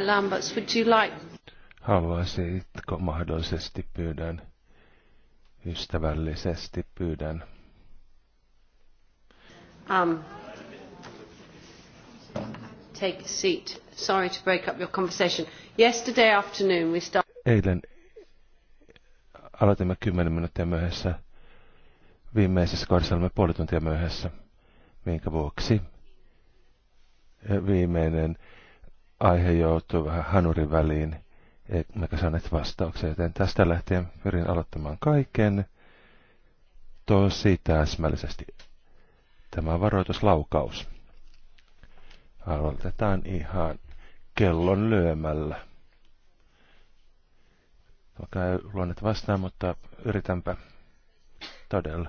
Lamberts, would you like... Haluaisitko mahdollisesti pyydän, ystävällisesti pyydän. Um, take a seat. Sorry to break up your conversation. Yesterday afternoon we start... Eilen aloitimme kymmenen minuuttia myöhässä. Viimeisessä kohdassa olemme puoli tuntia myöhässä, minkä vuoksi viimeinen aihe joutuu vähän hanurin väliin, eikä saaneet vastauksia, joten tästä lähtien pyrin aloittamaan kaiken tosi täsmällisesti. Tämä varoituslaukaus. Aloitetaan ihan kellon lyömällä. Vaikka käy luonnet vastaan, mutta yritänpä todella.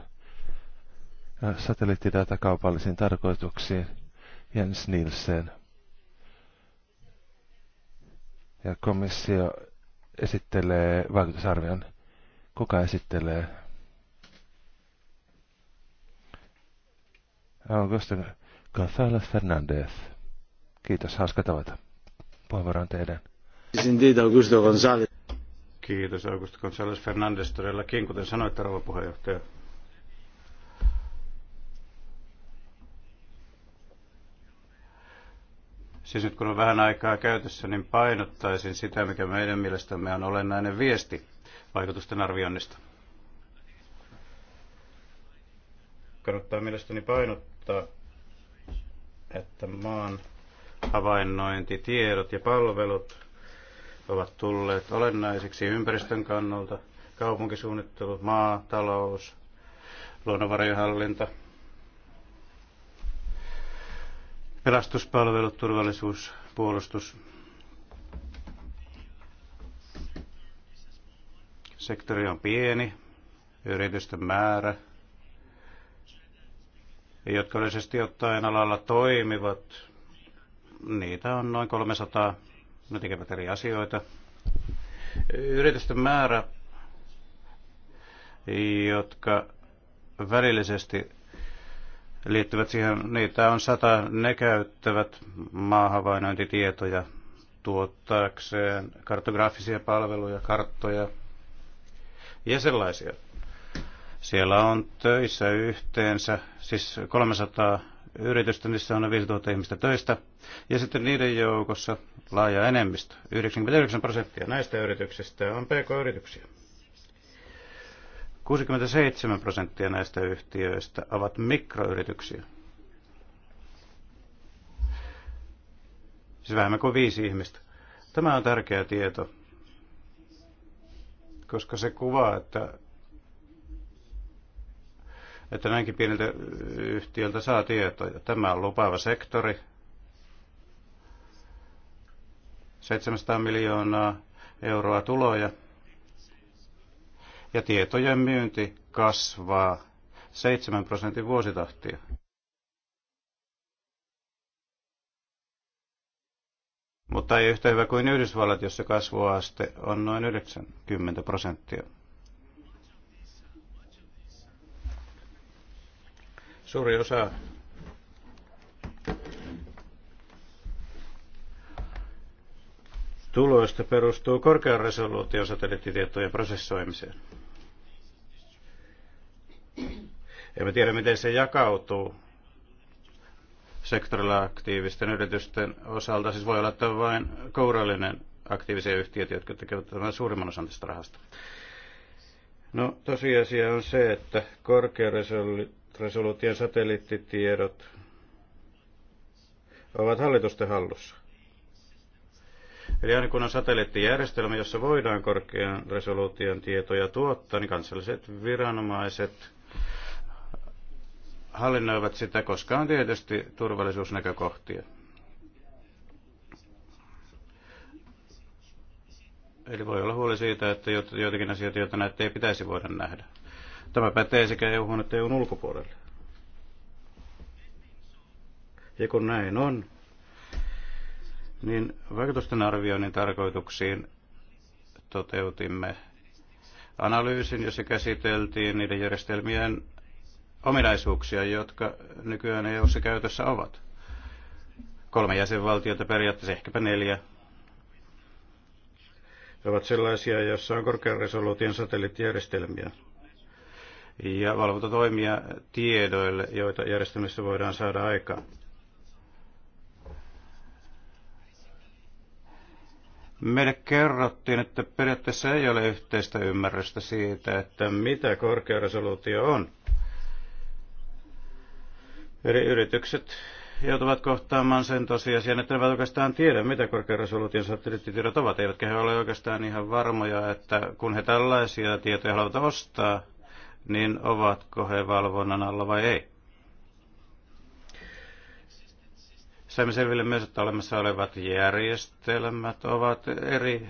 Satelliittidata kaupallisiin tarkoituksiin. Jens Nielsen ja komissio esittelee vaikutusarvion. Kuka esittelee? Augusto González Fernández. Kiitos, hauska tavata. on teidän. Augusto González. Kiitos, Augusto González Fernández. Todellakin, kuten sanoit, rouva puheenjohtaja. Siis nyt kun on vähän aikaa käytössä, niin painottaisin sitä, mikä meidän mielestämme on olennainen viesti vaikutusten arvioinnista. Kannattaa mielestäni painottaa, että maan havainnointitiedot ja palvelut ovat tulleet olennaisiksi ympäristön kannalta. Kaupunkisuunnittelu, maatalous, luonnonvarojen hallinta – pelastuspalvelut, turvallisuus, puolustus. Sektori on pieni, yritysten määrä, jotka yleisesti ottaen alalla toimivat. Niitä on noin 300. Ne tekevät eri asioita. Yritysten määrä, jotka välillisesti liittyvät siihen, niitä on sata, ne käyttävät maahavainointitietoja tuottaakseen kartografisia palveluja, karttoja ja sellaisia. Siellä on töissä yhteensä, siis 300 yritystä, missä on 5000 ihmistä töistä. Ja sitten niiden joukossa laaja enemmistö, 99 prosenttia näistä yrityksistä on pk-yrityksiä. 67 prosenttia näistä yhtiöistä ovat mikroyrityksiä. Siis vähemmän kuin viisi ihmistä. Tämä on tärkeä tieto, koska se kuvaa, että, että näinkin pieniltä yhtiöltä saa tietoja. Tämä on lupaava sektori. 700 miljoonaa euroa tuloja – ja tietojen myynti kasvaa 7 prosentin vuositahtia. Mutta ei yhtä hyvä kuin Yhdysvallat, jossa kasvuaste on noin 90 prosenttia. Suuri osa tuloista perustuu korkean resoluution satelliittitietojen prosessoimiseen. Emme tiedä, miten se jakautuu sektorilla aktiivisten yritysten osalta. Siis voi olla, että vain kourallinen aktiivisia yhtiöitä, jotka tekevät tämän suurimman osan tästä rahasta. No tosiasia on se, että korkearesoluution satelliittitiedot ovat hallitusten hallussa. Eli aina kun on satelliittijärjestelmä, jossa voidaan korkean resoluution tietoja tuottaa, niin kansalliset viranomaiset hallinnoivat sitä, koska on tietysti turvallisuusnäkökohtia. Eli voi olla huoli siitä, että joitakin asioita, joita näitä ei pitäisi voida nähdä. Tämä pätee sekä EU- että EUn ulkopuolelle. Ja kun näin on, niin vaikutusten arvioinnin tarkoituksiin toteutimme analyysin, jossa käsiteltiin niiden järjestelmien ominaisuuksia, jotka nykyään EU-ssa käytössä ovat. Kolme jäsenvaltiota, periaatteessa ehkäpä neljä, ovat sellaisia, joissa on korkean resoluution satelliittijärjestelmiä ja valvontatoimia tiedoille, joita järjestelmissä voidaan saada aikaan. Meille kerrottiin, että periaatteessa ei ole yhteistä ymmärrystä siitä, että mitä korkea resoluutio on. Eri yritykset joutuvat kohtaamaan sen tosiasian, että eivät oikeastaan tiedä, mitä korkearesoluution satelliittitiedot ovat, eivätkä he ole oikeastaan ihan varmoja, että kun he tällaisia tietoja haluavat ostaa, niin ovatko he valvonnan alla vai ei. Saimme selville myös, että olemassa olevat järjestelmät ovat eri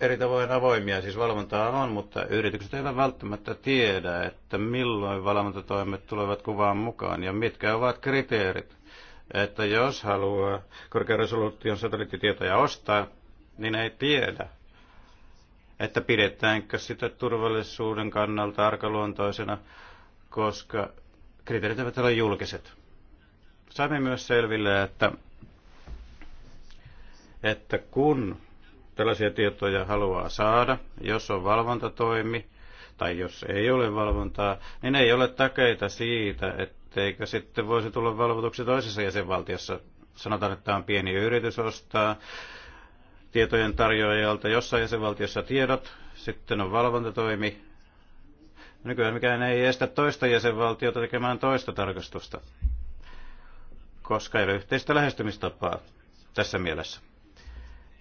eri tavoin avoimia, siis valvontaa on, mutta yritykset eivät välttämättä tiedä, että milloin valvontatoimet tulevat kuvaan mukaan ja mitkä ovat kriteerit. Että jos haluaa korkearesoluution satelliittitietoja ostaa, niin ei tiedä, että pidetäänkö sitä turvallisuuden kannalta arkaluontoisena, koska kriteerit eivät ole julkiset. Saimme myös selville, että, että kun tällaisia tietoja haluaa saada, jos on valvontatoimi tai jos ei ole valvontaa, niin ei ole takeita siitä, etteikö sitten voisi tulla valvotuksi toisessa jäsenvaltiossa. Sanotaan, että on pieni yritys ostaa tietojen tarjoajalta jossain jäsenvaltiossa tiedot, sitten on valvontatoimi. Nykyään mikään ei estä toista jäsenvaltiota tekemään toista tarkastusta, koska ei ole yhteistä lähestymistapaa tässä mielessä.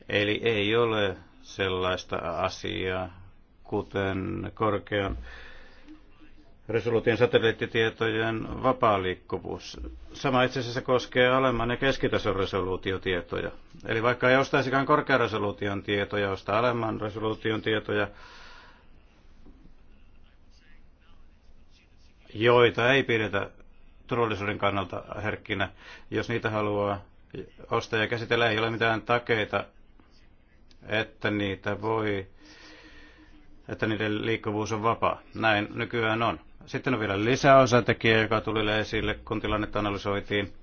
Eli ei ole sellaista asiaa, kuten korkean resoluution satelliittitietojen vapaa liikkuvuus. Sama itse asiassa koskee alemman ja keskitason resoluutiotietoja. Eli vaikka ei ostaisikaan korkean resoluution tietoja, ostaa alemman resoluution tietoja, joita ei pidetä turvallisuuden kannalta herkkinä. Jos niitä haluaa ostaa ja käsitellä, ei ole mitään takeita että niitä voi että niiden liikkuvuus on vapaa. Näin nykyään on. Sitten on vielä lisäosatekijä, joka tuli esille, kun tilannetta analysoitiin.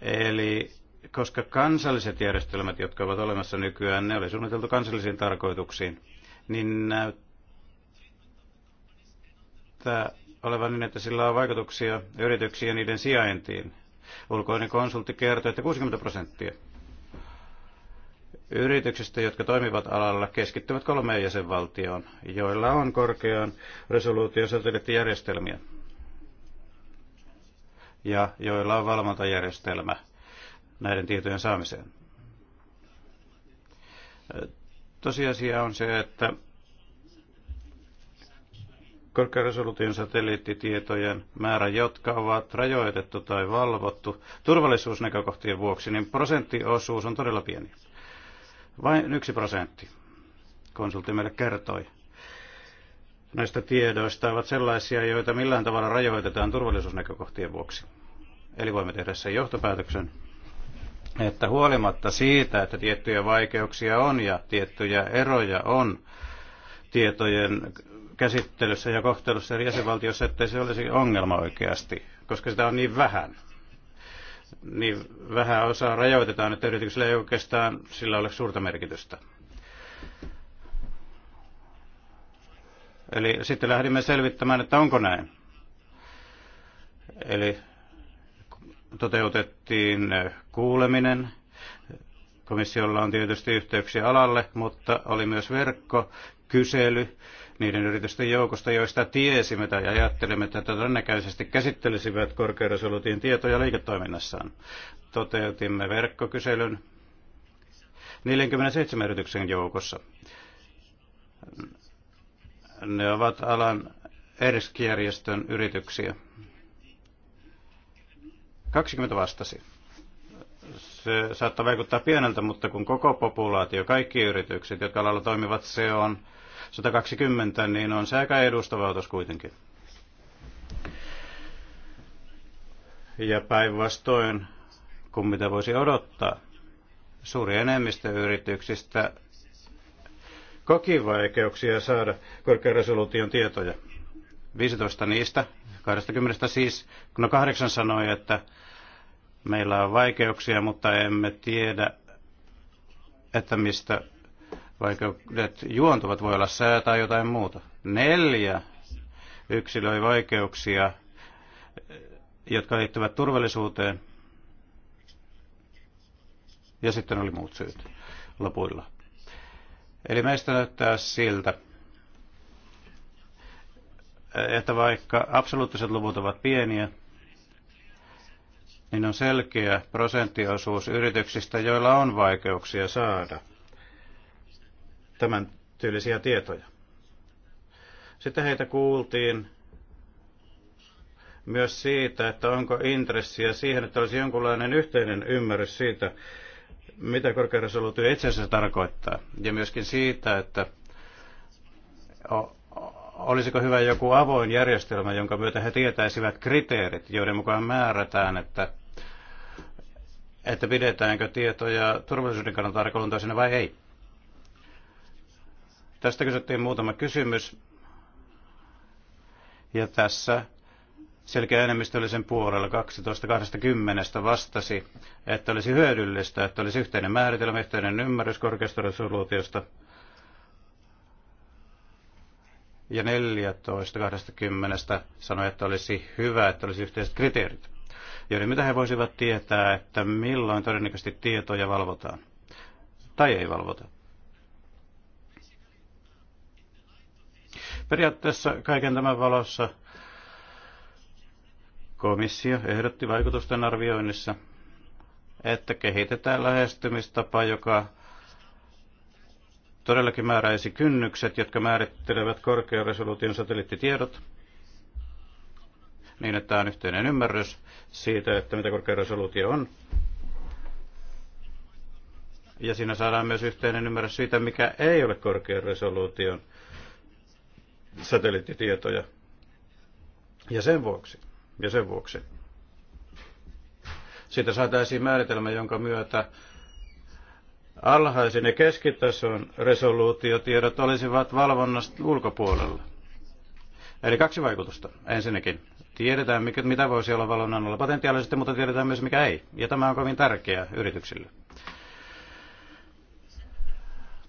Eli koska kansalliset järjestelmät, jotka ovat olemassa nykyään, ne oli suunniteltu kansallisiin tarkoituksiin, niin näyttää olevan niin, että sillä on vaikutuksia yrityksiin ja niiden sijaintiin. Ulkoinen konsultti kertoi, että 60 prosenttia yrityksistä, jotka toimivat alalla, keskittyvät kolmeen jäsenvaltioon, joilla on korkean resoluution satelliittijärjestelmiä ja joilla on valvontajärjestelmä näiden tietojen saamiseen. Tosiasia on se, että resoluution satelliittitietojen määrä, jotka ovat rajoitettu tai valvottu turvallisuusnäkökohtien vuoksi, niin prosenttiosuus on todella pieni. Vain yksi prosentti, konsultti meille kertoi, näistä tiedoista ovat sellaisia, joita millään tavalla rajoitetaan turvallisuusnäkökohtien vuoksi. Eli voimme tehdä sen johtopäätöksen, että huolimatta siitä, että tiettyjä vaikeuksia on ja tiettyjä eroja on tietojen käsittelyssä ja kohtelussa eri jäsenvaltiossa, ettei se olisi ongelma oikeasti, koska sitä on niin vähän – niin vähän osaa rajoitetaan, että yrityksellä ei oikeastaan sillä ole suurta merkitystä. Eli sitten lähdimme selvittämään, että onko näin. Eli toteutettiin kuuleminen. Komissiolla on tietysti yhteyksiä alalle, mutta oli myös verkko, kysely niiden yritysten joukosta, joista tiesimme tai ajattelimme, että todennäköisesti käsittelisivät korkearesoluutin tietoja liiketoiminnassaan. Toteutimme verkkokyselyn 47 yrityksen joukossa. Ne ovat alan ERSK-järjestön yrityksiä. 20 vastasi. Se saattaa vaikuttaa pieneltä, mutta kun koko populaatio, kaikki yritykset, jotka alalla toimivat, se on 120, niin on se aika edustava otos kuitenkin. Ja päinvastoin kun mitä voisi odottaa. Suuri enemmistö yrityksistä koki vaikeuksia saada resoluution tietoja. 15 niistä, 20 siis, no kahdeksan sanoi, että meillä on vaikeuksia, mutta emme tiedä, että mistä vaikka juontuvat, voi olla sää tai jotain muuta. Neljä yksilöi vaikeuksia, jotka liittyvät turvallisuuteen. Ja sitten oli muut syyt lopuilla. Eli meistä näyttää siltä, että vaikka absoluuttiset luvut ovat pieniä, niin on selkeä prosenttiosuus yrityksistä, joilla on vaikeuksia saada tämän tyylisiä tietoja. Sitten heitä kuultiin myös siitä, että onko intressiä siihen, että olisi jonkunlainen yhteinen ymmärrys siitä, mitä korkearesoluutio itse asiassa tarkoittaa. Ja myöskin siitä, että olisiko hyvä joku avoin järjestelmä, jonka myötä he tietäisivät kriteerit, joiden mukaan määrätään, että, että pidetäänkö tietoja turvallisuuden kannalta arkaluontoisena vai ei. Tästä kysyttiin muutama kysymys. Ja tässä selkeä enemmistö oli sen puolella 12.20 vastasi, että olisi hyödyllistä, että olisi yhteinen määritelmä, yhteinen ymmärrys korkeasta resoluutiosta. Ja 14.20 sanoi, että olisi hyvä, että olisi yhteiset kriteerit, joiden mitä he voisivat tietää, että milloin todennäköisesti tietoja valvotaan tai ei valvota. Periaatteessa kaiken tämän valossa komissio ehdotti vaikutusten arvioinnissa, että kehitetään lähestymistapa, joka todellakin määräisi kynnykset, jotka määrittelevät korkean resoluution satelliittitiedot, niin että on yhteinen ymmärrys siitä, että mitä korkearesoluutio resoluutio on. Ja siinä saadaan myös yhteinen ymmärrys siitä, mikä ei ole korkean resoluution satelliittitietoja. Ja sen vuoksi, ja sen vuoksi siitä saataisiin määritelmä, jonka myötä alhaisin ja keskitason resoluutiotiedot olisivat valvonnasta ulkopuolella. Eli kaksi vaikutusta. Ensinnäkin tiedetään, mikä, mitä voisi olla valvonnan alla potentiaalisesti, mutta tiedetään myös, mikä ei. Ja tämä on kovin tärkeää yrityksille.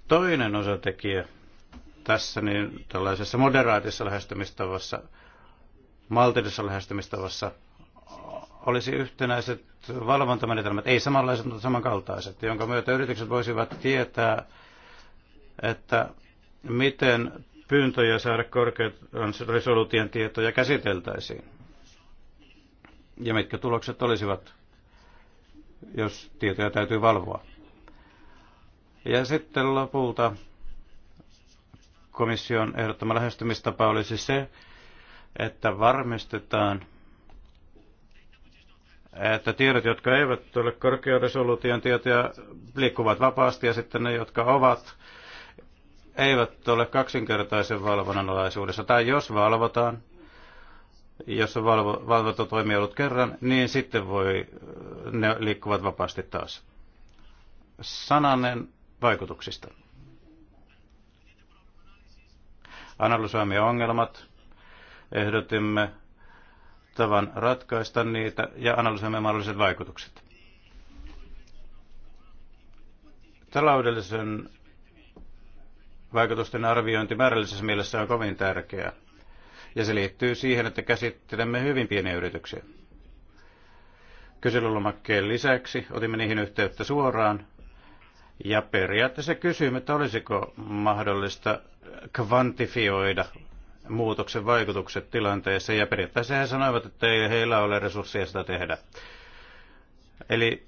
Toinen osatekijä tässä niin tällaisessa moderaatissa lähestymistavassa, maltillisessa lähestymistavassa olisi yhtenäiset valvontamenetelmät, ei samanlaiset, mutta samankaltaiset, jonka myötä yritykset voisivat tietää, että miten pyyntöjä saada korkean resoluution tietoja käsiteltäisiin. Ja mitkä tulokset olisivat, jos tietoja täytyy valvoa. Ja sitten lopulta komission ehdottama lähestymistapa olisi se, että varmistetaan, että tiedot, jotka eivät ole korkearesoluution tietoja, liikkuvat vapaasti ja sitten ne, jotka ovat, eivät ole kaksinkertaisen valvonnan alaisuudessa. Tai jos valvotaan, jos on valvo, toimi ollut kerran, niin sitten voi, ne liikkuvat vapaasti taas. Sananen vaikutuksista. analysoimme ongelmat, ehdotimme tavan ratkaista niitä ja analysoimme mahdolliset vaikutukset. Taloudellisen vaikutusten arviointi määrällisessä mielessä on kovin tärkeää. Ja se liittyy siihen, että käsittelemme hyvin pieniä yrityksiä. Kyselylomakkeen lisäksi otimme niihin yhteyttä suoraan ja periaatteessa kysymme, että olisiko mahdollista kvantifioida muutoksen vaikutukset tilanteessa, ja periaatteessa he sanoivat, että ei heillä ole resursseja sitä tehdä. Eli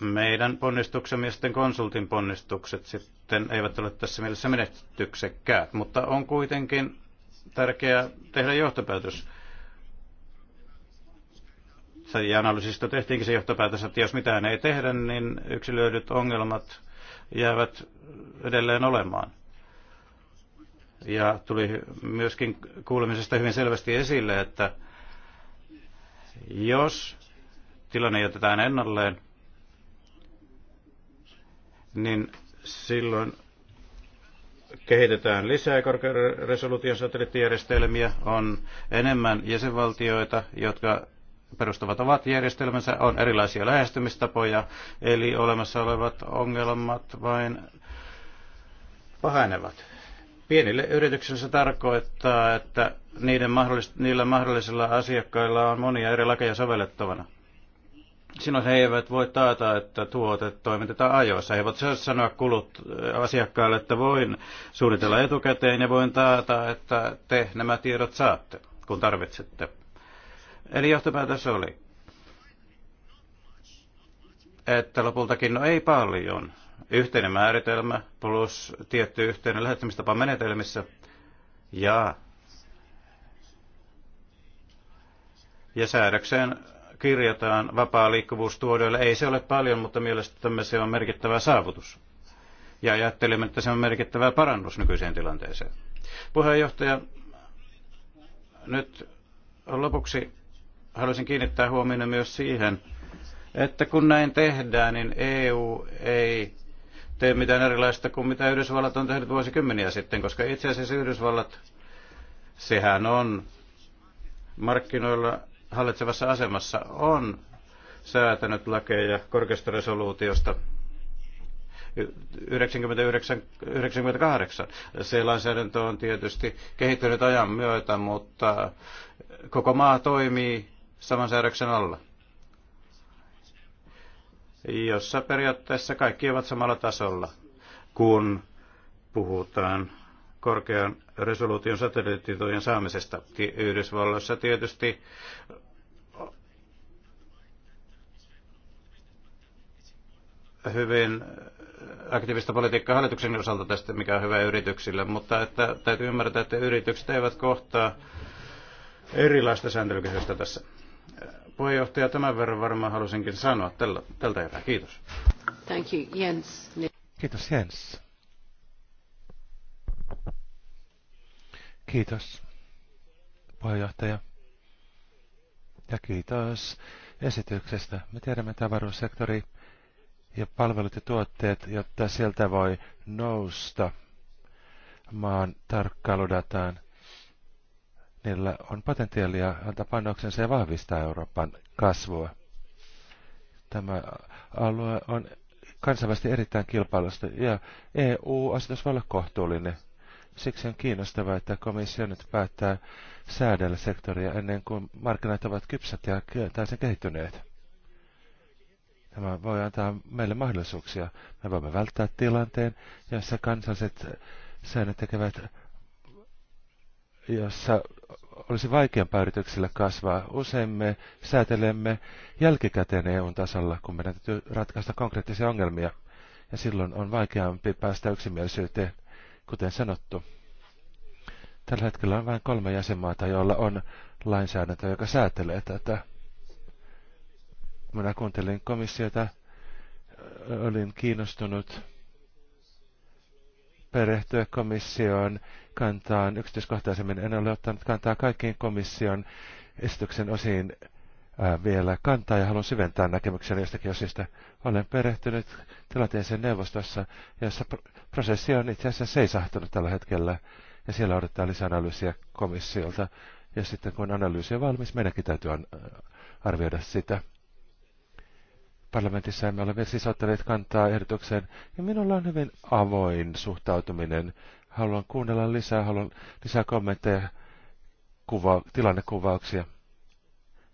meidän ponnistuksemme ja sitten konsultin ponnistukset sitten eivät ole tässä mielessä menestyksekkäät, mutta on kuitenkin tärkeää tehdä johtopäätös. Ja analyysistä tehtiinkin se johtopäätös, että jos mitään ei tehdä, niin yksilöidyt ongelmat – jäävät edelleen olemaan. Ja tuli myöskin kuulemisesta hyvin selvästi esille, että jos tilanne jätetään ennalleen, niin silloin kehitetään lisää korkean resoluution satelliittijärjestelmiä, on enemmän jäsenvaltioita, jotka perustuvat ovat järjestelmänsä, on erilaisia lähestymistapoja, eli olemassa olevat ongelmat vain pahenevat. Pienille yrityksille se tarkoittaa, että niiden mahdollis- niillä mahdollisilla asiakkailla on monia eri lakeja sovellettavana. Silloin he eivät voi taata, että tuote toimitetaan ajoissa. He eivät siis sanoa kulut äh, asiakkaalle, että voin suunnitella etukäteen ja voin taata, että te nämä tiedot saatte, kun tarvitsette. Eli johtopäätös oli, että lopultakin no ei paljon. Yhteinen määritelmä plus tietty yhteinen lähettämistapa menetelmissä ja, ja säädökseen kirjataan vapaa liikkuvuus tuodoille. Ei se ole paljon, mutta mielestämme se on merkittävä saavutus. Ja ajattelimme, että se on merkittävä parannus nykyiseen tilanteeseen. Puheenjohtaja, nyt lopuksi haluaisin kiinnittää huomioon myös siihen, että kun näin tehdään, niin EU ei tee mitään erilaista kuin mitä Yhdysvallat on tehnyt vuosikymmeniä sitten, koska itse asiassa Yhdysvallat, sehän on markkinoilla hallitsevassa asemassa, on säätänyt lakeja korkeasta resoluutiosta 99, Se lainsäädäntö on tietysti kehittynyt ajan myötä, mutta koko maa toimii saman säädöksen alla, jossa periaatteessa kaikki ovat samalla tasolla, kun puhutaan korkean resoluution satelliittitojen saamisesta. Yhdysvalloissa tietysti hyvin aktiivista politiikkaa hallituksen osalta tästä, mikä on hyvä yrityksille, mutta että täytyy ymmärtää, että yritykset eivät kohtaa erilaista sääntelykysystä tässä puheenjohtaja, tämän verran varmaan halusinkin sanoa tällä, tältä erää. Kiitos. Thank you, Jens. Kiitos, Jens. Kiitos, puheenjohtaja. Ja kiitos esityksestä. Me tiedämme, tavaruussektori ja palvelut ja tuotteet, jotta sieltä voi nousta maan tarkkailudataan – Niillä on potentiaalia antaa panoksensa ja vahvistaa Euroopan kasvua. Tämä alue on kansainvälisesti erittäin kilpailusta ja EU-asetus voi olla kohtuullinen. Siksi on kiinnostavaa, että komissio nyt päättää säädellä sektoria ennen kuin markkinat ovat kypsät ja täysin kehittyneet. Tämä voi antaa meille mahdollisuuksia. Me voimme välttää tilanteen, jossa kansalliset säännöt tekevät jossa olisi vaikeampaa yrityksille kasvaa. Usein me säätelemme jälkikäteen EU-tasolla, kun meidän täytyy ratkaista konkreettisia ongelmia, ja silloin on vaikeampi päästä yksimielisyyteen, kuten sanottu. Tällä hetkellä on vain kolme jäsenmaata, joilla on lainsäädäntö, joka säätelee tätä. Minä kuuntelin komissiota, olin kiinnostunut perehtyä komissioon kantaan yksityiskohtaisemmin. En ole ottanut kantaa kaikkiin komission esityksen osiin äh, vielä kantaa ja haluan syventää näkemykseni jostakin osista. Olen perehtynyt tilanteeseen neuvostossa, jossa prosessi on itse asiassa seisahtunut tällä hetkellä ja siellä odotetaan lisäanalyysiä komissiolta. Ja sitten kun analyysi on valmis, meidänkin täytyy äh, arvioida sitä. Parlamentissa emme ole vielä siis ottaneet kantaa ehdotukseen, ja minulla on hyvin avoin suhtautuminen Haluan kuunnella lisää, haluan lisää kommentteja, kuva, tilannekuvauksia.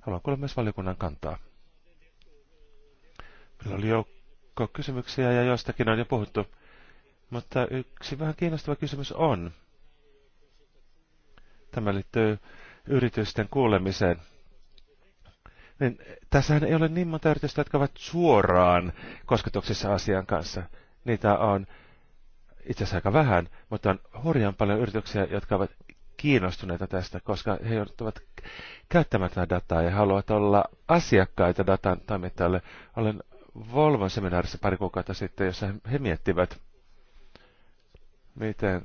Haluan kuulla myös valiokunnan kantaa. Meillä oli joukko kysymyksiä ja jostakin on jo puhuttu, mutta yksi vähän kiinnostava kysymys on. Tämä liittyy yritysten kuulemiseen. Niin, tässähän ei ole niin monta yritystä, jotka ovat suoraan kosketuksissa asian kanssa. Niitä on itse asiassa aika vähän, mutta on hurjan paljon yrityksiä, jotka ovat kiinnostuneita tästä, koska he joutuvat käyttämään tätä dataa ja haluavat olla asiakkaita datan toimittajalle. Olen Volvon seminaarissa pari kuukautta sitten, jossa he miettivät, miten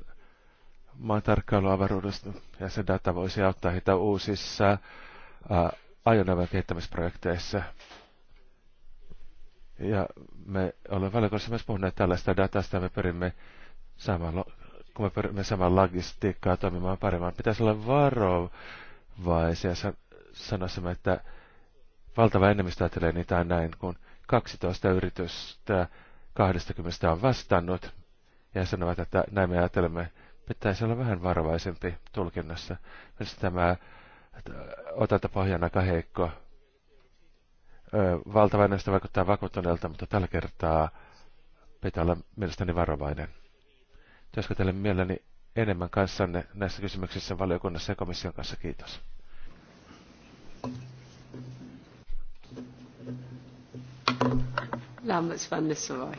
maan tarkkailuavaruudesta ja se data voisi auttaa heitä uusissa ajoneuvojen kehittämisprojekteissa. Ja me olemme valiokunnassa myös puhuneet tällaista datasta, me pyrimme sama, kun me pyrimme saman logistiikkaa toimimaan paremmin, pitäisi olla varovaisia sanassamme, että valtava enemmistö ajattelee niitä näin, kun 12 yritystä 20 on vastannut ja sanovat, että näin me ajattelemme, pitäisi olla vähän varovaisempi tulkinnassa. Minusta tämä otanta pohjan aika heikko. Valtava enemmistö vaikuttaa vakuuttuneelta, mutta tällä kertaa pitää olla mielestäni varovainen. Työskentelen mielelläni enemmän kanssanne näissä kysymyksissä valiokunnassa ja komission kanssa. Kiitos. Lammas van Nistelrooy.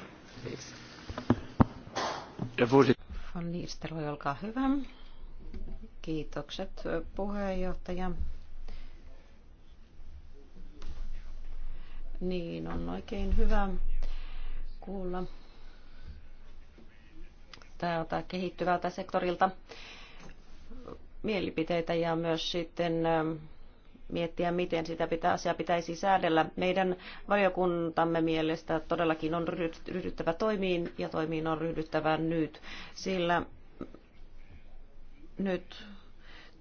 Van Nistelrooy, olkaa hyvä. Kiitokset puheenjohtaja. Niin, on oikein hyvä kuulla täältä kehittyvältä sektorilta mielipiteitä ja myös sitten miettiä, miten sitä pitää, asiaa pitäisi säädellä. Meidän valiokuntamme mielestä todellakin on ryhdyttävä toimiin ja toimiin on ryhdyttävä nyt, sillä nyt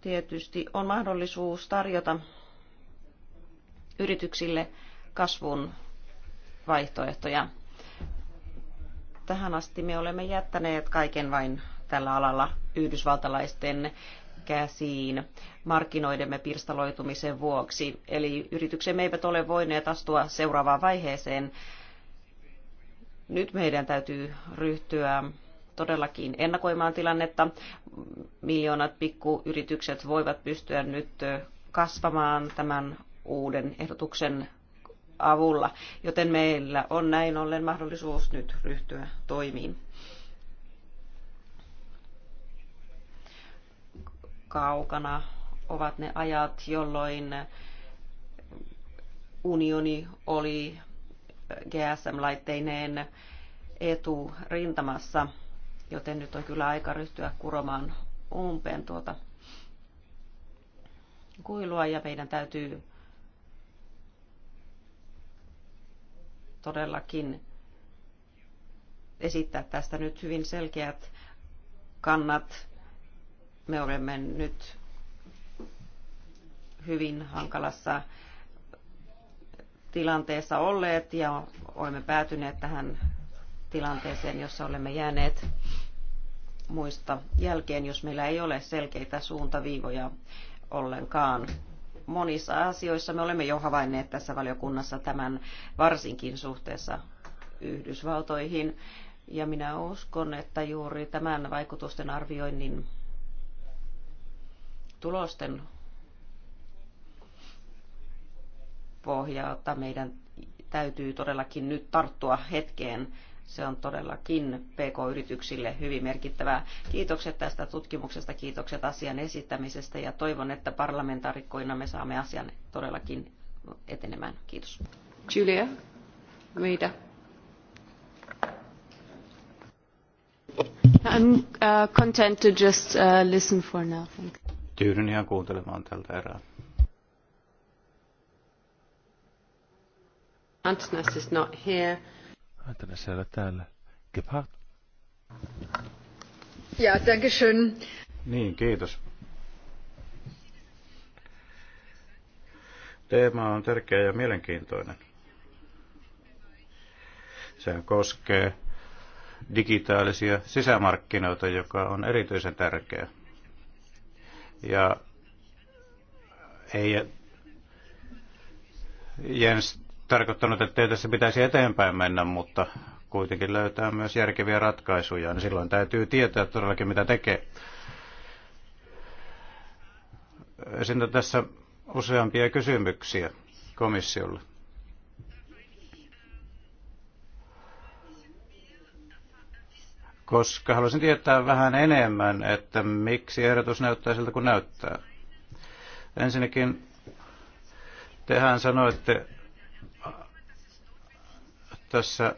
tietysti on mahdollisuus tarjota yrityksille kasvun vaihtoehtoja. Tähän asti me olemme jättäneet kaiken vain tällä alalla yhdysvaltalaisten käsiin markkinoidemme pirstaloitumisen vuoksi. Eli yrityksemme eivät ole voineet astua seuraavaan vaiheeseen. Nyt meidän täytyy ryhtyä todellakin ennakoimaan tilannetta. Miljoonat pikkuyritykset voivat pystyä nyt kasvamaan tämän uuden ehdotuksen avulla, joten meillä on näin ollen mahdollisuus nyt ryhtyä toimiin. Kaukana ovat ne ajat, jolloin unioni oli GSM-laitteineen eturintamassa, joten nyt on kyllä aika ryhtyä kuromaan umpeen tuota kuilua ja meidän täytyy todellakin esittää tästä nyt hyvin selkeät kannat. Me olemme nyt hyvin hankalassa tilanteessa olleet ja olemme päätyneet tähän tilanteeseen, jossa olemme jääneet muista jälkeen, jos meillä ei ole selkeitä suuntaviivoja ollenkaan monissa asioissa me olemme jo havainneet tässä valiokunnassa tämän varsinkin suhteessa Yhdysvaltoihin. Ja minä uskon, että juuri tämän vaikutusten arvioinnin tulosten pohjalta meidän täytyy todellakin nyt tarttua hetkeen se on todellakin PK-yrityksille hyvin merkittävää. Kiitokset tästä tutkimuksesta, kiitokset asian esittämisestä ja toivon, että parlamentaarikkoina me saamme asian todellakin etenemään. Kiitos. Julia, mitä? I'm uh, content to just uh, listen for now. Tyydyn ihan kuuntelemaan tältä erää. Antonas is not here. Ajattelen siellä täällä. Gebhardt. Ja, danke schön. Niin, kiitos. Teema on tärkeä ja mielenkiintoinen. Se koskee digitaalisia sisämarkkinoita, joka on erityisen tärkeä. Ja ei Jens tarkoittanut, että ei tässä pitäisi eteenpäin mennä, mutta kuitenkin löytää myös järkeviä ratkaisuja, niin silloin täytyy tietää todellakin, mitä tekee. Esitän tässä useampia kysymyksiä komissiolle. Koska haluaisin tietää vähän enemmän, että miksi ehdotus näyttää siltä kuin näyttää. Ensinnäkin tehän sanoitte, tässä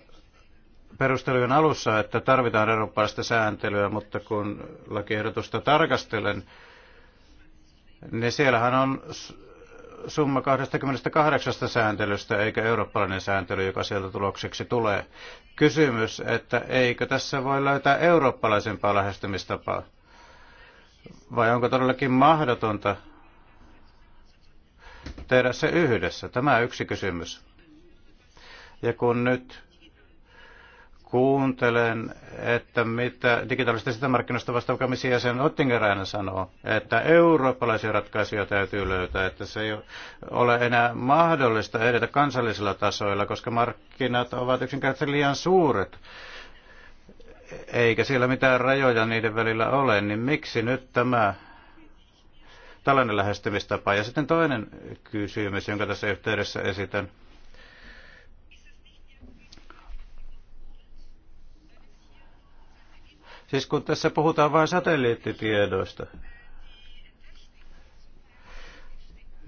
perustelujen alussa, että tarvitaan eurooppalaista sääntelyä, mutta kun lakiehdotusta tarkastelen, niin siellähän on summa 28 sääntelystä eikä eurooppalainen sääntely, joka sieltä tulokseksi tulee. Kysymys, että eikö tässä voi löytää eurooppalaisempaa lähestymistapaa? Vai onko todellakin mahdotonta tehdä se yhdessä? Tämä yksi kysymys. Ja kun nyt kuuntelen, että mitä digitaalisesta sisämarkkinoista vastaava komissio jäsen Ottinger aina sanoo, että eurooppalaisia ratkaisuja täytyy löytää, että se ei ole enää mahdollista edetä kansallisilla tasoilla, koska markkinat ovat yksinkertaisesti liian suuret, eikä siellä mitään rajoja niiden välillä ole, niin miksi nyt tämä tällainen lähestymistapa? Ja sitten toinen kysymys, jonka tässä yhteydessä esitän Siis kun tässä puhutaan vain satelliittitiedoista.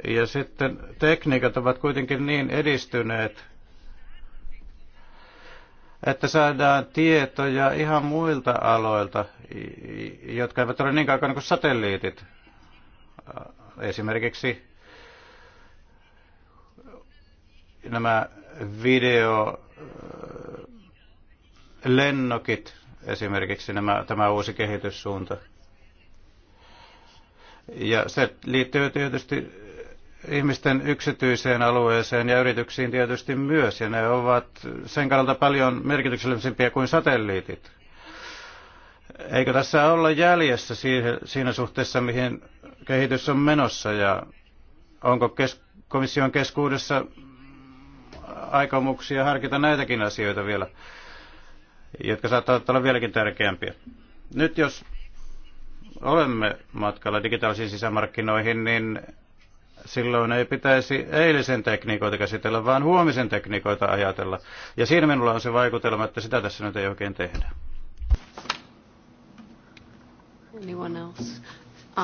Ja sitten tekniikat ovat kuitenkin niin edistyneet, että saadaan tietoja ihan muilta aloilta, jotka eivät ole niin kaukana kuin satelliitit. Esimerkiksi nämä video äh, lennokit esimerkiksi nämä, tämä uusi kehityssuunta. Ja se liittyy tietysti ihmisten yksityiseen alueeseen ja yrityksiin tietysti myös, ja ne ovat sen kannalta paljon merkityksellisempiä kuin satelliitit. Eikö tässä olla jäljessä siinä suhteessa, mihin kehitys on menossa, ja onko kes- komission keskuudessa aikomuksia harkita näitäkin asioita vielä? jotka saattavat olla vieläkin tärkeämpiä. Nyt jos olemme matkalla digitaalisiin sisämarkkinoihin, niin silloin ei pitäisi eilisen tekniikoita käsitellä, vaan huomisen tekniikoita ajatella. Ja siinä minulla on se vaikutelma, että sitä tässä nyt ei oikein tehdä. Anyone else?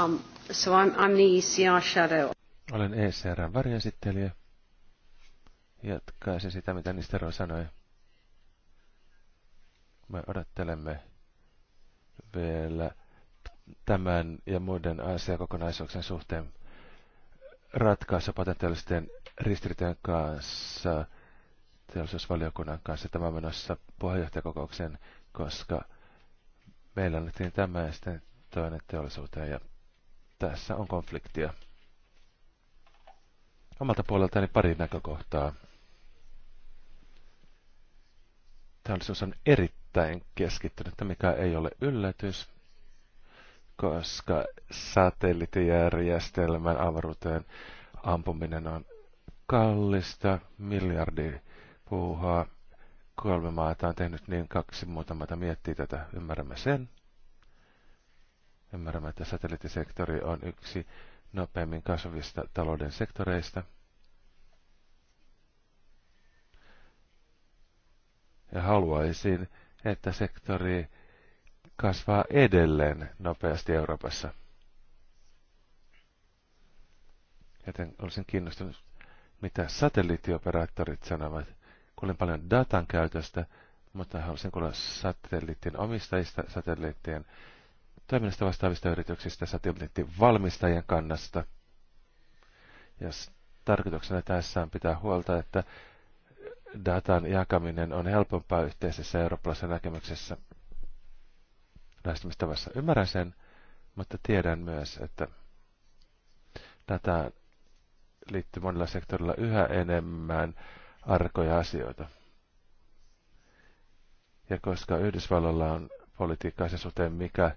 Um, so I'm, I'm the ECR shadow. Olen ECRn varjensittelijä. Jatkaisin sitä, mitä Nistero sanoi. Me odottelemme vielä tämän ja muiden asiakokonaisuuksien suhteen ratkaisu potentiaalisten ristiriitojen kanssa teollisuusvaliokunnan kanssa tämä menossa puheenjohtajakokouksen, koska meillä annettiin tämä ja sitten toinen teollisuuteen ja tässä on konfliktia. Omalta puoleltani pari näkökohtaa. Teollisuus on erittäin erittäin keskittynyttä, mikä ei ole yllätys, koska satelliittijärjestelmän avaruuteen ampuminen on kallista, miljardi puuhaa. Kolme maata on tehnyt niin, kaksi muuta maata miettii tätä. Ymmärrämme sen. Ymmärrämme, että satelliittisektori on yksi nopeimmin kasvavista talouden sektoreista. Ja haluaisin että sektori kasvaa edelleen nopeasti Euroopassa. Joten olisin kiinnostunut, mitä satelliittioperaattorit sanovat. Kuulin paljon datan käytöstä, mutta haluaisin kuulla satelliittien omistajista, satelliittien toiminnasta vastaavista yrityksistä, satelliittien valmistajien kannasta. Ja tarkoituksena tässä on pitää huolta, että datan jakaminen on helpompaa yhteisessä eurooppalaisessa näkemyksessä lähestymistavassa. Ymmärrän sen, mutta tiedän myös, että data liittyy monella sektorilla yhä enemmän arkoja asioita. Ja koska Yhdysvalloilla on politiikkaa se suhteen, mikä,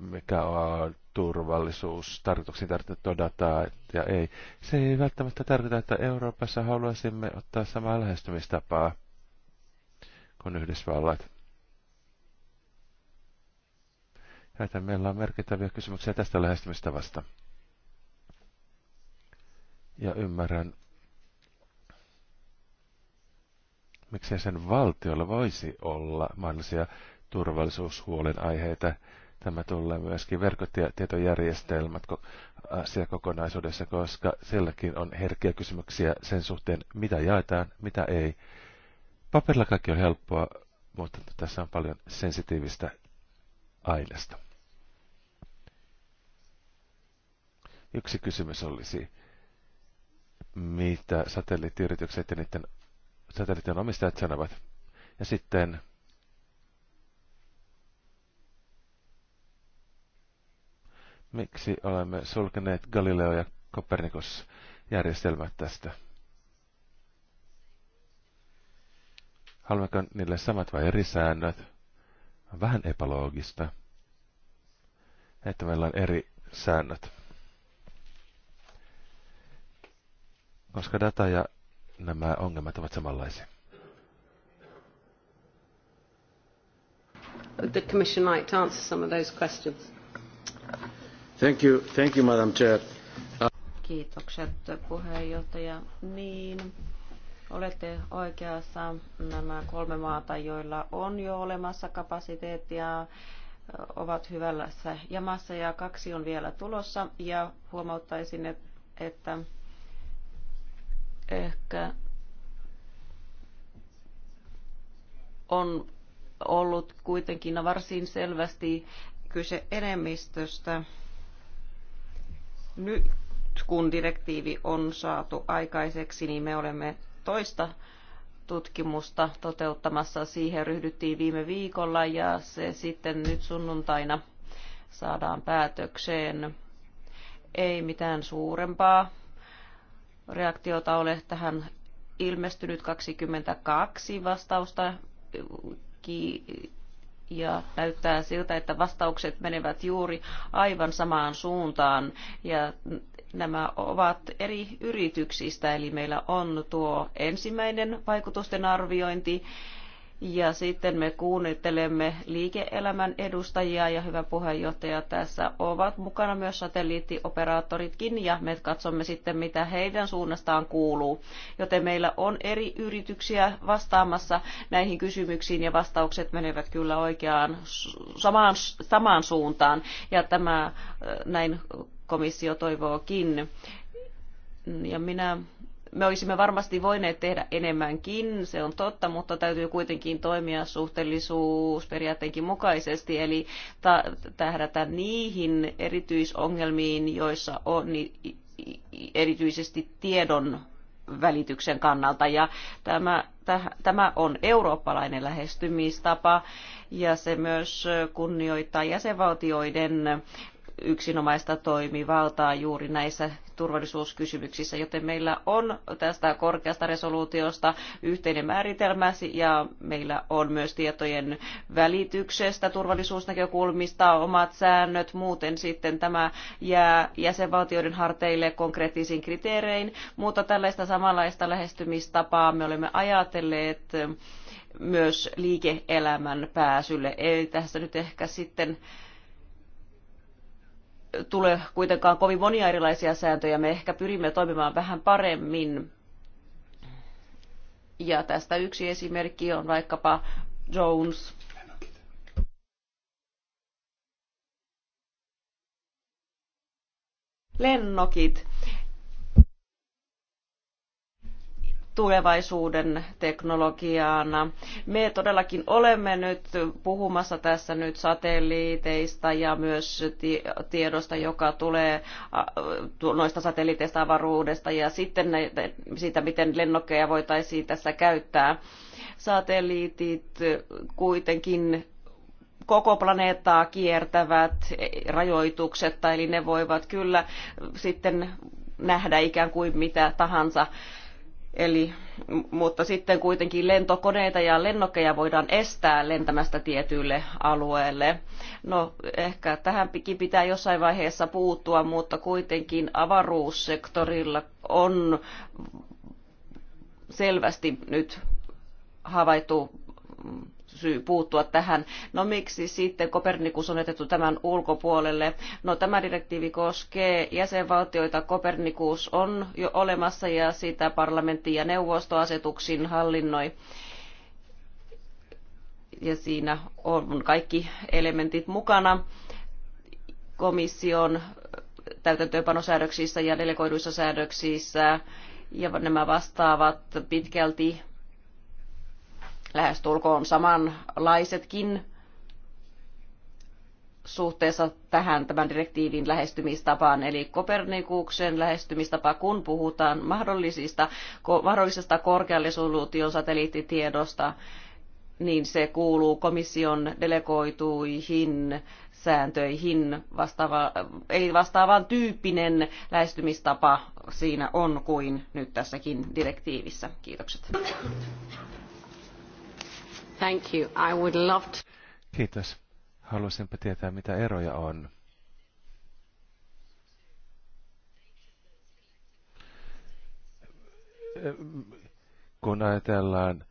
mikä on turvallisuus, tarkoituksiin tarkoitettua dataa ja ei. Se ei välttämättä tarkoita, että Euroopassa haluaisimme ottaa samaa lähestymistapaa kuin Yhdysvallat. Ja että meillä on merkittäviä kysymyksiä tästä lähestymistavasta. Ja ymmärrän, miksei sen valtiolla voisi olla mahdollisia turvallisuushuolen aiheita, Tämä tulee myöskin verkkotietojärjestelmät kokonaisuudessa, koska sielläkin on herkkiä kysymyksiä sen suhteen, mitä jaetaan, mitä ei. Paperilla kaikki on helppoa, mutta tässä on paljon sensitiivistä aineesta. Yksi kysymys olisi, mitä satelliittiyritykset ja niiden satelliittien omistajat sanovat. Ja sitten Miksi olemme sulkeneet Galileo ja Kopernikus järjestelmät tästä? Haluammeko niille samat vai eri säännöt? On vähän epäloogista, että meillä on eri säännöt. Koska data ja nämä ongelmat ovat samanlaisia. The Commission might answer some of those questions. Thank you, thank you, Madam Chair. Uh, Kiitokset puheenjohtaja. Niin, olette oikeassa nämä kolme maata, joilla on jo olemassa kapasiteettia ovat hyvällä jamassa ja kaksi on vielä tulossa ja huomauttaisin, että ehkä on ollut kuitenkin varsin selvästi kyse enemmistöstä nyt kun direktiivi on saatu aikaiseksi, niin me olemme toista tutkimusta toteuttamassa. Siihen ryhdyttiin viime viikolla ja se sitten nyt sunnuntaina saadaan päätökseen. Ei mitään suurempaa reaktiota ole tähän ilmestynyt 22 vastausta ja näyttää siltä, että vastaukset menevät juuri aivan samaan suuntaan ja nämä ovat eri yrityksistä, eli meillä on tuo ensimmäinen vaikutusten arviointi, ja sitten me kuunnittelemme liike-elämän edustajia ja hyvä puheenjohtaja tässä ovat mukana myös satelliittioperaattoritkin ja me katsomme sitten mitä heidän suunnastaan kuuluu. Joten meillä on eri yrityksiä vastaamassa näihin kysymyksiin ja vastaukset menevät kyllä oikeaan samaan, samaan suuntaan ja tämä näin komissio toivookin. Ja minä me olisimme varmasti voineet tehdä enemmänkin, se on totta, mutta täytyy kuitenkin toimia suhteellisuusperiaatteenkin mukaisesti, eli tähdätä niihin erityisongelmiin, joissa on erityisesti tiedon välityksen kannalta. Ja tämä, täh, tämä on eurooppalainen lähestymistapa ja se myös kunnioittaa jäsenvaltioiden yksinomaista toimivaltaa juuri näissä turvallisuuskysymyksissä, joten meillä on tästä korkeasta resoluutiosta yhteinen määritelmä ja meillä on myös tietojen välityksestä, turvallisuusnäkökulmista, omat säännöt, muuten sitten tämä jää jäsenvaltioiden harteille konkreettisiin kriteerein, mutta tällaista samanlaista lähestymistapaa me olemme ajatelleet myös liike-elämän pääsylle. Ei tässä nyt ehkä sitten tule kuitenkaan kovin monia erilaisia sääntöjä. Me ehkä pyrimme toimimaan vähän paremmin. Ja tästä yksi esimerkki on vaikkapa Jones lennokit. tulevaisuuden teknologiana. Me todellakin olemme nyt puhumassa tässä nyt satelliiteista ja myös tiedosta, joka tulee noista satelliiteista avaruudesta ja sitten siitä, miten lennokkeja voitaisiin tässä käyttää. Satelliitit kuitenkin koko planeettaa kiertävät rajoituksetta, eli ne voivat kyllä sitten nähdä ikään kuin mitä tahansa Eli, mutta sitten kuitenkin lentokoneita ja lennokkeja voidaan estää lentämästä tietyille alueelle. No ehkä tähän pitää jossain vaiheessa puuttua, mutta kuitenkin avaruussektorilla on selvästi nyt havaittu syy puuttua tähän. No miksi sitten Kopernikus on jätetty tämän ulkopuolelle? No tämä direktiivi koskee jäsenvaltioita. Kopernikus on jo olemassa ja sitä parlamentti ja neuvostoasetuksin hallinnoi ja siinä on kaikki elementit mukana komission täytäntöönpanosäädöksissä ja delegoiduissa säädöksissä, ja nämä vastaavat pitkälti lähestulkoon samanlaisetkin suhteessa tähän tämän direktiivin lähestymistapaan, eli Kopernikuksen lähestymistapa, kun puhutaan mahdollisista, mahdollisesta korkealisoluution satelliittitiedosta, niin se kuuluu komission delegoituihin sääntöihin vastaava, eli vastaavan tyyppinen lähestymistapa siinä on kuin nyt tässäkin direktiivissä. Kiitokset. Thank you. I would love to... Kiitos. Haluaisinpa tietää, mitä eroja on. Kun ajatellaan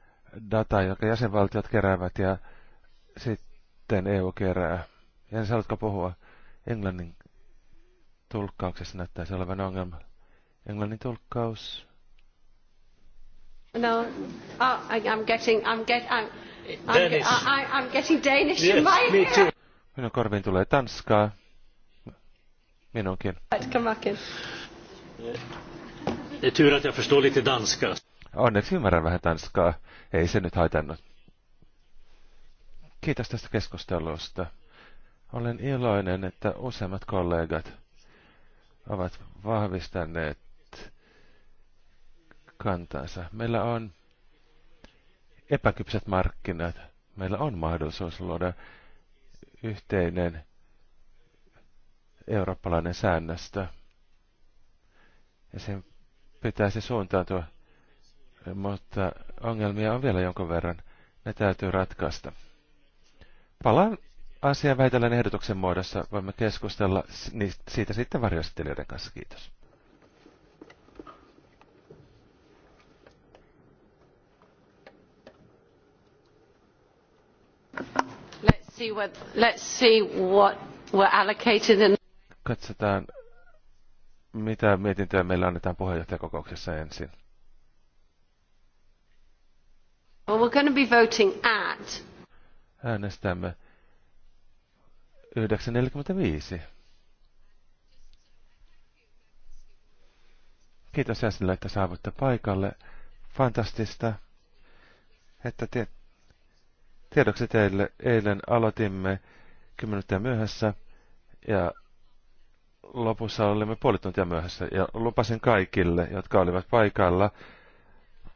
dataa, joka jäsenvaltiot keräävät ja sitten EU kerää. Jens, haluatko puhua englannin tulkkauksessa näyttää se olevan ongelma. Englannin tulkkaus. No, oh, I, I'm getting, I'm getting, I'm... Danish. I, I'm getting Danish yes, in my me too. Minun korviin tulee tanskaa. Minunkin. Tur att jag förstår lite danska. Onneksi ymmärrän vähän tanskaa. Ei se nyt haitannut. Kiitos tästä keskustelusta. Olen iloinen, että useimmat kollegat ovat vahvistaneet kantansa. Meillä on epäkypsät markkinat. Meillä on mahdollisuus luoda yhteinen eurooppalainen säännöstö. Ja sen pitäisi suuntautua, mutta ongelmia on vielä jonkun verran. Ne täytyy ratkaista. Palaan asiaan väitellen ehdotuksen muodossa. Voimme keskustella siitä sitten varjostelijoiden kanssa. Kiitos. Katsotaan, mitä mietintöä meillä annetaan puheenjohtajakokouksessa ensin. Well, we're going to be voting at. Äänestämme 9.45. Kiitos jäsenille, että saavutte paikalle. Fantastista, että te Tiedoksi teille, eilen aloitimme 10 myöhässä ja lopussa olimme puoli tuntia myöhässä ja lupasin kaikille, jotka olivat paikalla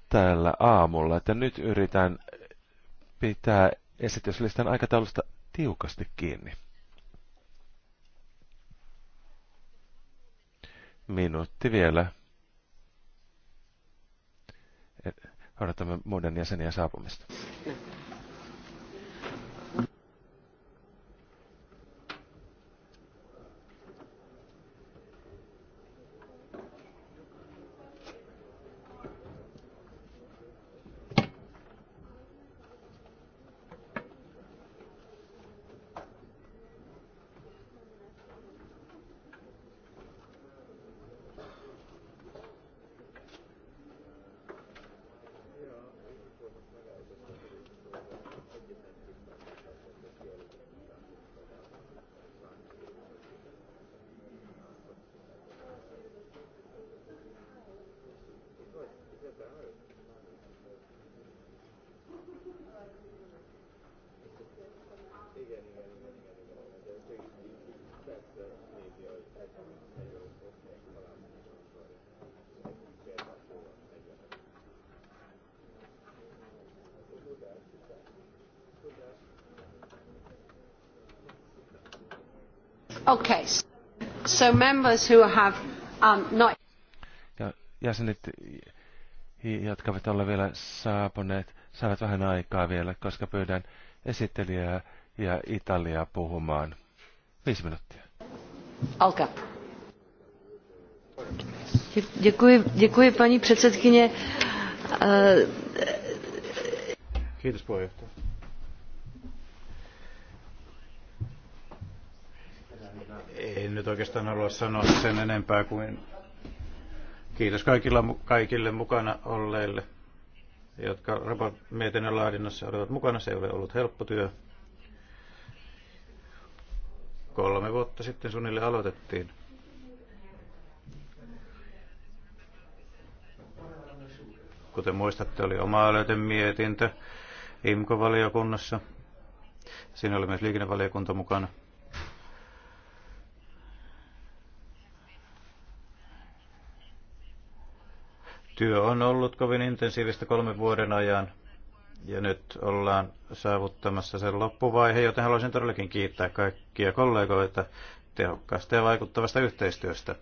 täällä aamulla, että nyt yritän pitää esityslistan aikataulusta tiukasti kiinni. Minuutti vielä. Odotamme muiden jäseniä saapumista. Okay. So members who have um, not... Ja jäsenet, jotka ovat olleet vielä saapuneet, saavat vähän aikaa vielä, koska pyydän esittelijää ja Italiaa puhumaan. Viisi minuuttia. Olkaa. Děkuji, děkuji paní předsedkyně. Eh, Kiitos puheenjohtaja. oikeastaan halua sanoa sen enempää kuin kiitos kaikille mukana olleille, jotka mietinnön laadinnassa olivat mukana. Se ei ole ollut helppo työ. Kolme vuotta sitten sunille aloitettiin. Kuten muistatte, oli oma aloitemietintö IMKO-valiokunnassa. Siinä oli myös liikennevaliokunta mukana. Työ on ollut kovin intensiivistä kolmen vuoden ajan ja nyt ollaan saavuttamassa sen loppuvaihe, joten haluaisin todellakin kiittää kaikkia kollegoita tehokkaasta ja vaikuttavasta yhteistyöstä.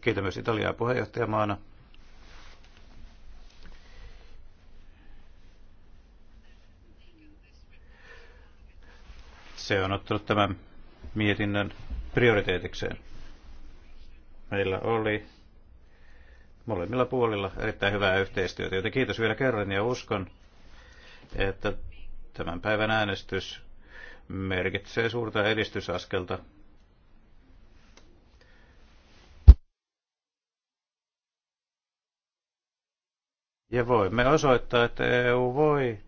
Kiitän myös Italiaa puheenjohtajamaana. Se on ottanut tämän mietinnön prioriteetikseen. Meillä oli molemmilla puolilla erittäin hyvää yhteistyötä. Joten kiitos vielä kerran ja uskon, että tämän päivän äänestys merkitsee suurta edistysaskelta Ja voimme osoittaa, että EU voi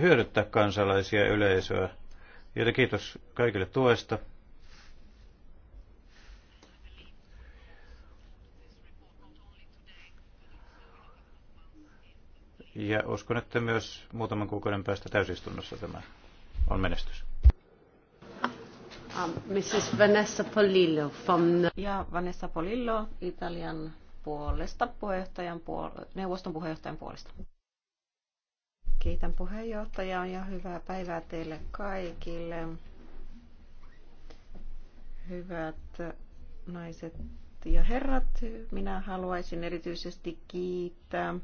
hyödyttää kansalaisia yleisöä. Joten kiitos kaikille tuesta. Ja uskon, että myös muutaman kuukauden päästä täysistunnossa tämä on menestys. Mrs. Um, Vanessa Polillo from the... Ja Vanessa Polillo Italian puolesta, puheenjohtajan puol- neuvoston puheenjohtajan puolesta. Kiitän puheenjohtajaa ja hyvää päivää teille kaikille. Hyvät naiset ja herrat, minä haluaisin erityisesti kiittää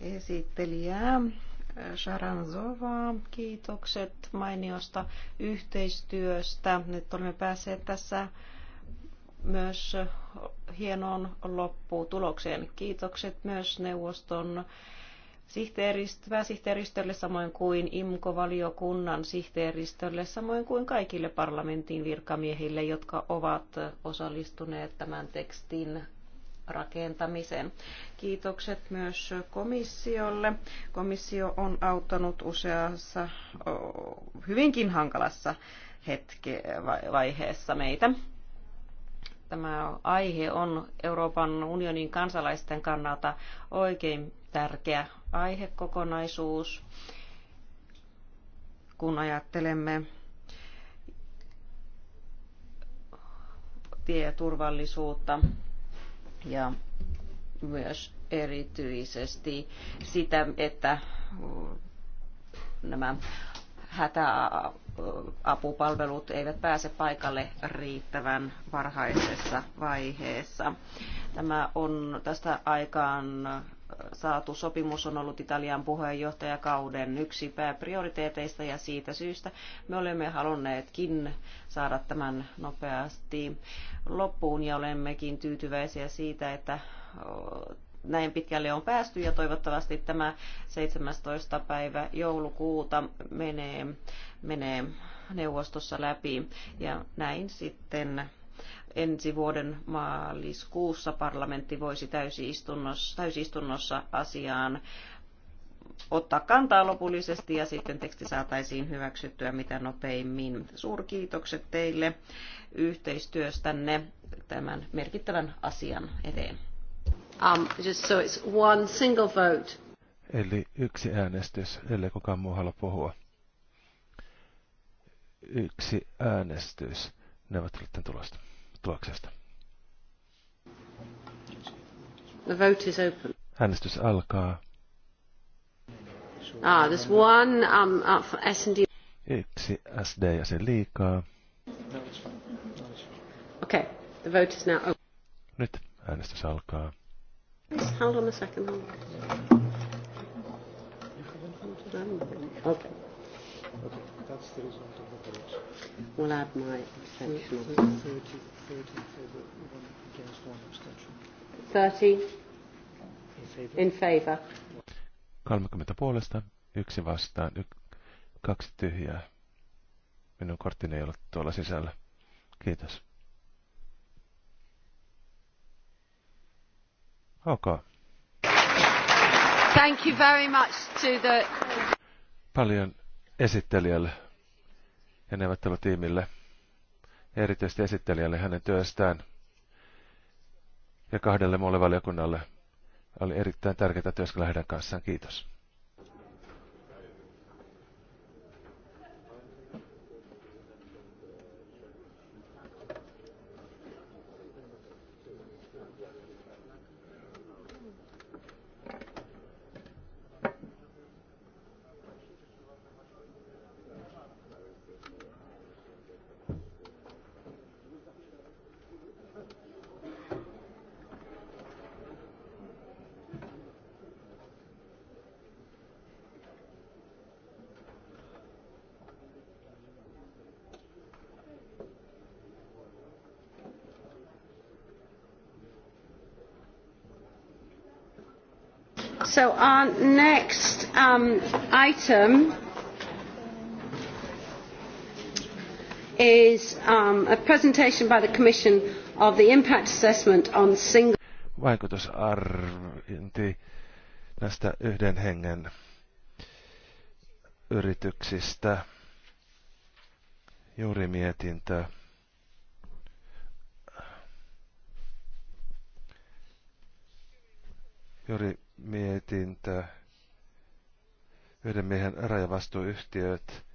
esittelijää Sharanzova. Kiitokset mainiosta yhteistyöstä. Nyt olemme päässeet tässä myös hienoon lopputulokseen. Kiitokset myös neuvoston sihteeristö, pääsihteeristölle, samoin kuin IMKO-valiokunnan sihteeristölle, samoin kuin kaikille parlamentin virkamiehille, jotka ovat osallistuneet tämän tekstin rakentamiseen. Kiitokset myös komissiolle. Komissio on auttanut useassa hyvinkin hankalassa hetke, vaiheessa meitä. Tämä aihe on Euroopan unionin kansalaisten kannalta oikein tärkeä aihekokonaisuus, kun ajattelemme tieturvallisuutta ja myös erityisesti sitä, että uh, nämä hätäapupalvelut eivät pääse paikalle riittävän varhaisessa vaiheessa. Tämä on tästä aikaan saatu sopimus on ollut Italian puheenjohtajakauden yksi pääprioriteeteista ja siitä syystä me olemme halunneetkin saada tämän nopeasti loppuun ja olemmekin tyytyväisiä siitä, että näin pitkälle on päästy ja toivottavasti tämä 17. päivä joulukuuta menee, menee neuvostossa läpi ja näin sitten ensi vuoden maaliskuussa parlamentti voisi täysistunnossa, täysistunnossa asiaan ottaa kantaa lopullisesti ja sitten teksti saataisiin hyväksyttyä mitä nopeimmin. Suurkiitokset teille yhteistyöstänne tämän merkittävän asian eteen. Um, just so it's one single vote. Eli yksi äänestys, ellei kukaan muu halua puhua. Yksi äänestys neuvotteluiden tulosta tuloksesta. The vote is open. Äänestys alkaa. Ah, there's one um, for S&D. Yksi SD ja sen liikaa. Okay, the vote is now open. Nyt äänestys alkaa. Hold on a second. Hold on. Okay. Okay, that's the result of the vote. We'll add my abstention. 30 in favor, one against, abstention. 30 in 30 puolesta, yksi vastaan, y- kaksi tyhjää. Minun korttini ei ole tuolla sisällä. Kiitos. Ok. Thank you very much to the... Paljon esittelijälle ja neuvottelutiimille erityisesti esittelijälle hänen työstään ja kahdelle muulle valiokunnalle. Oli erittäin tärkeää työskennellä heidän kanssaan. Kiitos. So our next um, item is um, a presentation by the Commission of the impact assessment on single... Vaikutusarviointi näistä yhden hengen yrityksistä. Juuri mietintö. Juuri mietintö mietintö, yhden miehen rajavastuuyhtiöt.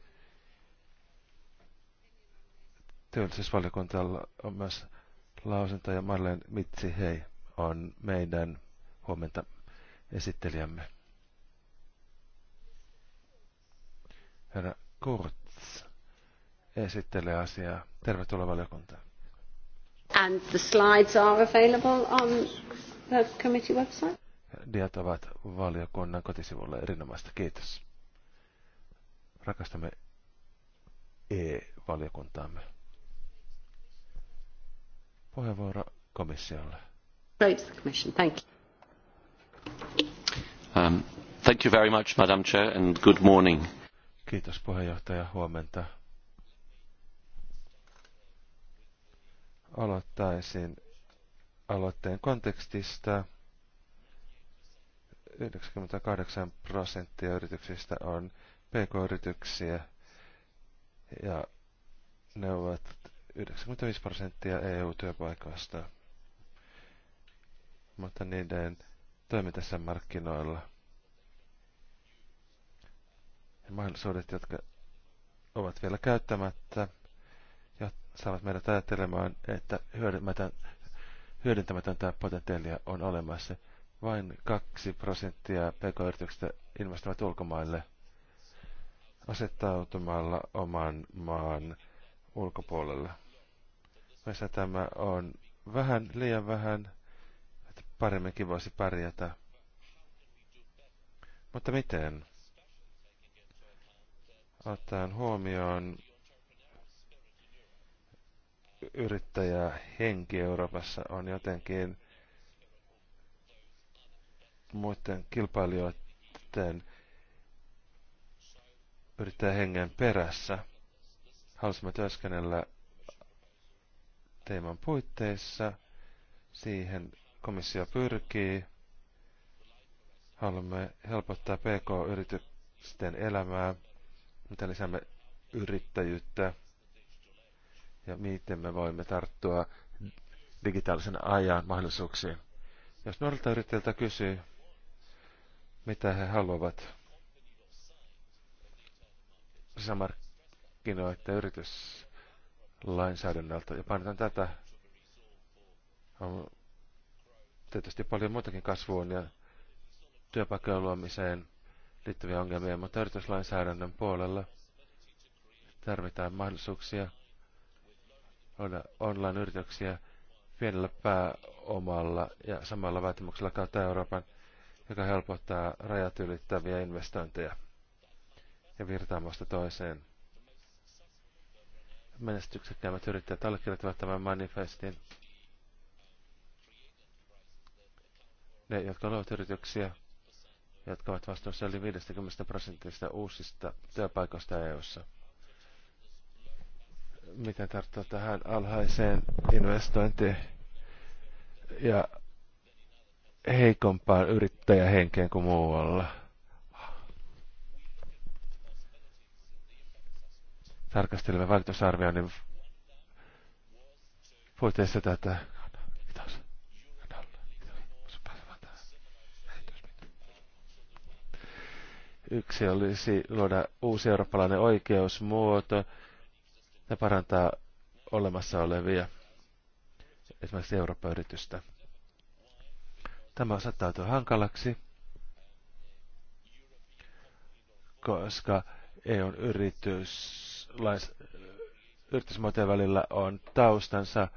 Työllisyysvaliokuntalla on myös lausunto ja Marleen Mitsi Hei on meidän huomenta esittelijämme. Herra Kurtz esittelee asiaa. Tervetuloa valiokuntaan. And the slides are available on the committee website. Diat ovat valiokunnan kotisivulla erinomaista. Kiitos. Rakastamme E-valiokuntaamme. Puheenvuoro komissiolle. Thank you. Um, thank you very much, Madam Chair, and good morning. Kiitos puheenjohtaja, huomenta. Aloittaisin aloitteen kontekstista. 98 prosenttia yrityksistä on pk-yrityksiä ja ne ovat 95 prosenttia EU-työpaikoista, mutta niiden toimintassa markkinoilla ja mahdollisuudet, jotka ovat vielä käyttämättä, ja saavat meidät ajattelemaan, että hyödyntämätöntä potentiaalia on olemassa – vain kaksi prosenttia pk-yrityksistä investoivat ulkomaille asettautumalla oman maan ulkopuolella. Mielestäni tämä on vähän, liian vähän, että paremminkin voisi pärjätä. Mutta miten? Ottaen huomioon yrittäjähenki Euroopassa on jotenkin muiden kilpailijoiden yrittää hengen perässä. Halusimme työskennellä teeman puitteissa. Siihen komissio pyrkii. Haluamme helpottaa PK-yritysten elämää, mitä lisäämme yrittäjyyttä ja miten me voimme tarttua digitaalisen ajan mahdollisuuksiin. Jos nuorilta yrittäjiltä kysyy, mitä he haluavat sisämarkkinoiden yrityslainsäädännöltä. Ja painetaan tätä. On tietysti paljon muitakin kasvuun ja työpaikkojen luomiseen liittyviä ongelmia, mutta yrityslainsäädännön puolella tarvitaan mahdollisuuksia olla online-yrityksiä pienellä pääomalla ja samalla vaatimuksella kautta Euroopan – joka helpottaa rajat ylittäviä investointeja ja virtaamasta toiseen. Menestyksekkäimmät yrittäjät allekirjoittavat tämän manifestin. Ne, jotka luovat yrityksiä, jotka ovat vastuussa yli 50 prosentista uusista työpaikoista EU:ssa. Miten tarttua tähän alhaiseen investointiin ja heikompaan yrittäjähenkeen kuin muualla. vaikutusarvioon, niin puitteissa tätä Yksi olisi luoda uusi eurooppalainen oikeusmuoto ja parantaa olemassa olevia esimerkiksi Eurooppa-yritystä. Tämä osoittautui hankalaksi, koska EUn yritys, lais, yritysmuotojen välillä on taustansa.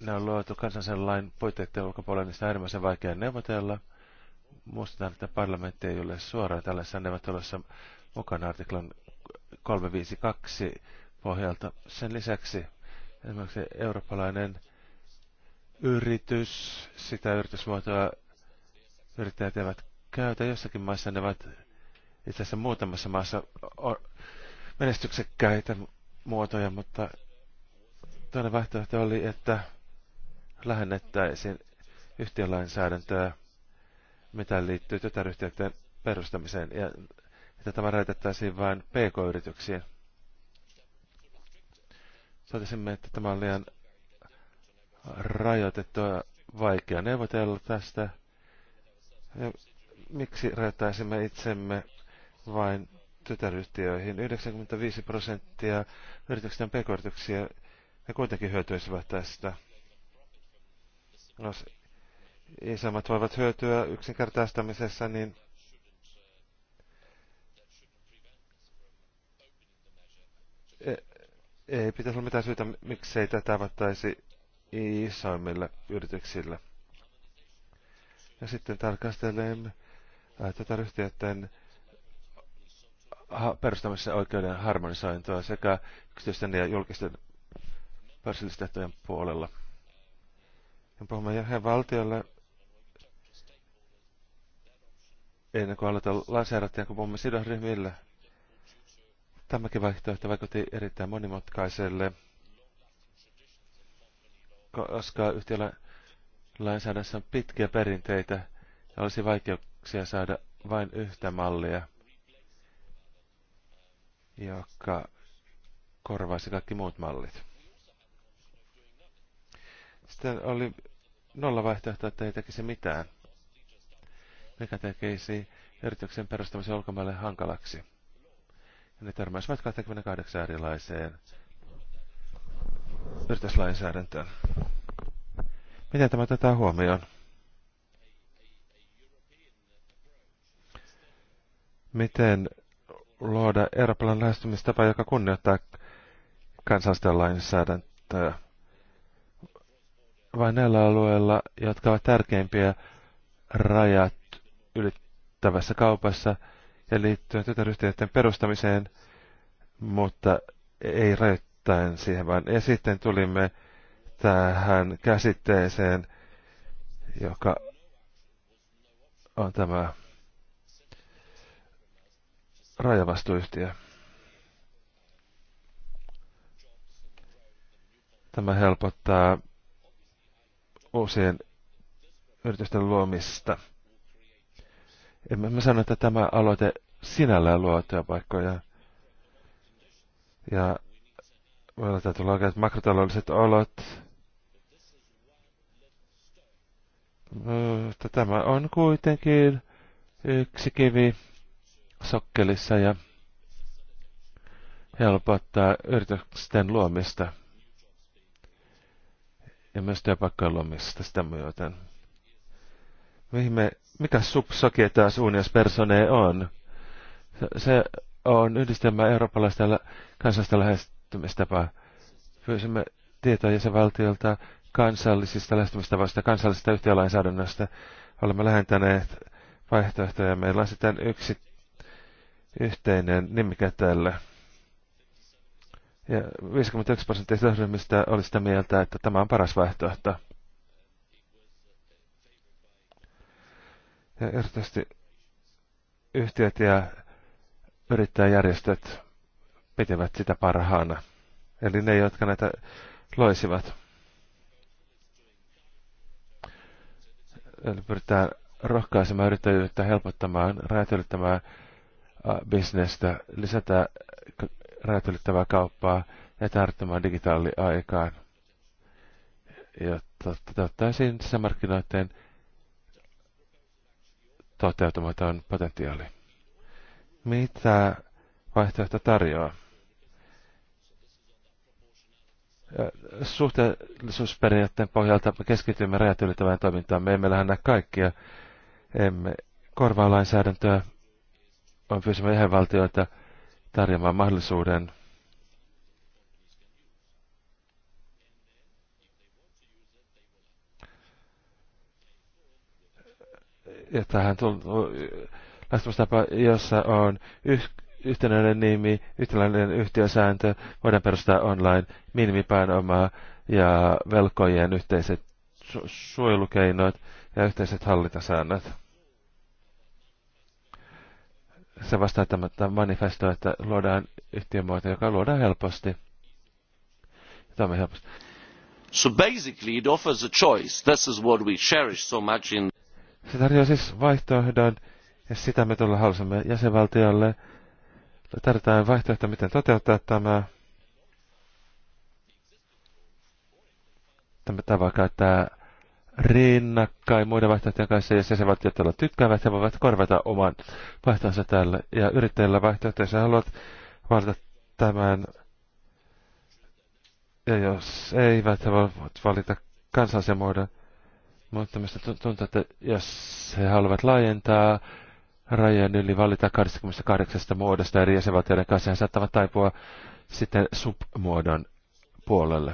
Ne on luotu kansallisen lain puitteiden ulkopuolella, niistä on äärimmäisen vaikea neuvotella. Muistetaan, että parlamentti ei ole suoraan tällaisessa neuvottelussa mukana artiklan 352 pohjalta. Sen lisäksi esimerkiksi eurooppalainen yritys, sitä yritysmuotoa yrittäjät eivät käytä. Jossakin maissa ne ovat itse asiassa muutamassa maassa menestyksekkäitä muotoja, mutta toinen vaihtoehto oli, että lähennettäisiin yhtiölainsäädäntöä, mitä liittyy tytäryhtiöiden perustamiseen, ja että tämä räätettäisiin vain pk-yrityksiin. Sotisimme, että tämä on liian rajoitettua vaikea neuvotella tästä. Ja miksi rajoittaisimme itsemme vain tytäryhtiöihin? 95 prosenttia yrityksistä on pk ja kuitenkin hyötyisivät tästä. Jos isommat voivat hyötyä yksinkertaistamisessa, niin e- ei pitäisi olla mitään syytä, miksei tätä avattaisi isoimmille yrityksille. Ja sitten tarkastelemme äh, tätä ryhtiöiden perustamisen oikeuden harmonisointoa sekä yksityisten ja julkisten pörssillistehtojen puolella. Ja puhumme valtiolle ennen kuin aloitan lanseerattia, kun puhumme sidosryhmille. Tämäkin vaihtoehto vaikutti erittäin monimutkaiselle koska yhtiöllä lainsäädännössä on pitkiä perinteitä ja olisi vaikeuksia saada vain yhtä mallia, joka korvaisi kaikki muut mallit. Sitten oli nolla vaihtoehto, että ei tekisi mitään, mikä tekisi yrityksen perustamisen ulkomaille hankalaksi. Ja ne törmäisivät 28 erilaiseen yrityslainsäädäntöön. Miten tämä tätä huomioon? Miten luoda Euroopan lähestymistapa, joka kunnioittaa kansallisten lainsäädäntöä? Vain näillä alueilla, jotka ovat tärkeimpiä rajat ylittävässä kaupassa ja liittyen tytäryhtiöiden perustamiseen, mutta ei rajoittaa viittain siihen vaan. Ja sitten tulimme tähän käsitteeseen, joka on tämä rajavastuyhtiö. Tämä helpottaa uusien yritysten luomista. En mä sano, että tämä aloite sinällään luo työpaikkoja. Ja Meillä täytyy olla oikeat makrotaloudelliset olot. Mutta tämä on kuitenkin yksi kivi sokkelissa ja helpottaa yritysten luomista ja myös työpaikkojen luomista sitä myöten. mikä subsokie tämä personee persone on? Se on yhdistelmä eurooppalaista ja kansallista lähestymistä lähestymistapa. Pyysimme tietoa jäsenvaltiolta kansallisista lähestymistavoista, kansallisista yhtiölainsäädännöstä. Olemme lähentäneet vaihtoehtoja. Meillä on sitten yksi yhteinen nimikä tälle. Ja 51 prosenttia sidosryhmistä oli sitä mieltä, että tämä on paras vaihtoehto. Ja erityisesti yhtiöt ja yrittäjäjärjestöt pitivät sitä parhaana. Eli ne, jotka näitä loisivat. Eli pyritään rohkaisemaan yrittäjyyttä, helpottamaan, räätyydyttämään bisnestä, lisätä räätyydyttävää kauppaa ja tarttumaan digitaaliaikaan, jotta toteuttaisiin sisämarkkinoiden toteutumaton potentiaali. Mitä vaihtoehto tarjoaa? suhteellisuusperiaatteen pohjalta me keskitymme rajat ylittävään toimintaan. Me emme lähde kaikkia, emme korvaa lainsäädäntöä, on pyysimme jäsenvaltioita tarjoamaan mahdollisuuden ja tähän tullut lähtemistapa, jossa on yksi yhtenäinen nimi, yhtenäinen yhtiösääntö, voidaan perustaa online minimipääomaa ja velkojen yhteiset su- suojelukeinot ja yhteiset hallintasäännöt. Se vastaa tämä manifesto, että luodaan yhtiömuoto, joka luodaan helposti. Tämä helposti. So basically it offers a choice. This is what we cherish so much in... Se tarjoaa siis vaihtoehdon, ja sitä me tuolla halusimme jäsenvaltiolle tarvitaan vaihtoehto, miten toteuttaa tämä. Tämä tapa käyttää rinnakkain muiden vaihtoehtojen kanssa, jos jäsenvaltiot olla tykkäävät, he voivat korvata oman vaihtoehtonsa tällä. Ja yrittäjällä vaihtoehtoja haluat valita tämän. Ja jos eivät, he voivat valita kansallisen muodon. Mutta mistä tuntuu, että jos he haluavat laajentaa rajojen yli valita 28 muodosta eri jäsenvaltioiden kanssa ja saattavat taipua sitten submuodon puolelle.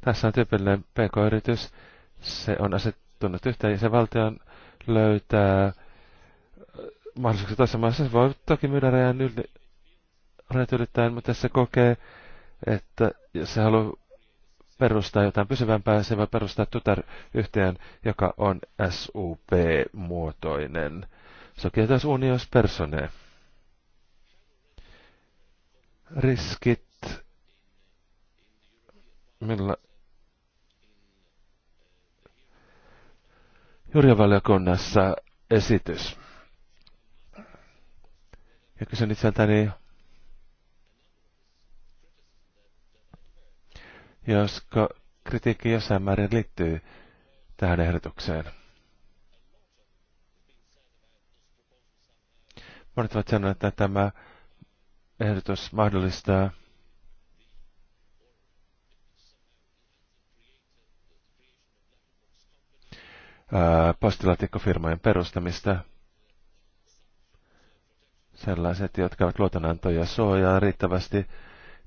Tässä on tyypillinen PK-yritys. Se on asettunut yhteen ja se valtion löytää mahdollisuuksia tässä maassa. Se voi toki myydä rajan yli, rajat ylittäen, mutta se kokee, että jos se haluaa perustaa jotain pysyvämpää, se voi perustaa tytäryhtiön, joka on SUP-muotoinen. Sokietas unios persone. Riskit, millä jurjavaliokunnassa esitys. Ja kysyn itseltäni, Joska kritiikki jossain määrin liittyy tähän ehdotukseen. Monet ovat sanoneet, että tämä ehdotus mahdollistaa postilaatikkofirmojen perustamista. Sellaiset, jotka ovat luotonantoja suojaa riittävästi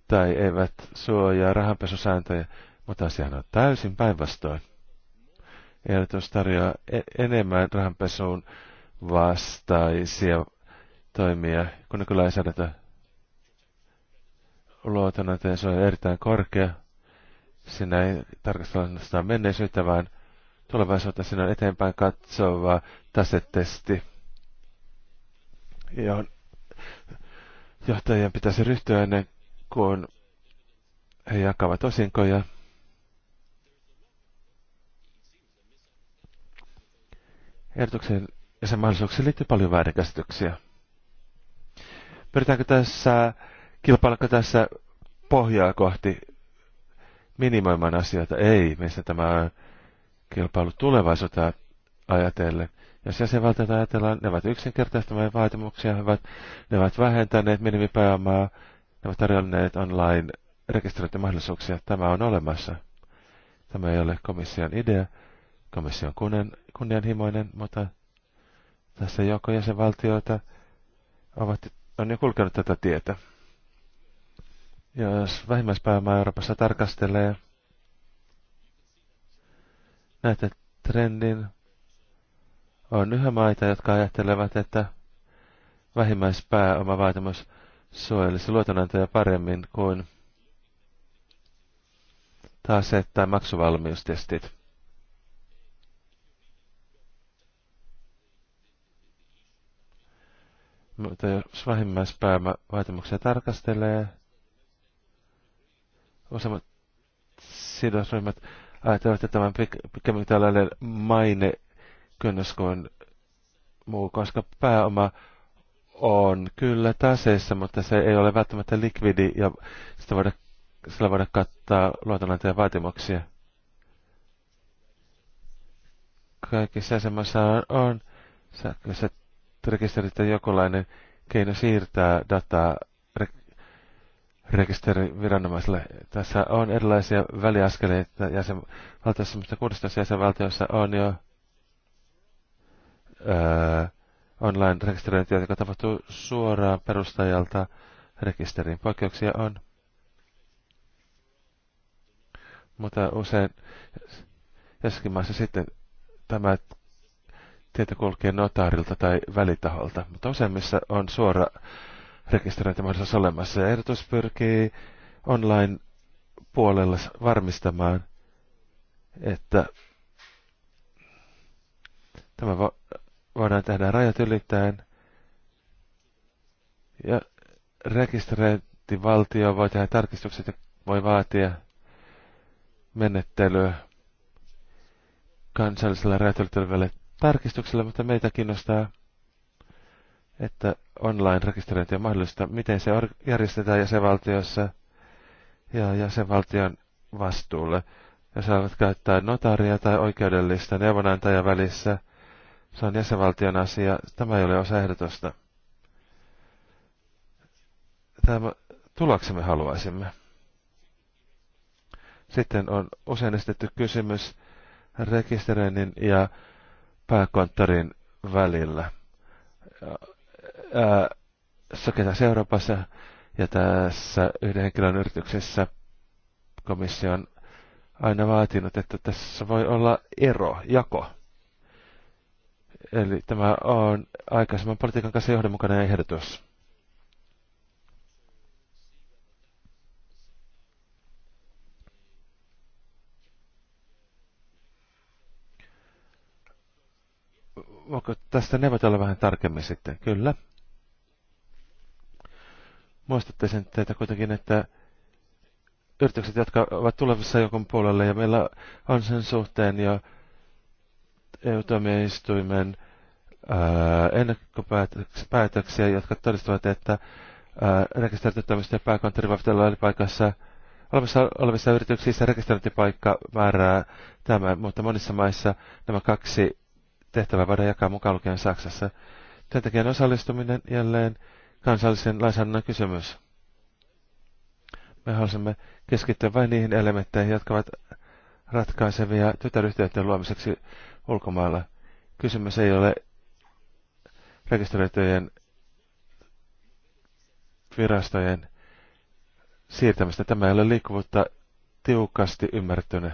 tai eivät suojaa rahanpesusääntöjä, mutta asiahan on täysin päinvastoin. Ehdotus tarjoaa e- enemmän rahanpesuun vastaisia toimia kun nykylainsäädäntö luotonantajan se on erittäin korkea. Siinä ei tarkastella ainoastaan menneisyyttä, vaan tulevaisuutta siinä on eteenpäin katsova tasetesti, johon johtajien pitäisi ryhtyä ennen kun he jakavat osinkoja. Ehdotuksen ja sen mahdollisuuksiin liittyy paljon väärinkäsityksiä. Pyritäänkö tässä, kilpailuko tässä pohjaa kohti minimoimaan asioita? Ei, missä tämä on kilpailu tulevaisuutta ajatellen. Jos jäsenvaltiot ajatellaan, ne ovat yksinkertaistamaan vaatimuksia, ne ovat, ne ovat vähentäneet minimipääomaa, ne ovat tarjonneet online rekisteröintimahdollisuuksia. Tämä on olemassa. Tämä ei ole komission idea. Komissio on kunnianhimoinen, mutta tässä joukko jäsenvaltioita ovat, on jo kulkenut tätä tietä. Jos vähimmäispääomaa Euroopassa tarkastelee, näitä trendin. On yhä maita, jotka ajattelevat, että vähimmäispääomavaatimus suojelisi luotonantaja paremmin kuin taas tai maksuvalmiustestit. Mutta jos vähimmäispäämä vaatimuksia tarkastelee, useimmat sidosryhmät ajattelevat, että tämän pikemmin tällainen maine kynnys kuin muu, koska pääoma on kyllä taseessa, mutta se ei ole välttämättä likvidi ja sitä voida, sillä voida kattaa luotonantajan vaatimuksia. Kaikissa asemassa on, on sähköiset rekisterit ja jokulainen keino siirtää dataa rekisteriviranomaisille. Tässä on erilaisia väliaskeleita jäsenvaltioissa, mutta 16 jäsenvaltiossa on jo öö, online-rekisteröintiä, joka tapahtuu suoraan perustajalta rekisteriin. Poikkeuksia on, mutta usein jossakin maassa sitten tämä tieto kulkee notaarilta tai välitaholta, mutta useimmissa on suora rekisteröinti, mahdollisuus olemassa. Ja ehdotus pyrkii online-puolella varmistamaan, että tämä voidaan tehdä rajat ylittäen. Ja rekisteröintivaltio voi tehdä tarkistukset ja voi vaatia menettelyä kansallisella räätälöityvälle tarkistuksella, mutta meitä kiinnostaa, että online-rekisteröinti on mahdollista, miten se järjestetään jäsenvaltiossa ja jäsenvaltion vastuulle. Ja saavat käyttää notaria tai oikeudellista neuvonantajan välissä – se on jäsenvaltion asia. Tämä ei ole osa ehdotusta. Tämä tuloksemme haluaisimme. Sitten on usein esitetty kysymys rekisteröinnin ja pääkonttorin välillä. Soketas Euroopassa ja tässä yhden henkilön yrityksessä komissio on aina vaatinut, että tässä voi olla ero, jako. Eli tämä on aikaisemman politiikan kanssa johdonmukainen ehdotus. Voiko tästä neuvotella vähän tarkemmin sitten? Kyllä. Muistatte sen teitä kuitenkin, että yritykset, jotka ovat tulevissa jonkun puolelle, ja meillä on sen suhteen jo EU-tuomioistuimen ennakkopäätöksiä, jotka todistavat, että rekisteröity toimistojen pääkonttori voivat olla paikassa olemassa olevissa yrityksissä rekisteröintipaikka määrää tämän, mutta monissa maissa nämä kaksi tehtävää voidaan jakaa mukaan lukien Saksassa. Työntekijän osallistuminen jälleen kansallisen lainsäädännön kysymys. Me haluamme keskittyä vain niihin elementteihin, jotka ovat ratkaisevia tytäryhtiöiden luomiseksi ulkomailla. Kysymys ei ole rekisteröityjen virastojen siirtämistä. Tämä ei ole liikkuvuutta tiukasti ymmärtynyt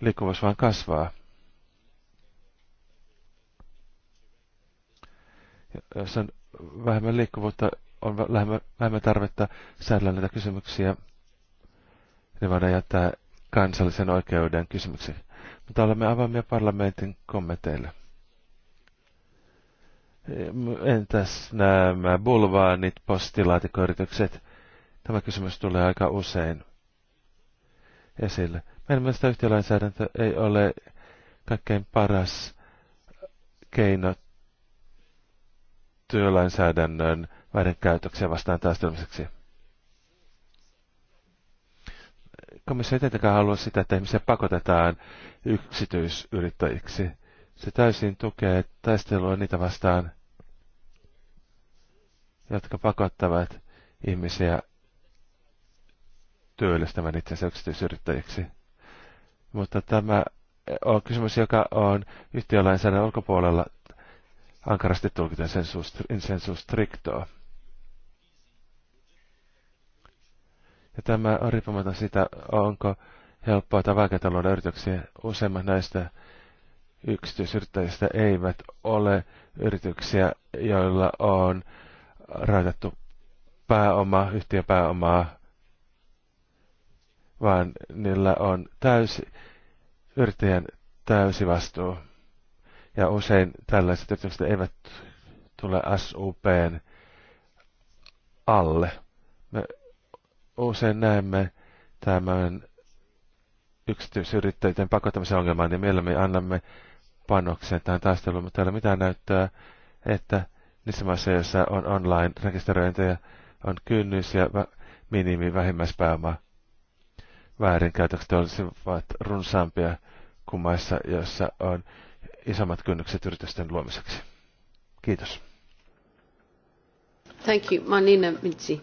Liikkuvuus vaan kasvaa. Jos on vähemmän liikkuvuutta, on vähemmän, vähemmän tarvetta säädellä näitä kysymyksiä, niin voidaan jättää kansallisen oikeuden kysymyksiä mutta olemme avoimia parlamentin kommenteille. Entäs nämä bulvaanit, postilaatikoyritykset? Tämä kysymys tulee aika usein esille. Meidän mielestä yhtiölainsäädäntö ei ole kaikkein paras keino työlainsäädännön käytöksiä vastaan taistelmiseksi. komissio ei tietenkään halua sitä, että ihmisiä pakotetaan yksityisyrittäjiksi. Se täysin tukee taistelua niitä vastaan, jotka pakottavat ihmisiä työllistämään itsensä yksityisyrittäjiksi. Mutta tämä on kysymys, joka on yhtiölainsäädännön ulkopuolella ankarasti tulkiten sensus, sensus strictoa. Ja tämä on riippumaton sitä, onko helppoa tai vaikeaa luoda yrityksiä. Useimmat näistä yksityisyrittäjistä eivät ole yrityksiä, joilla on rajoitettu pääoma, yhtiöpääomaa, vaan niillä on täysi, yrittäjän täysi vastuu. Ja usein tällaiset yritykset eivät tule SUPn alle usein näemme tämän yksityisyrittäjien pakottamisen ongelman, niin mielemmin annamme panoksen tähän taisteluun, mutta ei ole mitään näyttää, että niissä maissa, joissa on online-rekisteröintejä, on kynnys ja minimi vähimmäispääoma väärinkäytökset olisivat runsaampia kuin maissa, joissa on isommat kynnykset yritysten luomiseksi. Kiitos. Thank you. Manina Mitsi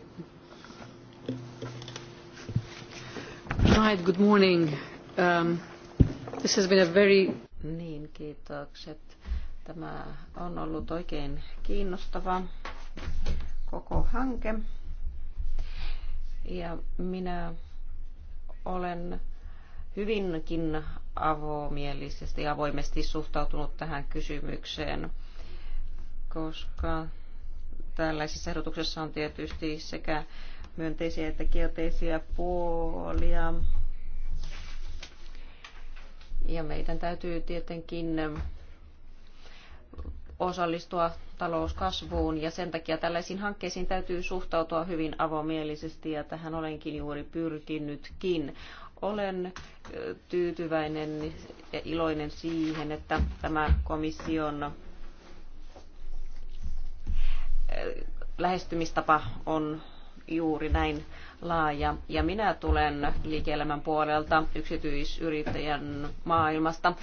good morning. Um, this has been a very... Niin, kiitokset. Tämä on ollut oikein kiinnostava koko hanke. Ja minä olen hyvinkin avomielisesti ja avoimesti suhtautunut tähän kysymykseen, koska tällaisessa ehdotuksessa on tietysti sekä myönteisiä että kielteisiä puolia. Ja meidän täytyy tietenkin ähm, osallistua talouskasvuun ja sen takia tällaisiin hankkeisiin täytyy suhtautua hyvin avomielisesti ja tähän olenkin juuri pyrkinytkin. Olen äh, tyytyväinen ja iloinen siihen, että tämä komission äh, lähestymistapa on juuri näin laaja. Ja minä tulen liike-elämän puolelta yksityisyrittäjän maailmasta.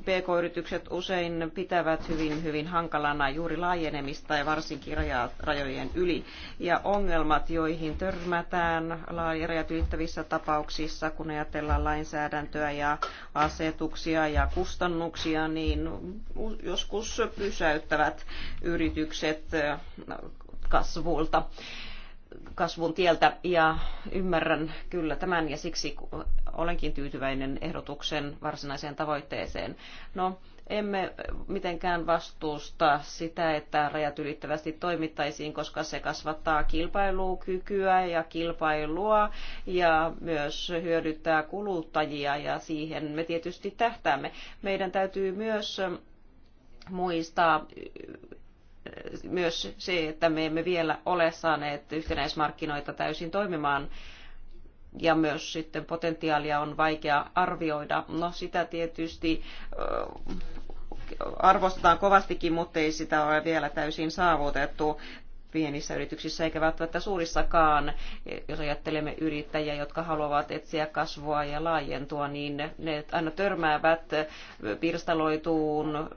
PK-yritykset usein pitävät hyvin, hyvin hankalana juuri laajenemista ja varsinkin rajojen yli. Ja ongelmat, joihin törmätään laajarajat ylittävissä tapauksissa, kun ajatellaan lainsäädäntöä ja asetuksia ja kustannuksia, niin joskus pysäyttävät yritykset kasvulta kasvun tieltä ja ymmärrän kyllä tämän ja siksi olenkin tyytyväinen ehdotuksen varsinaiseen tavoitteeseen. No, emme mitenkään vastusta sitä, että rajat ylittävästi toimittaisiin, koska se kasvattaa kilpailukykyä ja kilpailua ja myös hyödyttää kuluttajia ja siihen me tietysti tähtäämme. Meidän täytyy myös muistaa myös se, että me emme vielä ole saaneet yhtenäismarkkinoita täysin toimimaan ja myös sitten potentiaalia on vaikea arvioida. No sitä tietysti arvostetaan kovastikin, mutta ei sitä ole vielä täysin saavutettu pienissä yrityksissä eikä välttämättä suurissakaan. Jos ajattelemme yrittäjiä, jotka haluavat etsiä kasvua ja laajentua, niin ne aina törmäävät pirstaloituun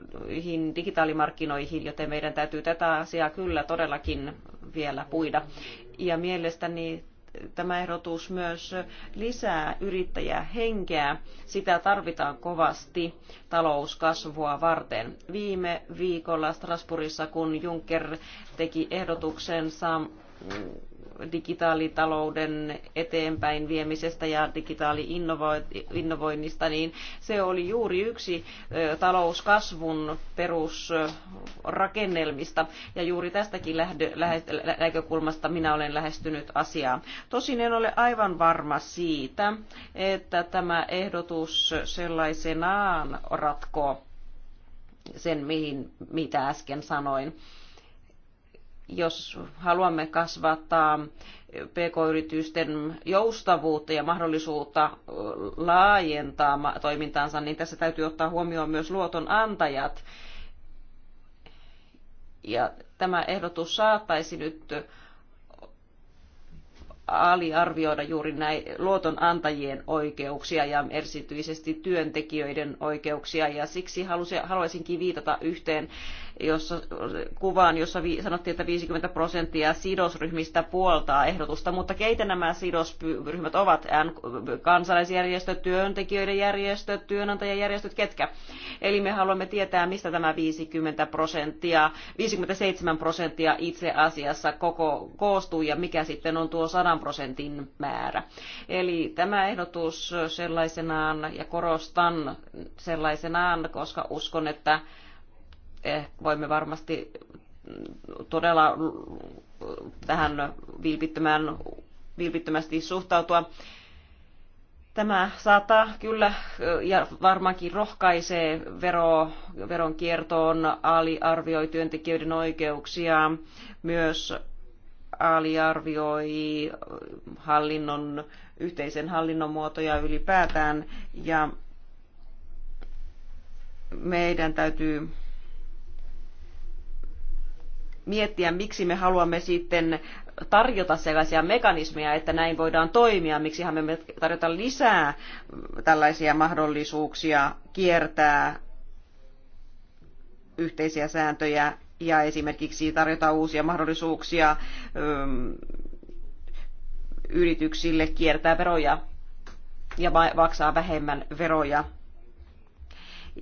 digitaalimarkkinoihin, joten meidän täytyy tätä asiaa kyllä todellakin vielä puida. Ja mielestäni tämä ehdotus myös lisää yrittäjähenkeä. Sitä tarvitaan kovasti talouskasvua varten. Viime viikolla Strasbourgissa, kun Juncker teki ehdotuksensa digitaalitalouden eteenpäin viemisestä ja digitaaliinnovoinnista, innovoinnista niin se oli juuri yksi talouskasvun perusrakennelmista. Ja juuri tästäkin näkökulmasta minä olen lähestynyt asiaa. Tosin en ole aivan varma siitä, että tämä ehdotus sellaisenaan ratkoo sen, mihin, mitä äsken sanoin jos haluamme kasvattaa pk-yritysten joustavuutta ja mahdollisuutta laajentaa toimintaansa, niin tässä täytyy ottaa huomioon myös luotonantajat. Ja tämä ehdotus saattaisi nyt aliarvioida juuri näin luotonantajien oikeuksia ja erityisesti työntekijöiden oikeuksia ja siksi haluaisinkin viitata yhteen jossa, kuvaan, jossa vi, sanottiin, että 50 prosenttia sidosryhmistä puoltaa ehdotusta, mutta keitä nämä sidosryhmät ovat? Kansalaisjärjestöt, työntekijöiden järjestöt, työnantajajärjestöt, ketkä? Eli me haluamme tietää, mistä tämä 50 prosenttia, 57 prosenttia itse asiassa koko koostuu ja mikä sitten on tuo 100 prosentin määrä. Eli tämä ehdotus sellaisenaan ja korostan sellaisenaan, koska uskon, että Eh, voimme varmasti todella tähän vilpittömään, vilpittömästi suhtautua. Tämä saattaa kyllä eh, ja varmaankin rohkaisee vero, veronkiertoon, aliarvioi työntekijöiden oikeuksia, myös aliarvioi hallinnon, yhteisen hallinnon muotoja ylipäätään ja meidän täytyy miettiä, miksi me haluamme sitten tarjota sellaisia mekanismeja, että näin voidaan toimia, miksi me tarjota lisää tällaisia mahdollisuuksia kiertää yhteisiä sääntöjä ja esimerkiksi tarjota uusia mahdollisuuksia yrityksille kiertää veroja ja maksaa vähemmän veroja.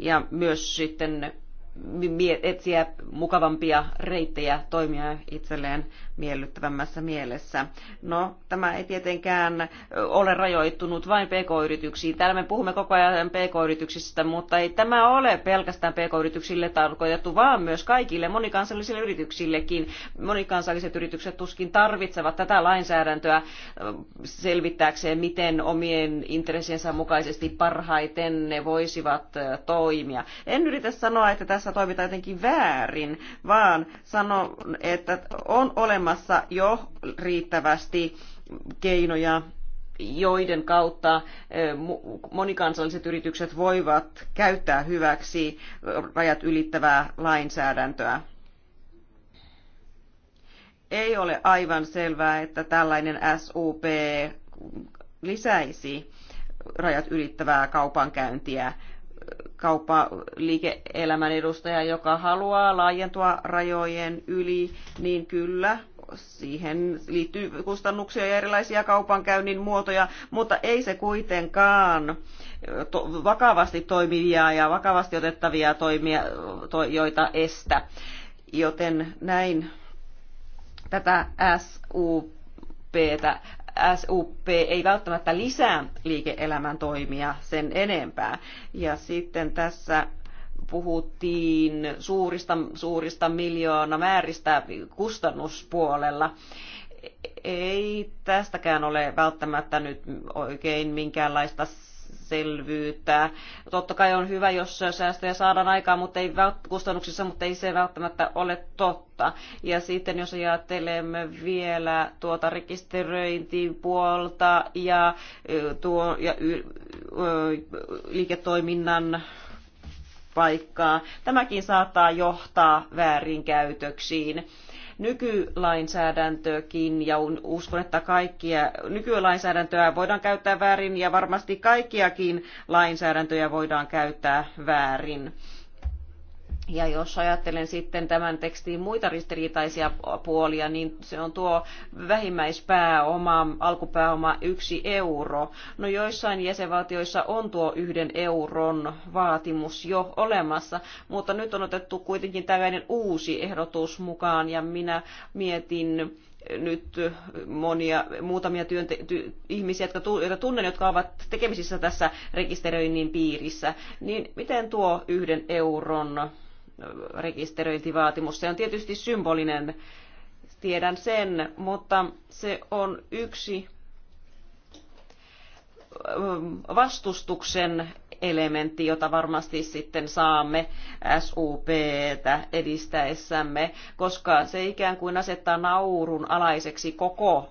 Ja myös sitten etsiä mukavampia reittejä toimia itselleen miellyttävämmässä mielessä. No, tämä ei tietenkään ole rajoittunut vain pk-yrityksiin. Täällä me puhumme koko ajan pk-yrityksistä, mutta ei tämä ole pelkästään pk-yrityksille tarkoitettu, vaan myös kaikille monikansallisille yrityksillekin. Monikansalliset yritykset tuskin tarvitsevat tätä lainsäädäntöä selvittääkseen, miten omien intressiensä mukaisesti parhaiten ne voisivat toimia. En yritä sanoa, että tässä tässä toimitaan jotenkin väärin, vaan sanon, että on olemassa jo riittävästi keinoja joiden kautta monikansalliset yritykset voivat käyttää hyväksi rajat ylittävää lainsäädäntöä. Ei ole aivan selvää, että tällainen SUP lisäisi rajat ylittävää kaupankäyntiä, kauppaliike-elämän edustaja, joka haluaa laajentua rajojen yli, niin kyllä siihen liittyy kustannuksia ja erilaisia kaupankäynnin muotoja, mutta ei se kuitenkaan to- vakavasti toimivia ja vakavasti otettavia toimia, to- joita estä. Joten näin tätä SUPtä SUP ei välttämättä lisää liike-elämän toimia sen enempää. Ja sitten tässä puhuttiin suurista, suurista miljoonamääristä kustannuspuolella ei tästäkään ole välttämättä nyt oikein minkäänlaista selvyyttä. Totta kai on hyvä, jos säästöjä saadaan aikaan mutta ei kustannuksissa, mutta ei se välttämättä ole totta. Ja sitten jos ajattelemme vielä tuota puolta ja, tuo, ja y, y, liiketoiminnan paikkaa, tämäkin saattaa johtaa väärinkäytöksiin nykylainsäädäntöäkin ja uskon, että kaikkia nykylainsäädäntöä voidaan käyttää väärin ja varmasti kaikkiakin lainsäädäntöjä voidaan käyttää väärin. Ja jos ajattelen sitten tämän tekstin muita ristiriitaisia puolia, niin se on tuo vähimmäispääoma, alkupääoma yksi euro. No joissain jäsenvaltioissa on tuo yhden euron vaatimus jo olemassa, mutta nyt on otettu kuitenkin tällainen uusi ehdotus mukaan ja minä mietin, nyt monia, muutamia työnte- ty- ihmisiä, jotka, tu- joita tunnen, jotka ovat tekemisissä tässä rekisteröinnin piirissä, niin miten tuo yhden euron rekisteröintivaatimus. Se on tietysti symbolinen, tiedän sen, mutta se on yksi vastustuksen elementti, jota varmasti sitten saamme SUPtä edistäessämme, koska se ikään kuin asettaa naurun alaiseksi koko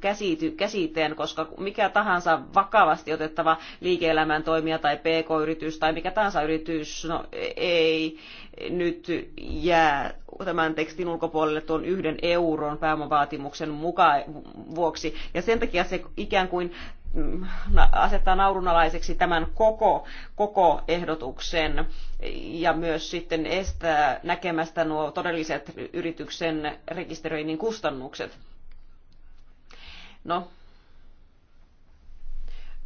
käsity, käsiteen, koska mikä tahansa vakavasti otettava liike-elämän toimija tai pk-yritys tai mikä tahansa yritys, no ei nyt jää tämän tekstin ulkopuolelle tuon yhden euron pääomavaatimuksen muka- vuoksi. Ja sen takia se ikään kuin Mm, asettaa naurunalaiseksi tämän koko, koko ehdotuksen ja myös sitten estää näkemästä nuo todelliset yrityksen rekisteröinnin kustannukset. No,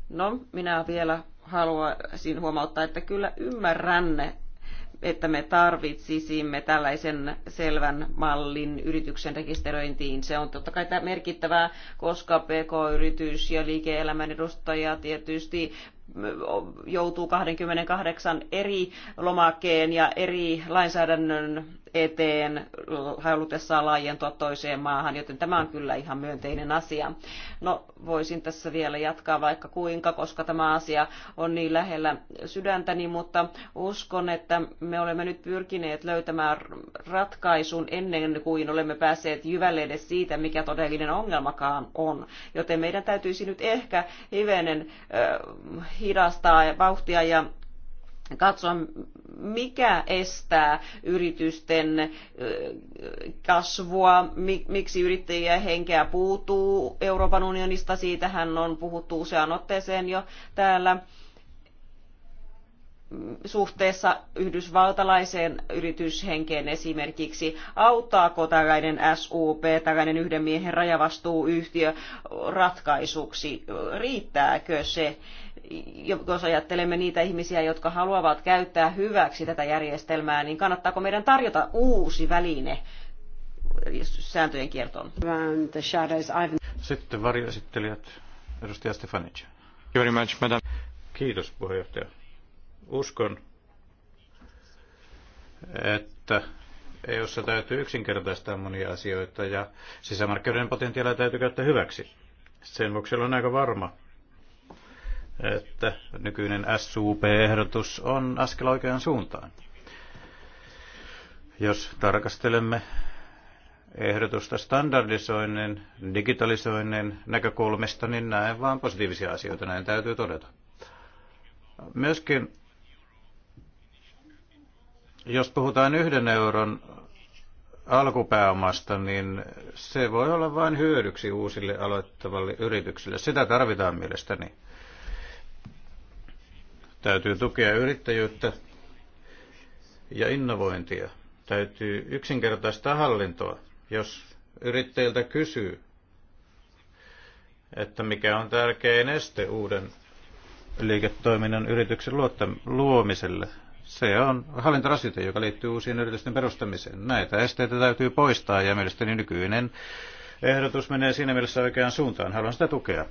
no minä vielä haluaisin huomauttaa, että kyllä ymmärrän että me tarvitsisimme tällaisen selvän mallin yrityksen rekisteröintiin. Se on totta kai merkittävää, koska PK-yritys ja liike-elämän edustaja tietysti joutuu 28 eri lomakkeen ja eri lainsäädännön eteen halutessaan laajentua toiseen maahan, joten tämä on kyllä ihan myönteinen asia. No, voisin tässä vielä jatkaa vaikka kuinka, koska tämä asia on niin lähellä sydäntäni, mutta uskon, että me olemme nyt pyrkineet löytämään ratkaisun ennen kuin olemme päässeet jyvälle edes siitä, mikä todellinen ongelmakaan on. Joten meidän täytyisi nyt ehkä hivenen äh, hidastaa vauhtia ja katsoa, mikä estää yritysten kasvua, miksi yrittäjien henkeä puutuu Euroopan unionista. Siitähän on puhuttu useaan otteeseen jo täällä suhteessa yhdysvaltalaiseen yrityshenkeen esimerkiksi. Auttaako tällainen SUP, tällainen yhden miehen rajavastuuyhtiö ratkaisuksi? Riittääkö se? jos ajattelemme niitä ihmisiä, jotka haluavat käyttää hyväksi tätä järjestelmää, niin kannattaako meidän tarjota uusi väline sääntöjen kiertoon? Sitten varjoesittelijät, edustaja Stefanic. Kiitos puheenjohtaja. Uskon, että EU-ssa täytyy yksinkertaistaa monia asioita ja sisämarkkinoiden potentiaalia täytyy käyttää hyväksi. Sen vuoksi olen aika varma, että nykyinen SUP-ehdotus on askel oikeaan suuntaan. Jos tarkastelemme ehdotusta standardisoinnin, digitalisoinnin näkökulmista, niin näen vain positiivisia asioita, näin täytyy todeta. Myöskin, jos puhutaan yhden euron alkupääomasta, niin se voi olla vain hyödyksi uusille aloittavalle yrityksille. Sitä tarvitaan mielestäni. Täytyy tukea yrittäjyyttä ja innovointia. Täytyy yksinkertaista hallintoa. Jos yrittäjiltä kysyy, että mikä on tärkein este uuden liiketoiminnan yrityksen luomiselle, se on hallintorasite, joka liittyy uusien yritysten perustamiseen. Näitä esteitä täytyy poistaa ja mielestäni nykyinen ehdotus menee siinä mielessä oikeaan suuntaan. Haluan sitä tukea.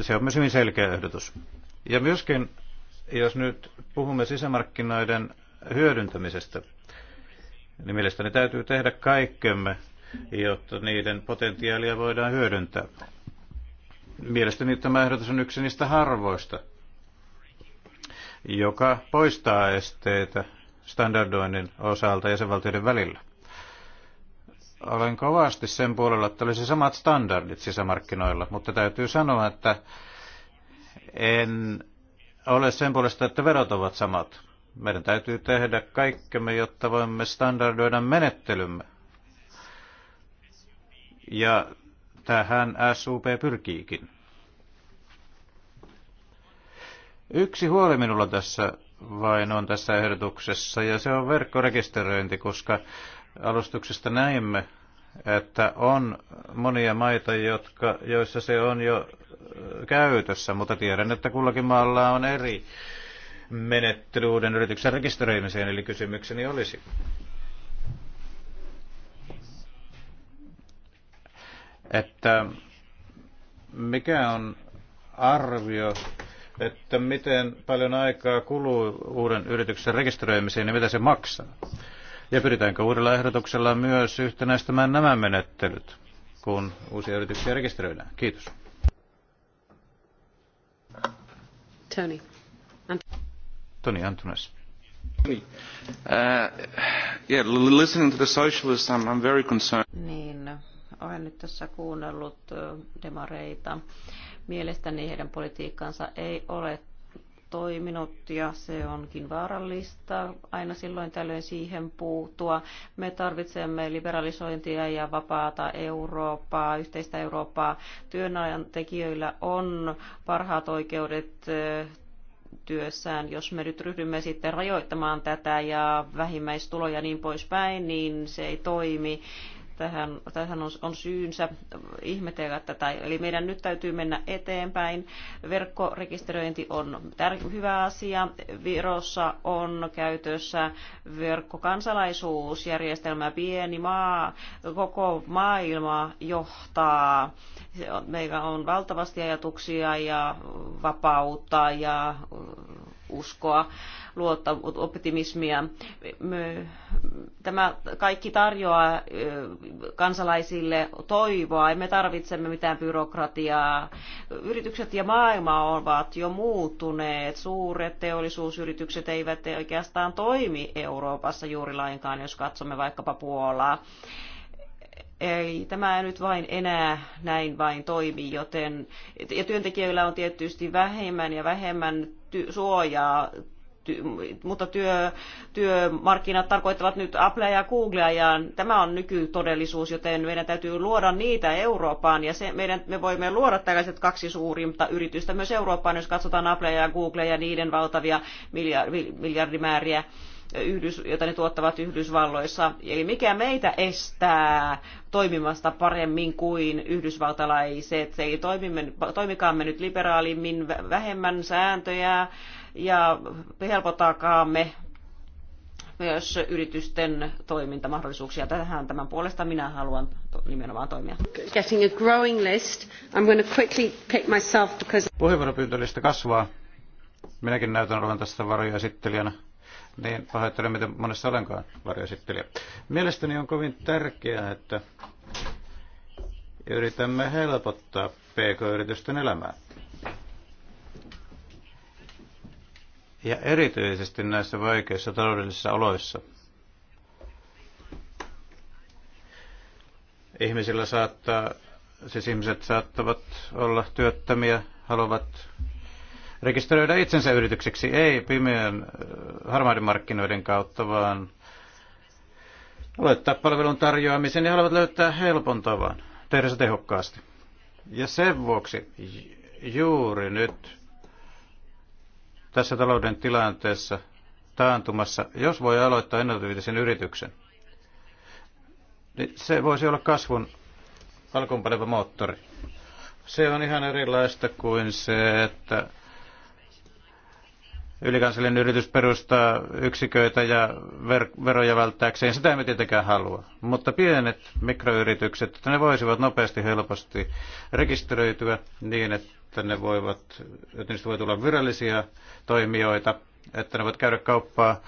Se on myös hyvin selkeä ehdotus. Ja myöskin jos nyt puhumme sisämarkkinoiden hyödyntämisestä, niin mielestäni täytyy tehdä kaikkemme, jotta niiden potentiaalia voidaan hyödyntää. Mielestäni tämä ehdotus on yksi niistä harvoista, joka poistaa esteitä standardoinnin osalta jäsenvaltioiden välillä. Olen kovasti sen puolella, että olisi samat standardit sisämarkkinoilla, mutta täytyy sanoa, että en ole sen puolesta, että verot ovat samat. Meidän täytyy tehdä kaikkemme, jotta voimme standardoida menettelymme. Ja tähän SUP pyrkiikin. Yksi huoli minulla tässä vain on tässä ehdotuksessa, ja se on verkkorekisteröinti, koska alustuksesta näimme, että on monia maita, jotka, joissa se on jo käytössä, mutta tiedän, että kullakin maalla on eri menettely uuden yrityksen rekisteröimiseen, eli kysymykseni olisi. Että mikä on arvio, että miten paljon aikaa kuluu uuden yrityksen rekisteröimiseen ja niin mitä se maksaa? Ja pyritäänkö uudella ehdotuksella myös yhtenäistämään nämä menettelyt, kun uusia yrityksiä rekisteröidään? Kiitos. Tony. Ant- Tony Antunes. Uh, yeah, listening to the socialists, I'm, I'm very concerned. Niin, olen nyt tässä kuunnellut uh, demareita. Mielestäni heidän politiikkansa ei ole toiminut ja se onkin vaarallista aina silloin tällöin siihen puuttua. Me tarvitsemme liberalisointia ja vapaata Eurooppaa, yhteistä Eurooppaa. Työnantekijöillä on parhaat oikeudet eh, työssään. Jos me nyt ryhdymme sitten rajoittamaan tätä ja vähimmäistuloja niin poispäin, niin se ei toimi Tähän, tähän on, on syynsä ihmetellä tätä. Eli meidän nyt täytyy mennä eteenpäin. Verkkorekisteröinti on tär- hyvä asia. Virossa on käytössä verkkokansalaisuusjärjestelmä. Pieni maa, koko maailma johtaa. Meillä on valtavasti ajatuksia ja vapautta ja uskoa, luotta, optimismia. Tämä kaikki tarjoaa kansalaisille toivoa. Emme tarvitsemme mitään byrokratiaa. Yritykset ja maailma ovat jo muuttuneet. Suuret teollisuusyritykset eivät oikeastaan toimi Euroopassa juuri lainkaan, jos katsomme vaikkapa Puolaa ei tämä nyt vain enää näin vain toimi, joten ja työntekijöillä on tietysti vähemmän ja vähemmän ty- suojaa Ty, mutta työ, työmarkkinat tarkoittavat nyt Applea ja Googlea ja tämä on nykytodellisuus, joten meidän täytyy luoda niitä Eurooppaan ja se, meidän, me voimme luoda tällaiset kaksi suurinta yritystä myös Eurooppaan, jos katsotaan Applea ja Googlea ja niiden valtavia miljard, miljardimääriä jota ne tuottavat Yhdysvalloissa. Eli mikä meitä estää toimimasta paremmin kuin yhdysvaltalaiset? Eli toimimme, toimikaamme nyt liberaalimmin, vähemmän sääntöjä ja helpotakaamme myös yritysten toimintamahdollisuuksia. Tähän tämän puolesta minä haluan nimenomaan toimia. Getting a growing list. I'm going to quickly pick myself because... Puheenvuoropyyntölistä kasvaa. Minäkin näytän olevan tästä varjoesittelijänä. Niin, pahoittelen, miten monessa olenkaan varjoesittelijä. Mielestäni on kovin tärkeää, että yritämme helpottaa pk-yritysten elämää. Ja erityisesti näissä vaikeissa taloudellisissa oloissa. Ihmisillä saattaa, siis ihmiset saattavat olla työttömiä, haluavat rekisteröidä itsensä yritykseksi, ei pimeän äh, harmaiden markkinoiden kautta, vaan aloittaa palvelun tarjoamisen ja haluavat löytää helpon tavan tehdä se tehokkaasti. Ja sen vuoksi juuri nyt tässä talouden tilanteessa taantumassa, jos voi aloittaa innovatiivisen yrityksen, niin se voisi olla kasvun alkuunpaneva moottori. Se on ihan erilaista kuin se, että ylikansallinen yritys perustaa yksiköitä ja ver- veroja välttääkseen, sitä emme tietenkään halua. Mutta pienet mikroyritykset, että ne voisivat nopeasti helposti rekisteröityä niin, että ne voivat, että niistä voi tulla virallisia toimijoita, että ne voivat käydä kauppaa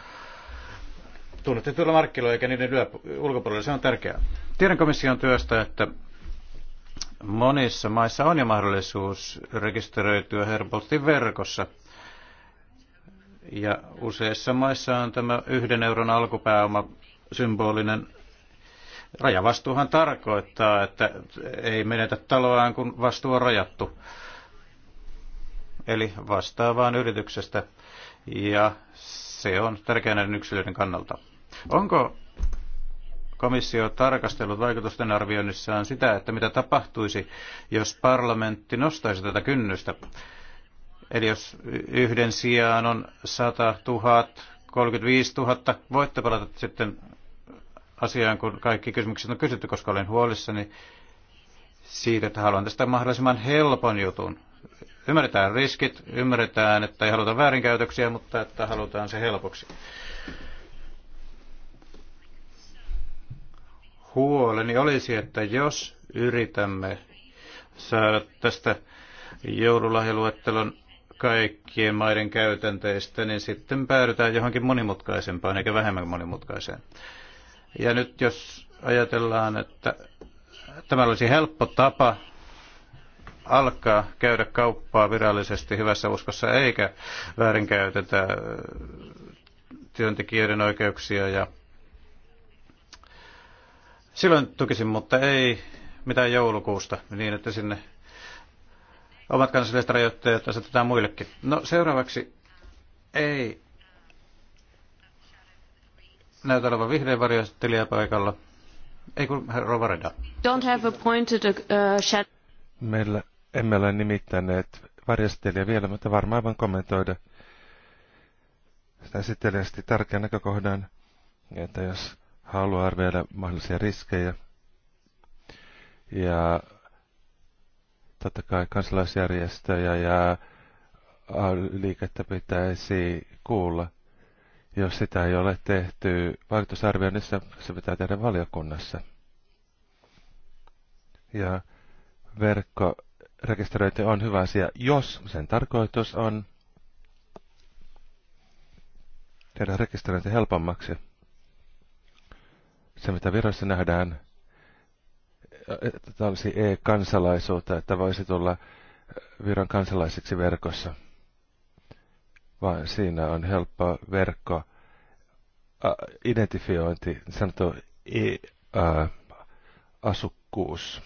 tunnettuilla markkinoilla eikä niiden ulkopuolella. Se on tärkeää. Tiedän komission työstä, että monissa maissa on jo mahdollisuus rekisteröityä helposti verkossa – ja useissa maissa on tämä yhden euron alkupääoma symbolinen rajavastuuhan tarkoittaa, että ei menetä taloaan, kun vastuu on rajattu. Eli vastaavaan yrityksestä ja se on tärkeä näiden yksilöiden kannalta. Onko komissio tarkastellut vaikutusten arvioinnissaan sitä, että mitä tapahtuisi, jos parlamentti nostaisi tätä kynnystä Eli jos yhden sijaan on 100 000, 35 000, voitte palata sitten asiaan, kun kaikki kysymykset on kysytty, koska olen huolissani siitä, että haluan tästä mahdollisimman helpon jutun. Ymmärretään riskit, ymmärretään, että ei haluta väärinkäytöksiä, mutta että halutaan se helpoksi. Huoleni olisi, että jos yritämme saada tästä joululahjaluettelon kaikkien maiden käytänteistä, niin sitten päädytään johonkin monimutkaisempaan eikä vähemmän monimutkaiseen. Ja nyt jos ajatellaan, että tämä olisi helppo tapa alkaa käydä kauppaa virallisesti hyvässä uskossa eikä väärinkäytetä äh, työntekijöiden oikeuksia ja silloin tukisin, mutta ei mitään joulukuusta niin, että sinne omat kansalliset rajoitteet asetetaan muillekin. No seuraavaksi ei näytä olevan vihreän varjostelija paikalla. Ei kun herra Don't have appointed a, uh, Meillä emme ole nimittäneet varjostelija vielä, mutta varmaan voin kommentoida sitä esittelijästi tärkeän näkökohdan, että jos haluaa arvioida mahdollisia riskejä ja Totta kai kansalaisjärjestöjä ja liikettä pitäisi kuulla. Jos sitä ei ole tehty vaikutusarvioinnissa, se pitää tehdä valiokunnassa. Ja verkkorekisteröinti on hyvä asia, jos sen tarkoitus on tehdä rekisteröinti helpommaksi. Se, mitä virossa nähdään, että olisi e-kansalaisuutta, että voisi tulla viran kansalaiseksi verkossa, vaan siinä on helppo verkko identifiointi, sanottu e-asukkuus.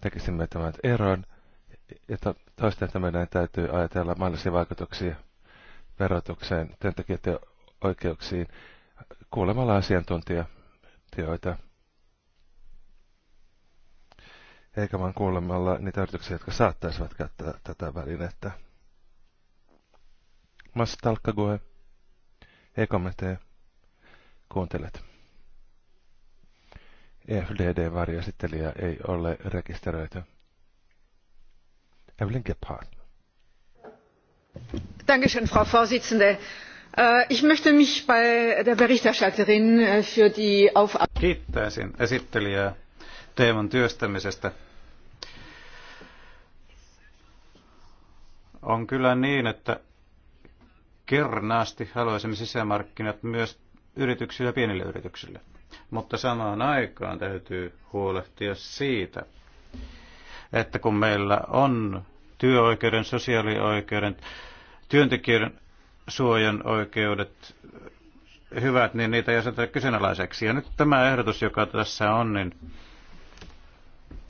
Tekisimme tämän eron ja to, toista, että meidän täytyy ajatella mahdollisia vaikutuksia verotukseen, työntekijöiden oikeuksiin, kuulemalla asiantuntijatioita eikä vain kuulemalla niitä yrityksiä, jotka saattaisivat käyttää tätä välinettä. Mas talkkagoe, ekomete, kuuntelet. EFDD-varjasittelijä ei ole rekisteröity. Evelyn Gebhardt. Dankeschön, Frau Vorsitzende. Äh, ich möchte mich bei der Berichterstatterin äh, für die Aufarbeitung. Kiittäisin esittelijää teeman työstämisestä. On kyllä niin, että kernaasti haluaisimme sisämarkkinat myös yrityksille ja pienille yrityksille. Mutta samaan aikaan täytyy huolehtia siitä, että kun meillä on työoikeuden, sosiaalioikeuden, työntekijöiden suojan oikeudet hyvät, niin niitä ei aseta kyseenalaiseksi. Ja nyt tämä ehdotus, joka tässä on, niin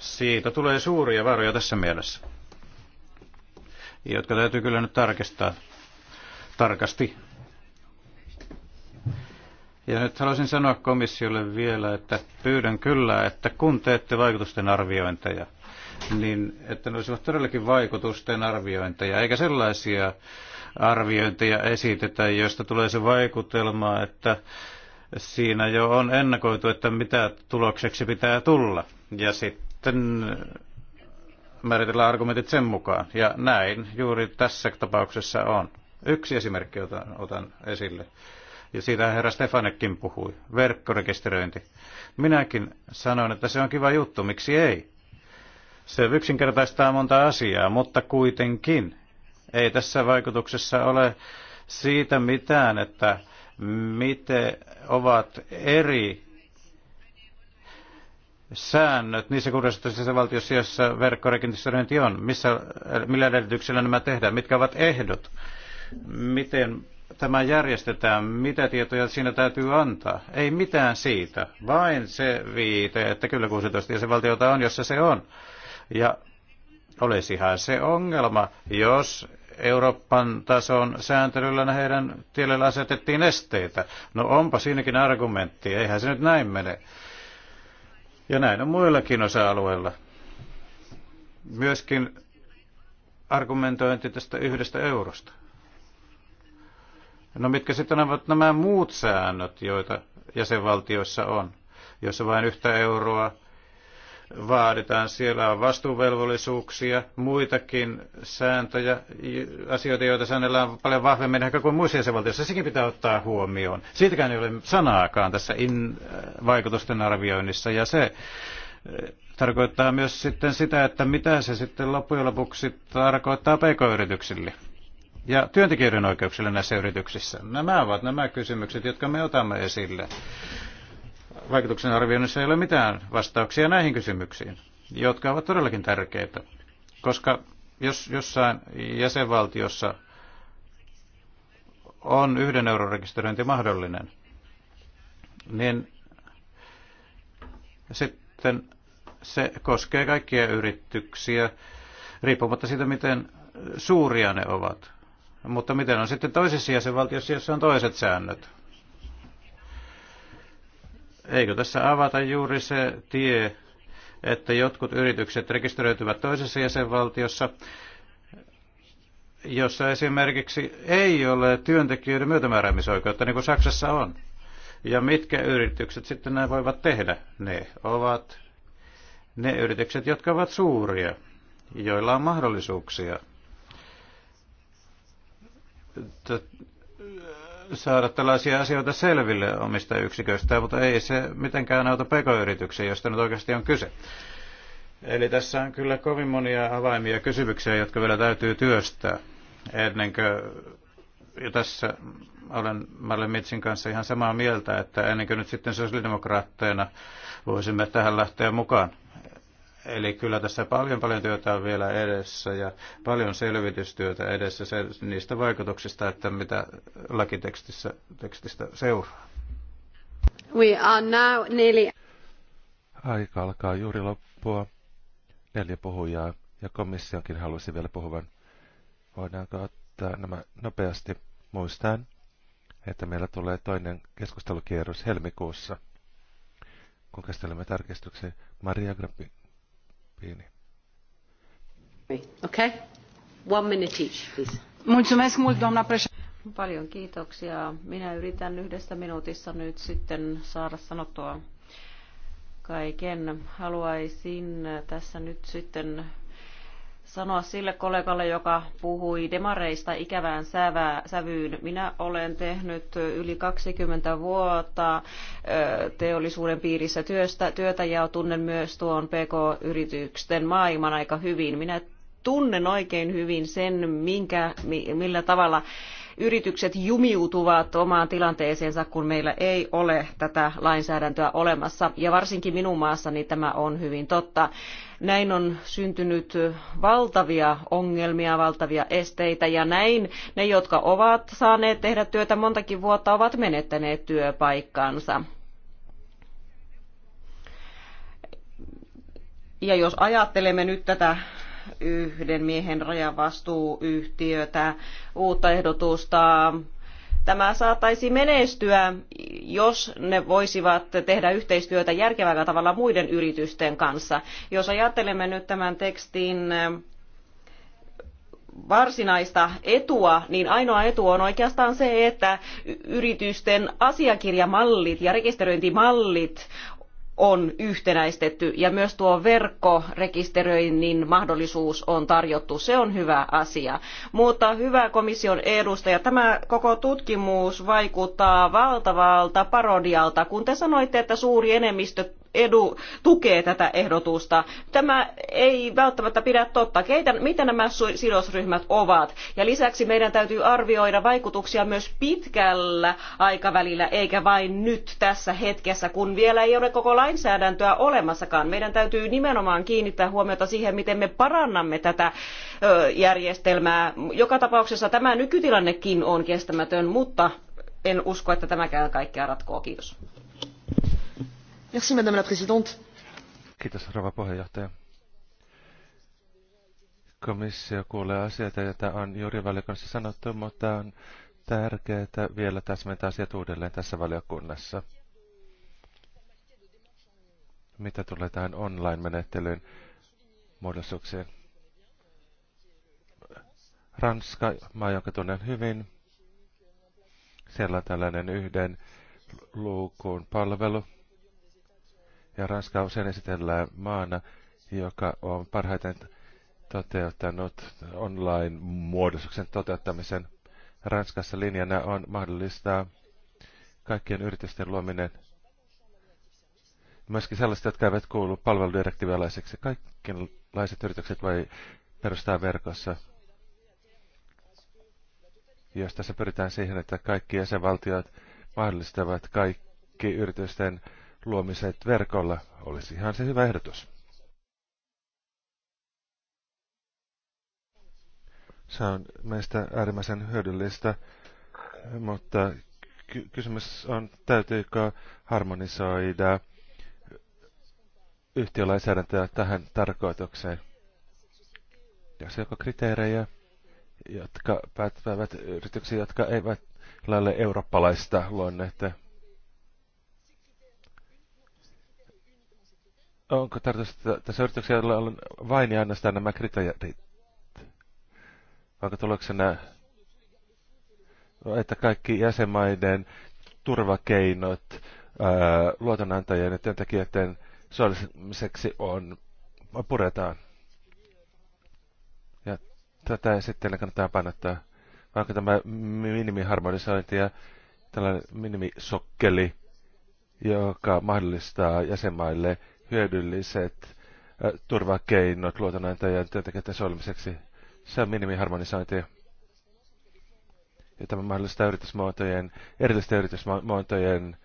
siitä tulee suuria varoja tässä mielessä, jotka täytyy kyllä nyt tarkistaa tarkasti. Ja nyt haluaisin sanoa komissiolle vielä, että pyydän kyllä, että kun teette vaikutusten arviointeja, niin että ne olisivat todellakin vaikutusten arviointeja, eikä sellaisia arviointeja esitetä, joista tulee se vaikutelma, että siinä jo on ennakoitu, että mitä tulokseksi pitää tulla. Ja sitten sitten määritellään argumentit sen mukaan. Ja näin juuri tässä tapauksessa on. Yksi esimerkki otan, otan esille. Ja siitä herra Stefanekin puhui. Verkkorekisteröinti. Minäkin sanoin, että se on kiva juttu. Miksi ei? Se yksinkertaistaa monta asiaa, mutta kuitenkin ei tässä vaikutuksessa ole siitä mitään, että miten ovat eri säännöt niissä 16 valtiossa, joissa verkkorekisteröinti on? Missä, millä edellytyksillä nämä tehdään? Mitkä ovat ehdot? Miten tämä järjestetään? Mitä tietoja siinä täytyy antaa? Ei mitään siitä, vain se viite, että kyllä 16 jäsenvaltiota on, jossa se on. Ja olisihan se ongelma, jos Euroopan tason sääntelyllä heidän tielle asetettiin esteitä. No onpa siinäkin argumentti, eihän se nyt näin mene. Ja näin on muillakin osa-alueilla. Myöskin argumentointi tästä yhdestä eurosta. No mitkä sitten ovat nämä muut säännöt, joita jäsenvaltioissa on, joissa vain yhtä euroa vaaditaan. Siellä on vastuuvelvollisuuksia, muitakin sääntöjä, asioita, joita säännellään paljon vahvemmin ehkä kuin muissa jäsenvaltioissa. Sekin pitää ottaa huomioon. Siitäkään ei ole sanaakaan tässä in, äh, vaikutusten arvioinnissa. Ja se äh, tarkoittaa myös sitten sitä, että mitä se sitten loppujen lopuksi tarkoittaa pk-yrityksille ja työntekijöiden oikeuksille näissä yrityksissä. Nämä ovat nämä kysymykset, jotka me otamme esille vaikutuksen arvioinnissa ei ole mitään vastauksia näihin kysymyksiin, jotka ovat todellakin tärkeitä. Koska jos jossain jäsenvaltiossa on yhden euron rekisteröinti mahdollinen, niin sitten se koskee kaikkia yrityksiä, riippumatta siitä, miten suuria ne ovat. Mutta miten on sitten toisessa jäsenvaltiossa, jossa on toiset säännöt? Eikö tässä avata juuri se tie, että jotkut yritykset rekisteröityvät toisessa jäsenvaltiossa, jossa esimerkiksi ei ole työntekijöiden myötämääräämisoikeutta, niin kuin Saksassa on. Ja mitkä yritykset sitten nämä voivat tehdä? Ne ovat ne yritykset, jotka ovat suuria, joilla on mahdollisuuksia saada tällaisia asioita selville omista yksiköistä, mutta ei se mitenkään auta pk-yrityksiä, josta nyt oikeasti on kyse. Eli tässä on kyllä kovin monia avaimia kysymyksiä, jotka vielä täytyy työstää ennen kuin ja tässä olen Marlen Mitsin kanssa ihan samaa mieltä, että ennen kuin nyt sitten sosiaalidemokraatteina voisimme tähän lähteä mukaan. Eli kyllä tässä paljon paljon työtä on vielä edessä ja paljon selvitystyötä edessä se, niistä vaikutuksista, että mitä lakitekstissä tekstistä seuraa. We are now nearly... Aika alkaa juuri loppua. Neljä puhujaa ja komissionkin halusi vielä puhuvan. Voidaanko ottaa nämä nopeasti muistaan, että meillä tulee toinen keskustelukierros helmikuussa, kun käsittelemme tarkistuksen Maria Grappin Grappini. Okay. One minute each, please. Mulțumesc mult, doamna președinte. Paljon kiitoksia. Minä yritän yhdessä minuutissa nyt sitten saada sanottua kaiken. Haluaisin tässä nyt sitten sanoa sille kollegalle, joka puhui demareista ikävään sävyyn. Minä olen tehnyt yli 20 vuotta teollisuuden piirissä työstä, työtä ja tunnen myös tuon PK-yritysten maailman aika hyvin. Minä tunnen oikein hyvin sen, minkä, millä tavalla yritykset jumiutuvat omaan tilanteeseensa, kun meillä ei ole tätä lainsäädäntöä olemassa. Ja varsinkin minun maassani tämä on hyvin totta. Näin on syntynyt valtavia ongelmia, valtavia esteitä ja näin ne, jotka ovat saaneet tehdä työtä montakin vuotta, ovat menettäneet työpaikkansa. Ja jos ajattelemme nyt tätä yhden miehen rajavastuuyhtiötä, uutta ehdotusta. Tämä saattaisi menestyä, jos ne voisivat tehdä yhteistyötä järkevällä tavalla muiden yritysten kanssa. Jos ajattelemme nyt tämän tekstin äh, varsinaista etua, niin ainoa etu on oikeastaan se, että yritysten asiakirjamallit ja rekisteröintimallit on yhtenäistetty ja myös tuo verkkorekisteröinnin mahdollisuus on tarjottu. Se on hyvä asia. Mutta hyvä komission edustaja, tämä koko tutkimus vaikuttaa valtavalta parodialta, kun te sanoitte, että suuri enemmistö edu, tukee tätä ehdotusta. Tämä ei välttämättä pidä totta. Keitä, mitä nämä sidosryhmät ovat? Ja lisäksi meidän täytyy arvioida vaikutuksia myös pitkällä aikavälillä, eikä vain nyt tässä hetkessä, kun vielä ei ole koko lainsäädäntöä olemassakaan. Meidän täytyy nimenomaan kiinnittää huomiota siihen, miten me parannamme tätä järjestelmää. Joka tapauksessa tämä nykytilannekin on kestämätön, mutta en usko, että tämäkään kaikkea ratkoo. Kiitos madame la présidente. Kiitos, rouva puheenjohtaja. Komissio kuulee asioita, joita on juuri valiokunnassa sanottu, mutta on tärkeää vielä täsmentää asiat uudelleen tässä valiokunnassa. Mitä tulee tähän online-menettelyyn muodostukseen? Ranska, maa, jonka tunnen hyvin. Siellä on tällainen yhden luukun palvelu. Ja Ranska usein esitellään maana, joka on parhaiten toteuttanut online-muodostuksen toteuttamisen. Ranskassa linjana on mahdollistaa kaikkien yritysten luominen, myöskin sellaiset, jotka eivät kuulu palveludirektiivialaiseksi. Kaikkinlaiset yritykset voi perustaa verkossa, jos tässä pyritään siihen, että kaikki jäsenvaltiot mahdollistavat kaikki yritysten luomiset verkolla olisi ihan se hyvä ehdotus. Se on meistä äärimmäisen hyödyllistä, mutta ky kysymys on, täytyykö harmonisoida yhtiölainsäädäntöä tähän tarkoitukseen. Jos joko kriteerejä, jotka päättävät yrityksiä, jotka eivät lailla eurooppalaista luonnetta. onko tarkoitus tässä yrityksessä olla vain ja ainoastaan nämä kriteerit? Onko tuloksena, että kaikki jäsenmaiden turvakeinot ää, luotonantajien ja työntekijöiden suojelmiseksi on, puretaan? Ja tätä sitten kannattaa painottaa. Vaikka tämä minimiharmonisointi ja tällainen minimisokkeli, joka mahdollistaa jäsenmaille – hyödylliset turvakeinot luotonantajan työntekijöiden solmiseksi. Se on minimiharmonisointi. Ja tämä mahdollistaa yritysmuotojen, erillisten yritysmuotojen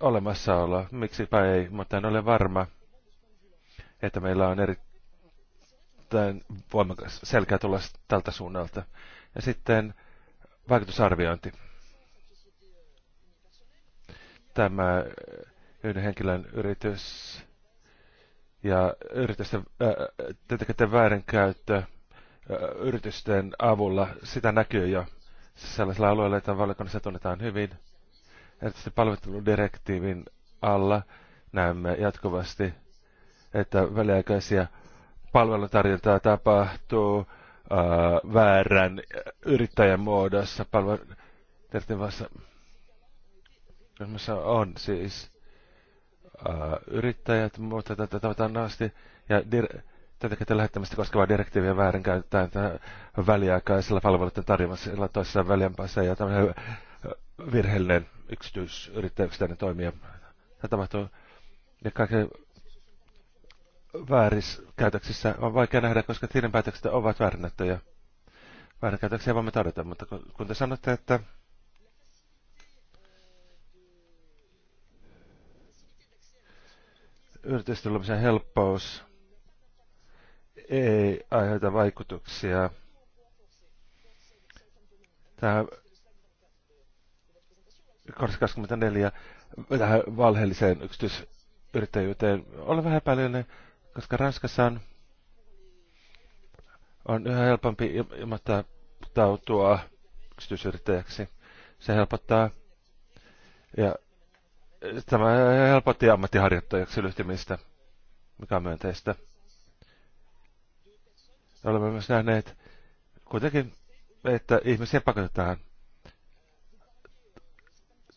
olemassaolo. Miksipä ei, mutta en ole varma, että meillä on erittäin voimakas selkeä tulla tältä suunnalta. Ja sitten vaikutusarviointi. Tämä yhden henkilön yritys ja yritysten, työntekijöiden väärinkäyttö yritysten avulla, sitä näkyy jo sellaisilla alueilla, joita valiokunnassa tunnetaan hyvin. Erityisesti palveludirektiivin alla näemme jatkuvasti, että väliaikaisia palvelutarjontaa tapahtuu ää, väärän yrittäjän muodossa palveludirektiivin on siis Äh, yrittäjät, mutta tätä tavataan asti ja tätä työntekijöiden lähettämistä koskevaa direktiiviä väärinkäytetään väliaikaisella palveluiden tarjoamisella toisessa väljempäässä ja tämmöinen äh, virheellinen yksityisyrittäjäyksittäinen toimija. Tämä tapahtuu ja kaiken vääriskäytöksissä on vaikea nähdä, koska tilinpäätökset ovat väärinnettyjä. Väärinkäytöksiä voimme tarjota, mutta kun te sanotte, että yritysten luomisen helppous ei aiheuta vaikutuksia. Tämä 24 tähän valheelliseen yksityisyrittäjyyteen olen vähän epäilyinen, koska Ranskassa on, on yhä helpompi tautua yksityisyrittäjäksi. Se helpottaa ja Tämä helpotti ammattiharjoittajaksi ryhtymistä, mikä on myönteistä. Olemme myös nähneet kuitenkin, että ihmisiä pakotetaan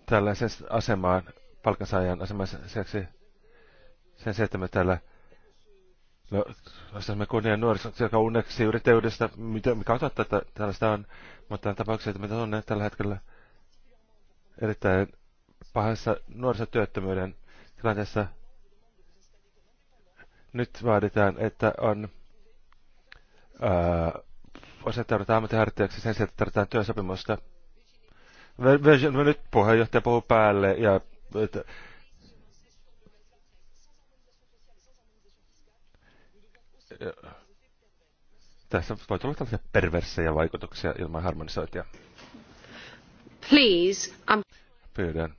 tällaisen asemaan, palkansaajan asemaan seksi sen se, että me täällä No, me kunnian nuorisoksi, joka unneksi yrittäjyydestä, mitä, mikä on totta, että tällaista on, mutta on tapauksia, että me tunne tällä hetkellä erittäin pahassa nuorisotyöttömyyden tilanteessa nyt vaaditaan, että on asettaudutaan ammattiharjoittajaksi sen sijaan, että tarvitaan työsopimusta. Virgin, no nyt puheenjohtaja puhuu päälle ja että, ja, tässä voi tulla tällaisia perversejä vaikutuksia ilman harmonisointia. Please, I'm... Pyydän.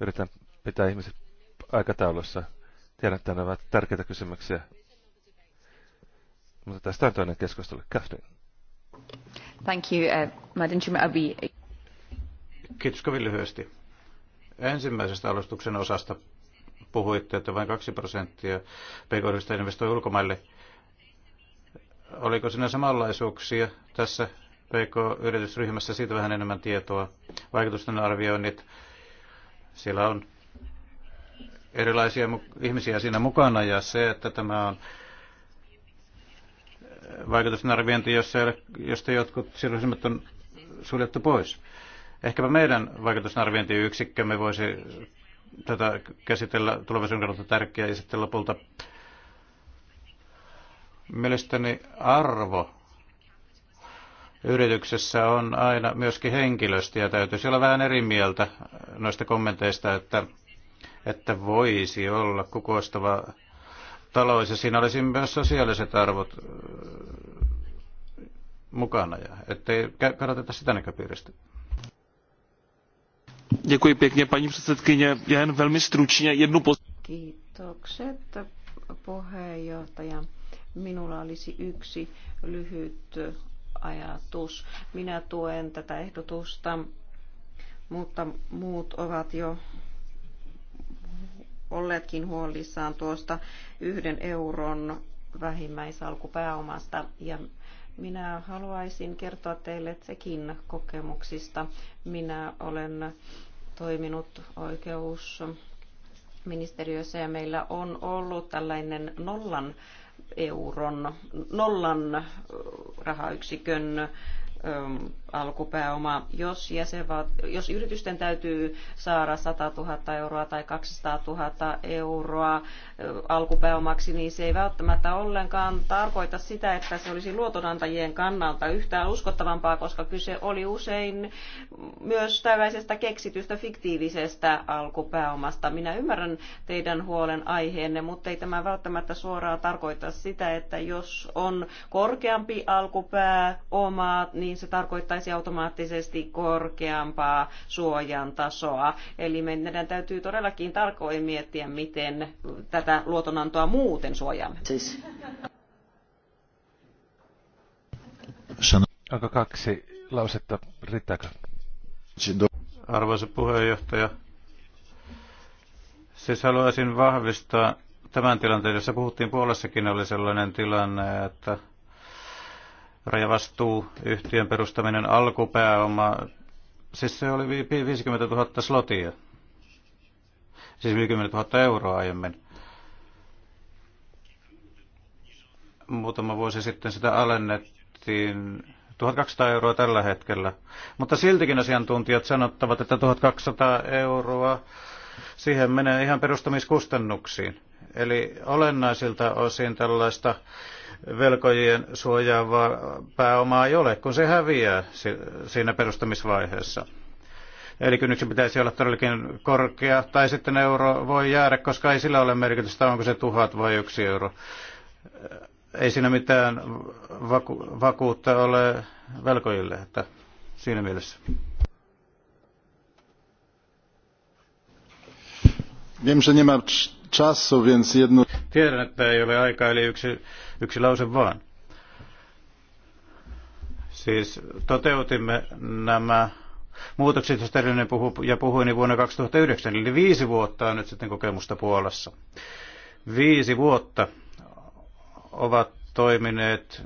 Yritän pitää ihmiset aikataulussa. Tiedän, että nämä ovat tärkeitä kysymyksiä. Mutta tästä on toinen keskustelu. Catherine. Thank you, uh, Madam Abi. Kiitos kovin lyhyesti. Ensimmäisestä alustuksen osasta puhuitte, että vain 2 prosenttia pk investoi ulkomaille. Oliko siinä samanlaisuuksia tässä PK-yritysryhmässä? Siitä vähän enemmän tietoa. Vaikutusten arvioinnit siellä on erilaisia ihmisiä siinä mukana ja se, että tämä on vaikutusarviointi, jossa, josta jotkut sidosryhmät on suljettu pois. Ehkäpä meidän vaikutusarviointiyksikkömme voisi tätä käsitellä tulevaisuuden kannalta tärkeää ja sitten lopulta mielestäni arvo yrityksessä on aina myöskin henkilöstö ja täytyisi olla vähän eri mieltä noista kommenteista, että, että voisi olla kukoistava talous ja siinä olisi myös sosiaaliset arvot mukana ja ettei kadoteta sitä näköpiiristä. Děkuji pěkně, paní předsedkyně. Já jen velmi stručně jednu Kiitokset, puheenjohtaja. Minulla olisi yksi lyhyt ajatus. Minä tuen tätä ehdotusta, mutta muut ovat jo olleetkin huolissaan tuosta yhden euron vähimmäisalkupääomasta ja minä haluaisin kertoa teille sekin kokemuksista. Minä olen toiminut oikeusministeriössä ja meillä on ollut tällainen nollan euron nollan rahayksikön Ähm, alkupääoma. Jos, jäsenval- jos yritysten täytyy saada 100 000 euroa tai 200 000 euroa äh, alkupääomaksi, niin se ei välttämättä ollenkaan tarkoita sitä, että se olisi luotonantajien kannalta yhtään uskottavampaa, koska kyse oli usein myös tällaisesta keksitystä fiktiivisestä alkupääomasta. Minä ymmärrän teidän huolen aiheenne, mutta ei tämä välttämättä suoraan tarkoita sitä, että jos on korkeampi alkupääoma, niin niin se tarkoittaisi automaattisesti korkeampaa suojan tasoa. Eli meidän täytyy todellakin tarkoin miettiä, miten tätä luotonantoa muuten suojaamme. Siis. Onko kaksi lausetta, riittääkö? Arvoisa puheenjohtaja, siis haluaisin vahvistaa tämän tilanteen, jossa puhuttiin puolessakin, oli sellainen tilanne, että rajavastuu, yhtiön perustaminen, alkupääoma, siis se oli 50 000 slotia, siis 50 000 euroa aiemmin. Muutama vuosi sitten sitä alennettiin 1200 euroa tällä hetkellä. Mutta siltikin asiantuntijat sanottavat, että 1200 euroa siihen menee ihan perustamiskustannuksiin. Eli olennaisilta osin tällaista velkojien suojaavaa pääomaa ei ole, kun se häviää siinä perustamisvaiheessa. Eli kynnyksen pitäisi olla todellakin korkea, tai sitten euro voi jäädä, koska ei sillä ole merkitystä, onko se tuhat vai yksi euro. Ei siinä mitään vaku- vakuutta ole velkojille, että siinä mielessä. Wiem, że nie ma więc jedno... Tiedän, että ei ole aikaa, eli yksi, yksi lause vaan. Siis toteutimme nämä muutokset, joista edellinen puhu, ja puhui, niin vuonna 2009, eli viisi vuotta on nyt sitten kokemusta Puolassa. Viisi vuotta ovat toimineet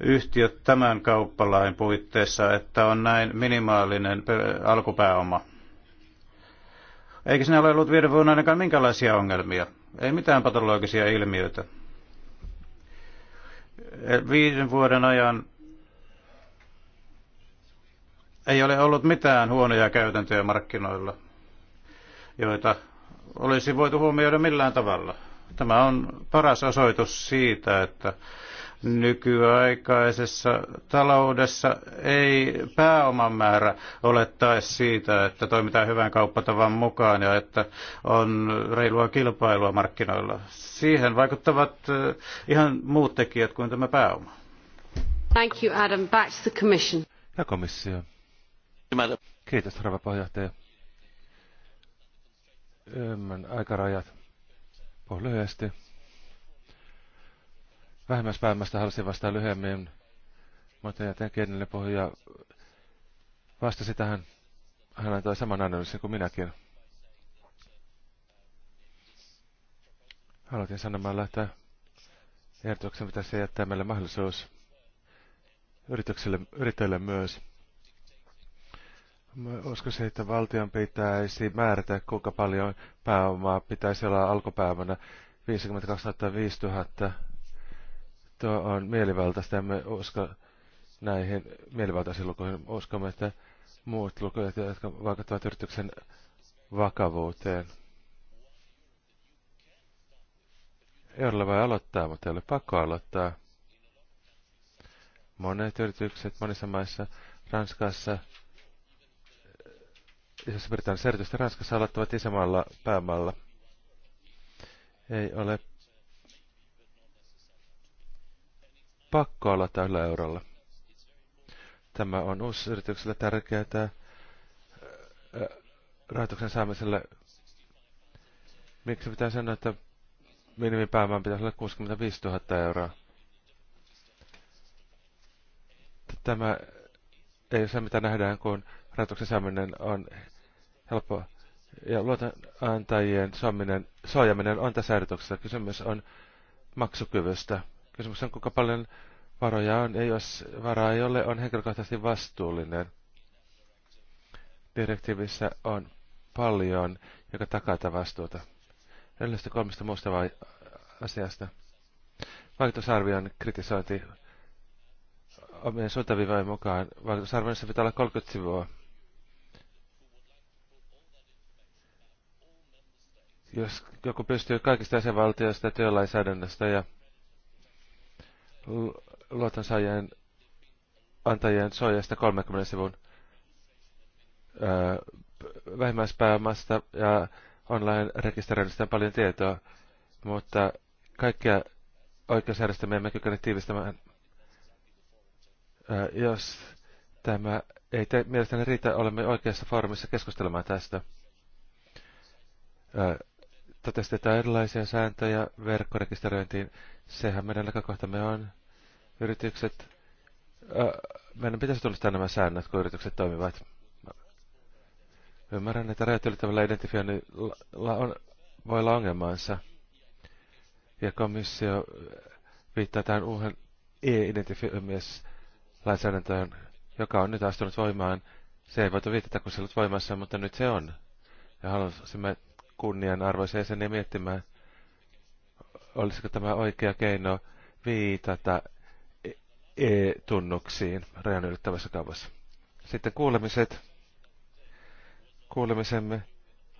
yhtiöt tämän kauppalain puitteissa, että on näin minimaalinen alkupääoma – eikä sinä ole ollut viiden vuonna ainakaan minkälaisia ongelmia. Ei mitään patologisia ilmiöitä. Eh, viiden vuoden ajan ei ole ollut mitään huonoja käytäntöjä markkinoilla, joita olisi voitu huomioida millään tavalla. Tämä on paras osoitus siitä, että nykyaikaisessa taloudessa ei pääoman määrä ole tae siitä, että toimitaan hyvän kauppatavan mukaan ja että on reilua kilpailua markkinoilla. Siihen vaikuttavat eh, ihan muut tekijät kuin tämä pääoma. Thank you, Adam. Back to the commission. Ja komissio. Kiitos, rouva puheenjohtaja. Ymmän aikarajat. Puhun lyhyesti päämästä halusin vastaa lyhyemmin, mutta jätän kielinen pohja vastasi tähän. Hän antoi saman analyysin kuin minäkin. Haluatin sanomalla, että ehdotuksen pitäisi jättää meille mahdollisuus yrityksille, yrittäjille myös. Olisiko se, että valtion pitäisi määrätä, kuinka paljon pääomaa pitäisi olla alkupäivänä 52 500 Tuo on mielivaltaista, emme usko näihin mielivaltaisiin lukuihin. Uskomme, että muut lukujat, jotka vaikuttavat yrityksen vakavuuteen. Ei ole vain aloittaa, mutta ei ole pakko aloittaa. Monet yritykset monissa maissa, Ranskassa, Isossa Britannissa, erityisesti Ranskassa aloittavat isämaalla päämaalla. Ei ole pakko olla tällä eurolla. Tämä on uusi yritykselle tärkeää äh, rahoituksen saamiselle. Miksi pitää sanoa, että minimipääoman pitäisi olla 65 000 euroa? Tämä ei ole se, mitä nähdään, kun rahoituksen saaminen on helppo ja luotonantajien suojaminen on tässä ehdotuksessa. Kysymys on maksukyvystä. Kysymys on, kuinka paljon varoja on, ja jos varaa ei ole, on henkilökohtaisesti vastuullinen. Direktiivissä on paljon, joka takaa tätä vastuuta. Edellisestä kolmesta muusta vai asiasta. Vaikutusarvion kritisointi omien suuntaviivojen mukaan. Vaikutusarvioissa pitää olla 30 sivua. Jos joku pystyy kaikista jäsenvaltioista, työlainsäädännöstä ja luotonsaajien antajien suojasta 30 sivun vähimmäispääomasta ja online-rekisteröinnistä on paljon tietoa, mutta kaikkia oikeusjärjestelmiä emme kykene tiivistämään. jos tämä ei te, mielestäni riitä, olemme oikeassa foorumissa keskustelemaan tästä totestetaan erilaisia sääntöjä verkkorekisteröintiin. Sehän meidän näkökohtamme on. Yritykset, äh, meidän pitäisi tunnistaa nämä säännöt, kun yritykset toimivat. Ymmärrän, että rajat ylittävällä identifioinnilla on, voi olla ongelmansa. Ja komissio viittaa tähän uuden e-identifioimislainsäädäntöön, joka on nyt astunut voimaan. Se ei voitu viitata, kun se on voimassa, mutta nyt se on. Ja haluaisimme kunnianarvoisia ja miettimään, olisiko tämä oikea keino viitata e- e-tunnuksiin rajan ylittävässä kaupassa. Sitten kuulemiset. Kuulemisemme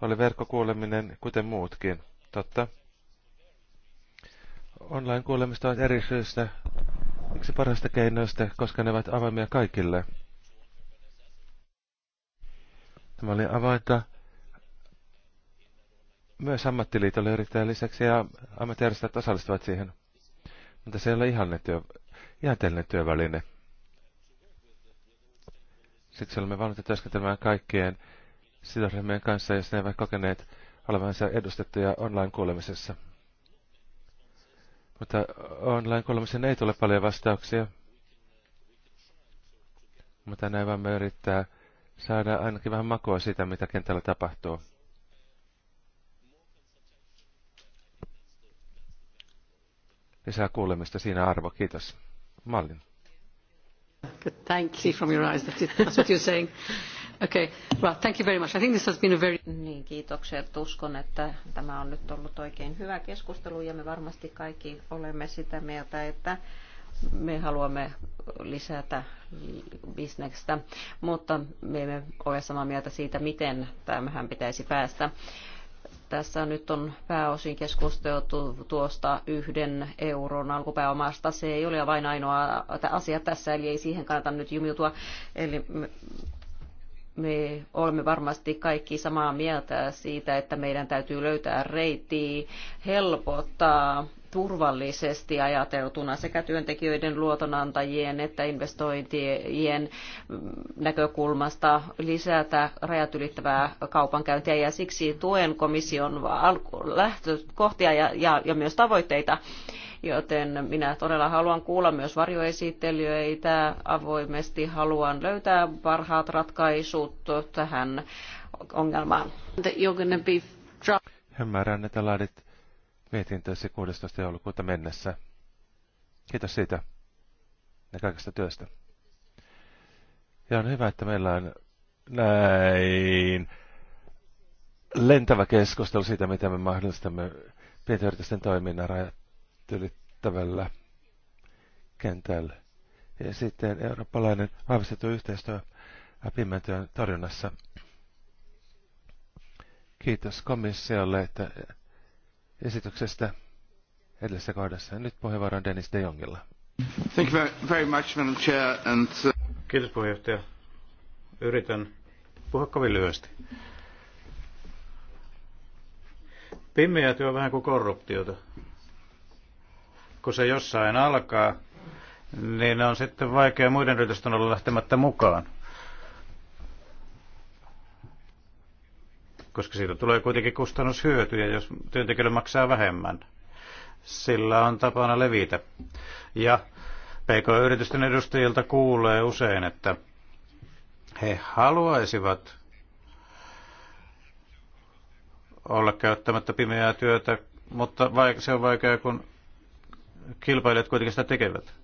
oli verkkokuuleminen, kuten muutkin. Totta. Online-kuulemista on eri syystä yksi parhaista keinoista, koska ne ovat avoimia kaikille. Tämä oli avainta myös ammattiliitolle yrittäjän lisäksi ja ammattijärjestöt osallistuvat siihen. Mutta se ei ole ihan työ, ihanteellinen työväline. Siksi olemme valmiita työskentelemään kaikkien sidosryhmien kanssa, jos ne eivät kokeneet olevansa edustettuja online-kuulemisessa. Mutta online-kuulemisen ei tule paljon vastauksia. Mutta näin vaan me yrittää saada ainakin vähän makua siitä, mitä kentällä tapahtuu. lisää kuulemista siinä arvo. Kiitos. Mallin. Good, thank you from your eyes. That's what you're saying. Okay. Well, thank you very much. I think this has been a very... Niin, kiitokset. Uskon, että tämä on nyt ollut oikein hyvä keskustelu ja me varmasti kaikki olemme sitä mieltä, että me haluamme lisätä bisnestä, mutta me emme ole samaa mieltä siitä, miten tämähän pitäisi päästä. Tässä nyt on pääosin keskusteltu tuosta yhden euron alkupääomasta. Se ei ole vain ainoa asia tässä, eli ei siihen kannata nyt jumiutua. Eli me olemme varmasti kaikki samaa mieltä siitä, että meidän täytyy löytää reitti helpottaa turvallisesti ajateltuna sekä työntekijöiden, luotonantajien että investointien näkökulmasta lisätä rajat ylittävää kaupankäyntiä ja siksi tuen komission lähtökohtia ja, ja, ja myös tavoitteita joten minä todella haluan kuulla myös varjoesittelijöitä avoimesti. Haluan löytää parhaat ratkaisut tähän ongelmaan. Ymmärrän, että laadit mietintösi 16. joulukuuta mennessä. Kiitos siitä ja kaikesta työstä. Ja on hyvä, että meillä on näin lentävä keskustelu siitä, miten me mahdollistamme pienten yritysten toiminnan rajat ylittävällä kentällä. Ja sitten eurooppalainen vahvistettu yhteistyö pimentyön torjunnassa. Kiitos komissiolle, että esityksestä edellisessä kohdassa. Nyt puheenvuoro on Dennis de Jongilla. Thank you very much, Madam Chair. And... Uh, Kiitos puheenjohtaja. Yritän puhua kovin lyhyesti. Pimeä työ on vähän kuin korruptiota. Kun se jossain alkaa, niin on sitten vaikea muiden yritysten olla lähtemättä mukaan. koska siitä tulee kuitenkin kustannushyötyjä, jos työntekijä maksaa vähemmän. Sillä on tapana levitä. Ja PK-yritysten edustajilta kuulee usein, että he haluaisivat olla käyttämättä pimeää työtä, mutta se on vaikeaa, kun kilpailijat kuitenkin sitä tekevät.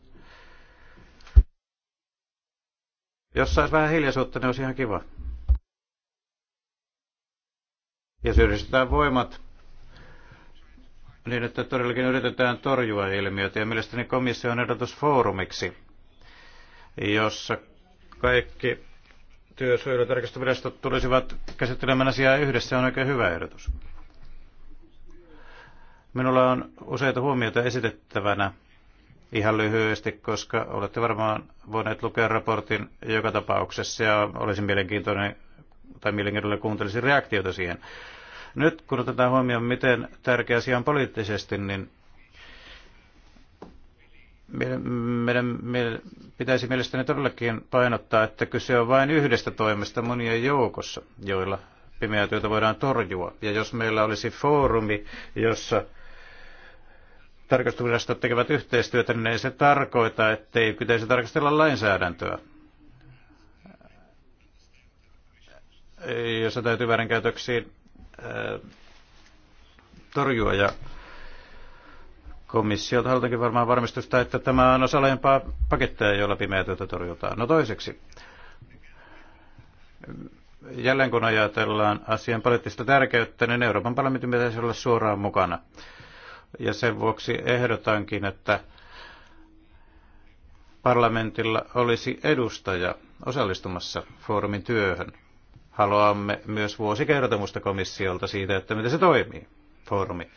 Jos saisi vähän hiljaisuutta, niin olisi ihan kiva. Jos yhdistetään voimat niin, että todellakin yritetään torjua ilmiötä, ja mielestäni komission ehdotus foorumiksi, jossa kaikki työsuojelutarkastusvirastot tulisivat käsittelemään asiaa yhdessä, on oikein hyvä ehdotus. Minulla on useita huomioita esitettävänä ihan lyhyesti, koska olette varmaan voineet lukea raportin joka tapauksessa ja olisi mielenkiintoinen tai mielenkiinnolla kuuntelisin reaktiota siihen. Nyt kun otetaan huomioon, miten tärkeä asia on poliittisesti, niin meidän, meidän, meidän pitäisi mielestäni todellakin painottaa, että kyse on vain yhdestä toimesta monien joukossa, joilla pimeää työtä voidaan torjua. Ja jos meillä olisi foorumi, jossa tarkastusvirastot tekevät yhteistyötä, niin ei se tarkoita, ettei pitäisi tarkastella lainsäädäntöä. jossa täytyy väärinkäytöksiin äh, torjua. Ja komissiolta halutaankin varmaan varmistusta, että tämä on osa laajempaa pakettia, jolla työtä torjutaan. No toiseksi, jälleen kun ajatellaan asian poliittista tärkeyttä, niin Euroopan parlamentin pitäisi olla suoraan mukana. Ja sen vuoksi ehdotankin, että parlamentilla olisi edustaja osallistumassa foorumin työhön. Haluamme myös vuosikertomusta komissiolta siitä, että miten se toimii, foorumi.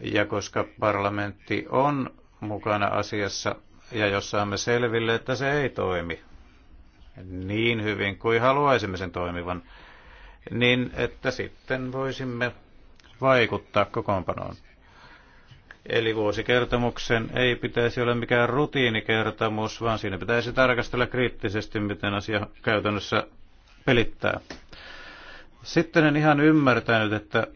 Ja koska parlamentti on mukana asiassa ja jos saamme selville, että se ei toimi niin hyvin kuin haluaisimme sen toimivan, niin että sitten voisimme vaikuttaa kokoonpanoon. Eli vuosikertomuksen ei pitäisi olla mikään rutiinikertomus, vaan siinä pitäisi tarkastella kriittisesti, miten asia käytännössä pelittää. Sitten en ihan ymmärtänyt, että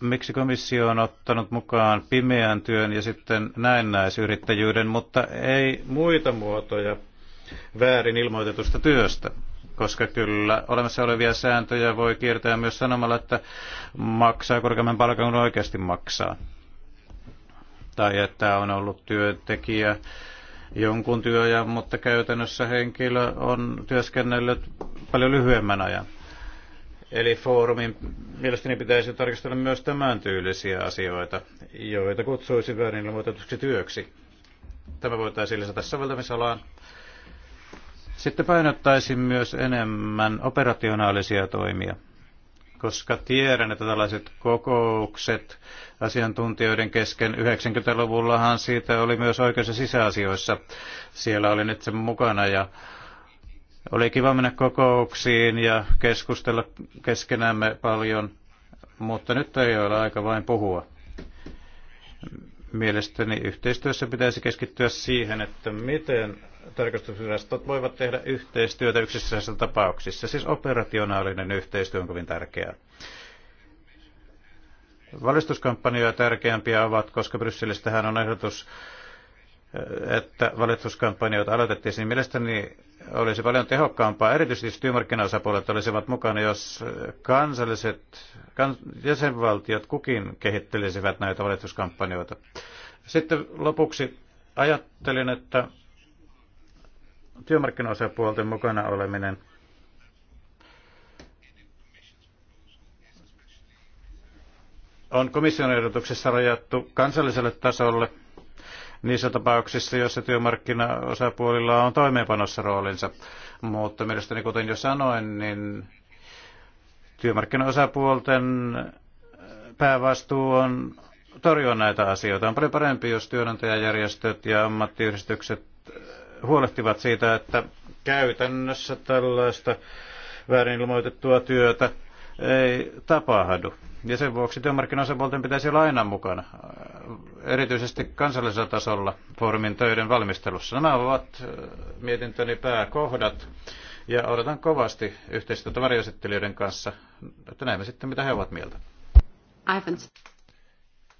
miksi komissio on ottanut mukaan pimeän työn ja sitten näennäisyrittäjyyden, mutta ei muita muotoja väärin ilmoitetusta työstä. Koska kyllä olemassa olevia sääntöjä voi kiertää myös sanomalla, että maksaa korkeamman palkan kuin oikeasti maksaa. Tai että on ollut työntekijä jonkun työajan, mutta käytännössä henkilö on työskennellyt paljon lyhyemmän ajan. Eli foorumin mielestäni pitäisi tarkastella myös tämän tyylisiä asioita, joita kutsuisi väärin ilmoitetuksi työksi. Tämä voitaisiin lisätä soveltamisalaan. Sitten painottaisin myös enemmän operationaalisia toimia, koska tiedän, että tällaiset kokoukset asiantuntijoiden kesken 90-luvullahan siitä oli myös oikeus- ja sisäasioissa. Siellä nyt itse mukana ja oli kiva mennä kokouksiin ja keskustella keskenämme paljon, mutta nyt ei ole aika vain puhua. Mielestäni yhteistyössä pitäisi keskittyä siihen, että miten tarkastusvirastot voivat tehdä yhteistyötä yksittäisissä tapauksissa. Siis operationaalinen yhteistyö on kovin tärkeää. Valistuskampanjoja tärkeämpiä ovat, koska Brysselistähän on ehdotus, että valistuskampanjoita aloitettiin, mielestäni olisi paljon tehokkaampaa, erityisesti työmarkkinaosapuolet olisivat mukana, jos kansalliset kans, jäsenvaltiot kukin kehittelisivät näitä valituskampanjoita. Sitten lopuksi ajattelin, että työmarkkinaosapuolten mukana oleminen on komission ehdotuksessa rajattu kansalliselle tasolle – niissä tapauksissa, joissa työmarkkinaosapuolilla on toimeenpanossa roolinsa. Mutta mielestäni, kuten jo sanoin, niin työmarkkinaosapuolten eh, päävastuu on torjua näitä asioita. On paljon parempi, jos työnantajajärjestöt ja ammattiyhdistykset eh, huolehtivat siitä, että käytännössä tällaista väärin ilmoitettua työtä ei tapahdu. Ja sen vuoksi työmarkkinaosapuolten pitäisi olla aina mukana, erityisesti kansallisella tasolla foorumin töiden valmistelussa. Nämä ovat mietintöni pääkohdat ja odotan kovasti yhteistyötä varjoesittelijöiden kanssa, että näemme sitten mitä he ovat mieltä.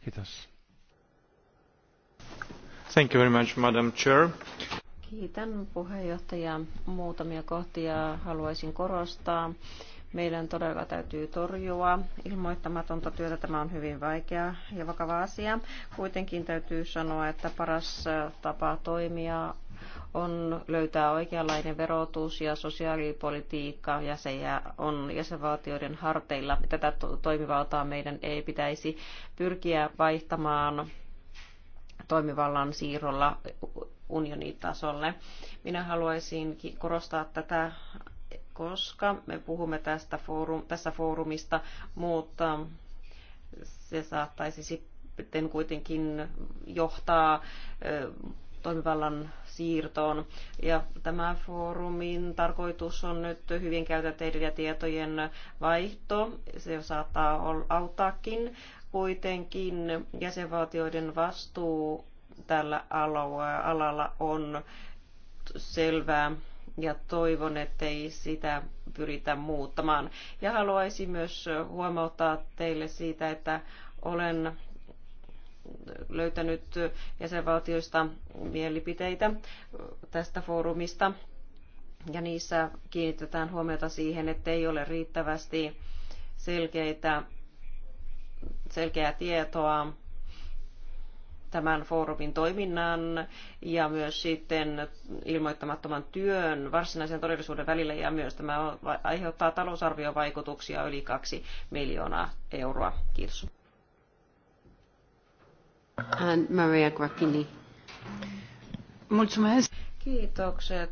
Kiitos. Thank you very much, Madam Chair. Kiitän puheenjohtajaa. Muutamia kohtia haluaisin korostaa. Meidän todella täytyy torjua ilmoittamatonta työtä. Tämä on hyvin vaikea ja vakava asia. Kuitenkin täytyy sanoa, että paras äh, tapa toimia on löytää oikeanlainen verotus ja sosiaalipolitiikka ja se on jäsenvaltioiden harteilla. Tätä toimivaltaa meidän ei pitäisi pyrkiä vaihtamaan toimivallan siirrolla unionitasolle. Minä haluaisin korostaa tätä koska me puhumme tästä foorum, tässä foorumista, mutta se saattaisi sitten kuitenkin johtaa toimivallan siirtoon. Ja tämä foorumin tarkoitus on nyt hyvin käytäteiden ja tietojen vaihto. Se saattaa auttaakin kuitenkin jäsenvaltioiden vastuu tällä alalla on selvää ja toivon, ettei sitä pyritä muuttamaan. Ja haluaisin myös huomauttaa teille siitä, että olen löytänyt jäsenvaltioista mielipiteitä tästä foorumista. Ja niissä kiinnitetään huomiota siihen, että ei ole riittävästi selkeitä, selkeää tietoa tämän foorumin toiminnan ja myös sitten ilmoittamattoman työn varsinaisen todellisuuden välillä ja myös tämä aiheuttaa talousarviovaikutuksia yli kaksi miljoonaa euroa. Kiitos. And Maria Grappini. Mulțumesc. Kiitokset.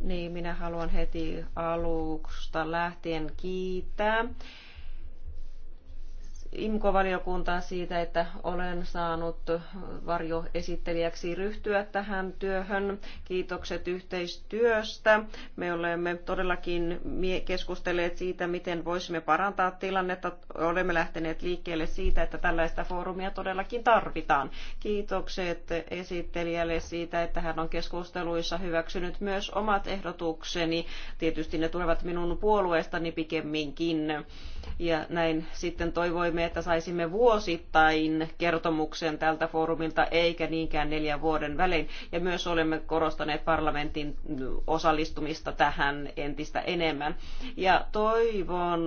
Niin, minä haluan heti alusta lähtien kiittää imco valiokuntaa siitä, että olen saanut varjoesittelijäksi ryhtyä tähän työhön. Kiitokset yhteistyöstä. Me olemme todellakin keskustelleet siitä, miten voisimme parantaa tilannetta. Olemme lähteneet liikkeelle siitä, että tällaista foorumia todellakin tarvitaan. Kiitokset esittelijälle siitä, että hän on keskusteluissa hyväksynyt myös omat ehdotukseni. Tietysti ne tulevat minun puolueestani pikemminkin ja näin sitten toivoimme, että saisimme vuosittain kertomuksen tältä foorumilta, eikä niinkään neljän vuoden välein. Ja myös olemme korostaneet parlamentin osallistumista tähän entistä enemmän. Ja toivon,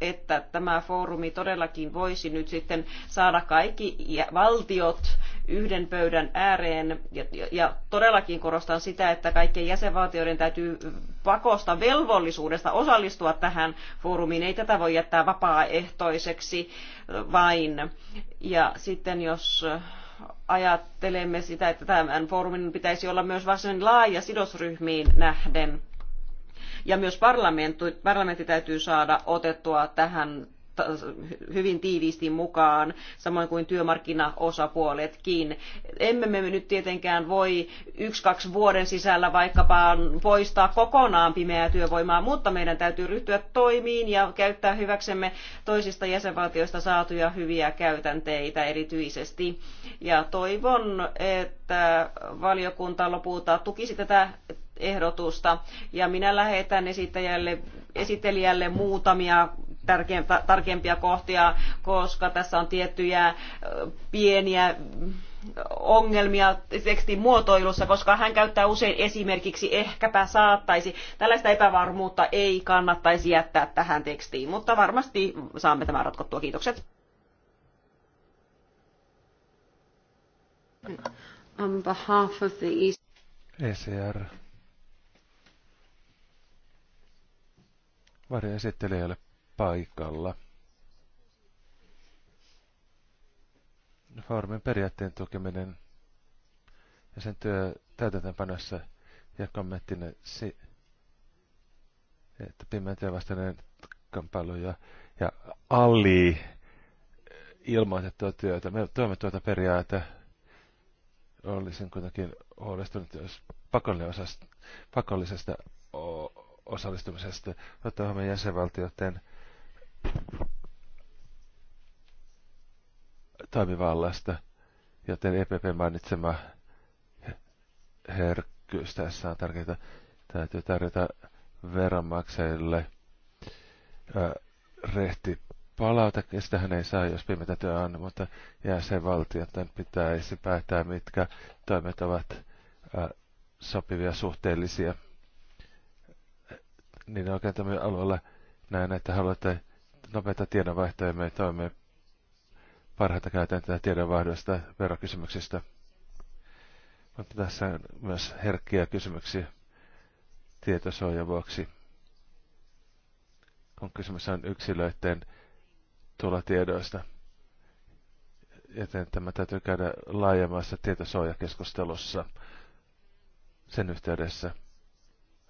että tämä foorumi todellakin voisi nyt sitten saada kaikki valtiot yhden pöydän ääreen. Ja, ja, todellakin korostan sitä, että kaikkien jäsenvaltioiden täytyy pakosta velvollisuudesta osallistua tähän foorumiin. Ei tätä voi jättää vapaaehtoiseksi vain. Ja sitten jos ajattelemme sitä, että tämän foorumin pitäisi olla myös varsin laaja sidosryhmiin nähden. Ja myös parlamentti, parlamentti täytyy saada otettua tähän hyvin tiiviisti mukaan, samoin kuin työmarkkinaosapuoletkin. Emme me nyt tietenkään voi yksi, kaksi vuoden sisällä vaikkapa poistaa kokonaan pimeää työvoimaa, mutta meidän täytyy ryhtyä toimiin ja käyttää hyväksemme toisista jäsenvaltioista saatuja hyviä käytänteitä erityisesti. Ja toivon, että valiokunta lopulta tukisi tätä ehdotusta ja minä lähetän esittelijälle muutamia tarkempia kohtia, koska tässä on tiettyjä pieniä mm, ongelmia tekstin muotoilussa, koska hän käyttää usein esimerkiksi ehkäpä saattaisi. Tällaista epävarmuutta ei kannattaisi jättää tähän tekstiin, mutta varmasti saamme tämän ratkottua. Kiitokset. On behalf of the East... ECR. esittelijälle paikalla. Foorumin periaatteen tukeminen ja sen työ täytäntöönpanossa ja kommenttina si, että pimeän vastainen kamppailu ja, ja alli ilmoitettua työtä. Me tuomme tuota periaate. Olisin kuitenkin huolestunut, jos pakollisesta osallistumisesta ottaa huomioon jäsenvaltioiden toimivallasta, joten EPP mainitsema herkkyys tässä on tärkeää. Täytyy tarjota veronmaksajille rehti palauta, ja hän ei saa, jos pimeitä työ on, mutta jäsenvaltioiden pitäisi päättää, mitkä toimet ovat sopivia suhteellisia. Niin oikein tämmöinen alueella näen, että haluatte nopeita tiedonvaihtoja. Me toimme parhaita käytäntöjä tiedonvaihdoista verokysymyksistä. Mutta tässä on myös herkkiä kysymyksiä tietosuojan vuoksi. Kun kysymys on yksilöiden tulotiedoista, joten tämä täytyy käydä laajemmassa tietosuojakeskustelussa sen yhteydessä.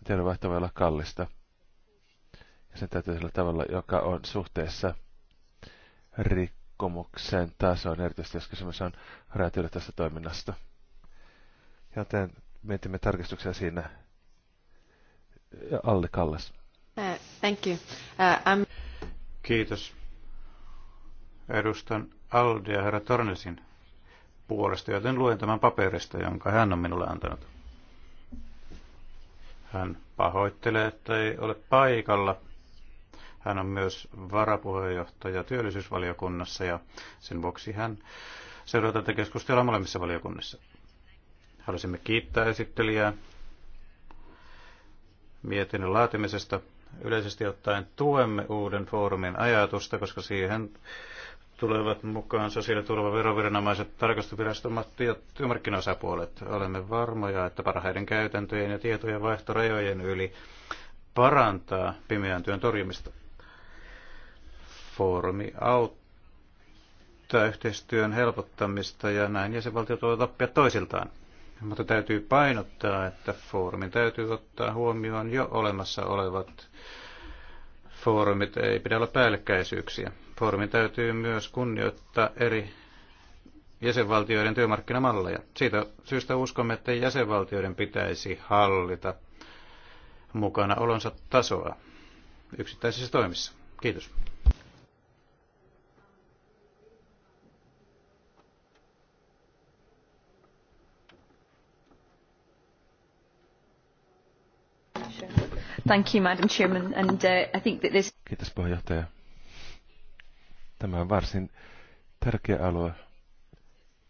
Tiedonvaihto voi olla kallista. Ja sen täytyy sillä tavalla, joka on suhteessa rikkomuksen tasoon, erityisesti jos kysymys on rajat tästä toiminnasta. Joten mietimme tarkistuksia siinä. Ja Alli Kallas. Uh, thank you. Uh, I'm... Kiitos. Edustan Aldia herra Tornesin puolesta, joten luen tämän paperista, jonka hän on minulle antanut. Hän pahoittelee, että ei ole paikalla hän on myös varapuheenjohtaja työllisyysvaliokunnassa ja sen vuoksi hän seuraa tätä keskustelua molemmissa valiokunnissa. Haluaisimme kiittää esittelijää mietinnön laatimisesta. Yleisesti ottaen tuemme uuden foorumin ajatusta, koska siihen tulevat mukaan sosiaaliturva, veroviranomaiset, tarkastusviraston ja työmarkkinaosapuolet. Olemme varmoja, että parhaiden käytäntöjen ja tietojen vaihto yli parantaa pimeän työn torjumista foorumi auttaa yhteistyön helpottamista ja näin jäsenvaltiot voivat oppia toisiltaan. Mutta täytyy painottaa, että foorumin täytyy ottaa huomioon jo olemassa olevat foorumit, ei pidä olla päällekkäisyyksiä. Foorumin täytyy myös kunnioittaa eri jäsenvaltioiden työmarkkinamalleja. Siitä syystä uskomme, että jäsenvaltioiden pitäisi hallita mukana olonsa tasoa yksittäisissä toimissa. Kiitos. Thank you, Madam Chairman, and uh, I think that this... Kiitos puheenjohtaja. Tämä on varsin tärkeä alue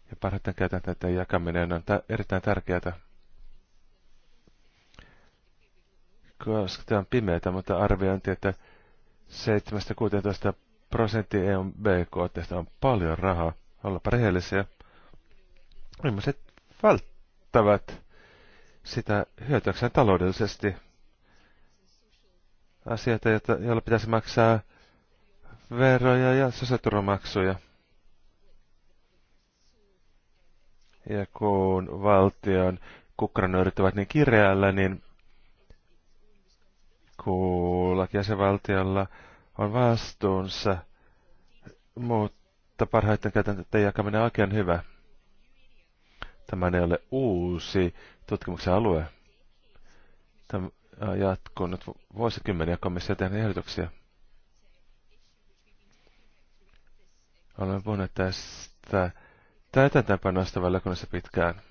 ja parhaiten käytäntöjen jakaminen on erittäin tärkeää. Koska tämä on pimeää, mutta arviointi, että 7-16 prosenttia EUn BKT on paljon rahaa. Ollaanpa rehellisiä. Ihmiset välttävät sitä hyötyäkseen taloudellisesti asioita, joilla pitäisi maksaa veroja ja sosiaaliturvamaksuja. Ja kun valtion kukkaranöörit ovat niin kireällä, niin kullakin jäsenvaltiolla on vastuunsa, mutta parhaiten käytäntöjen jakaminen on oikein hyvä. Tämä ei ole uusi tutkimuksen alue. Tämä jatkunut vuosikymmeniä komissio tehnyt ehdotuksia. Olemme puhuneet tästä täytäntäänpanoista valiokunnassa pitkään.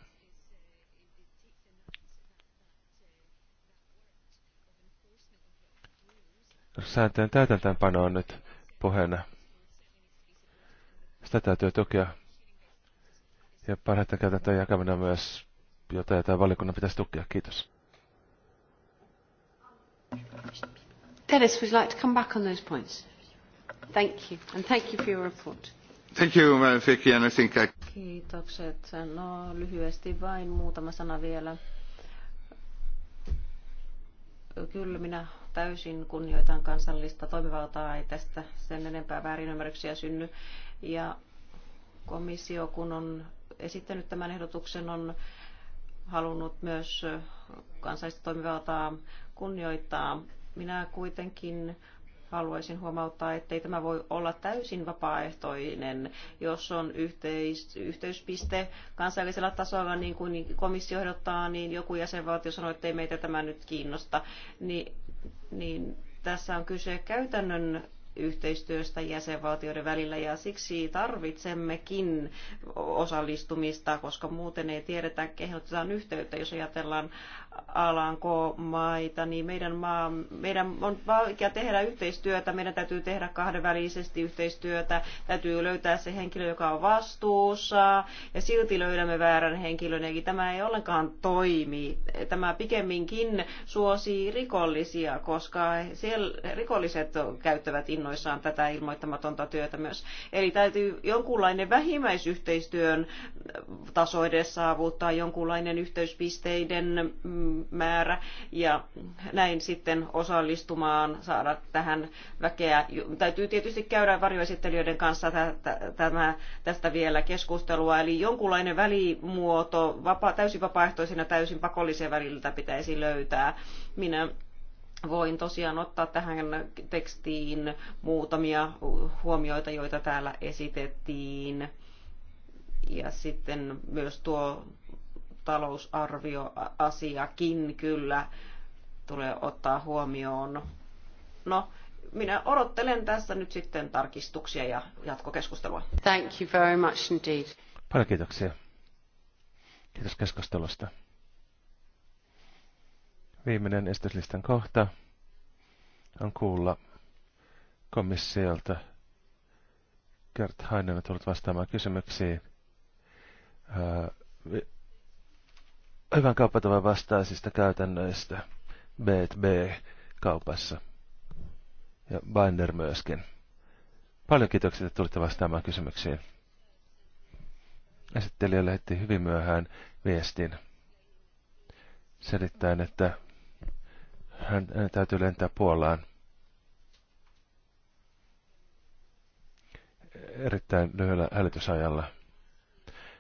Sääntöjen täytäntäänpano on nyt puheena. Sitä täytyy tukea. Ja parhaiten käytäntöjen jakaminen myös, myös jotain, valiokunnan pitäisi tukea. Kiitos. Dennis, would you like to come back on those points? Thank you, and thank you for your report. Thank you, Madam Vicky, and I think I... Kiitokset. No, lyhyesti vain muutama sana vielä. Kyllä minä täysin kunnioitan kansallista toimivaltaa, ei tästä sen enempää väärinymmärryksiä synny. Ja komissio, kun on esittänyt tämän ehdotuksen, on halunnut myös kansallista toimivaltaa kunnioittaa. Minä kuitenkin haluaisin huomauttaa, ettei tämä voi olla täysin vapaaehtoinen, jos on yhteis, yhteyspiste kansallisella tasolla, niin kuin komissio ehdottaa, niin joku jäsenvaltio sanoo, että ei meitä tämä nyt kiinnosta. Ni, niin tässä on kyse käytännön yhteistyöstä jäsenvaltioiden välillä ja siksi tarvitsemmekin osallistumista, koska muuten ei tiedetä, kehotetaan yhteyttä, jos ajatellaan Alanko-maita, niin meidän, maa, meidän on vaikea tehdä yhteistyötä, meidän täytyy tehdä kahdenvälisesti yhteistyötä, täytyy löytää se henkilö, joka on vastuussa, ja silti löydämme väärän henkilön, eli tämä ei ollenkaan toimi. Tämä pikemminkin suosii rikollisia, koska siellä rikolliset käyttävät innovaatioita innoissaan tätä ilmoittamatonta työtä myös. Eli täytyy jonkunlainen vähimmäisyhteistyön mm, taso edes saavuttaa, jonkunlainen yhteyspisteiden mm, määrä ja näin sitten osallistumaan, saada tähän väkeä. Täytyy tietysti käydä varjoesittelijöiden kanssa tämä, tästä vielä keskustelua, eli jonkunlainen välimuoto vapa, täysin vapaaehtoisena, täysin pakollisen väliltä pitäisi löytää. Minä voin tosiaan ottaa tähän tekstiin muutamia huomioita, joita täällä esitettiin. Ja sitten myös tuo talousarvioasiakin kyllä tulee ottaa huomioon. No, minä odottelen tässä nyt sitten tarkistuksia ja jatkokeskustelua. Thank you very much indeed. Paljon kiitoksia. Kiitos keskustelusta. Viimeinen esityslistan kohta on kuulla komissiolta Gert Heinen on tullut vastaamaan kysymyksiin. Ää, hyvän kauppatavan vastaisista käytännöistä B2B-kaupassa ja Binder myöskin. Paljon kiitoksia, että tulitte vastaamaan kysymyksiin. Esittelijä lähetti hyvin myöhään viestin selittäen, että hän, hän täytyy lentää Puolaan. Erittäin lyhyellä hälytysajalla.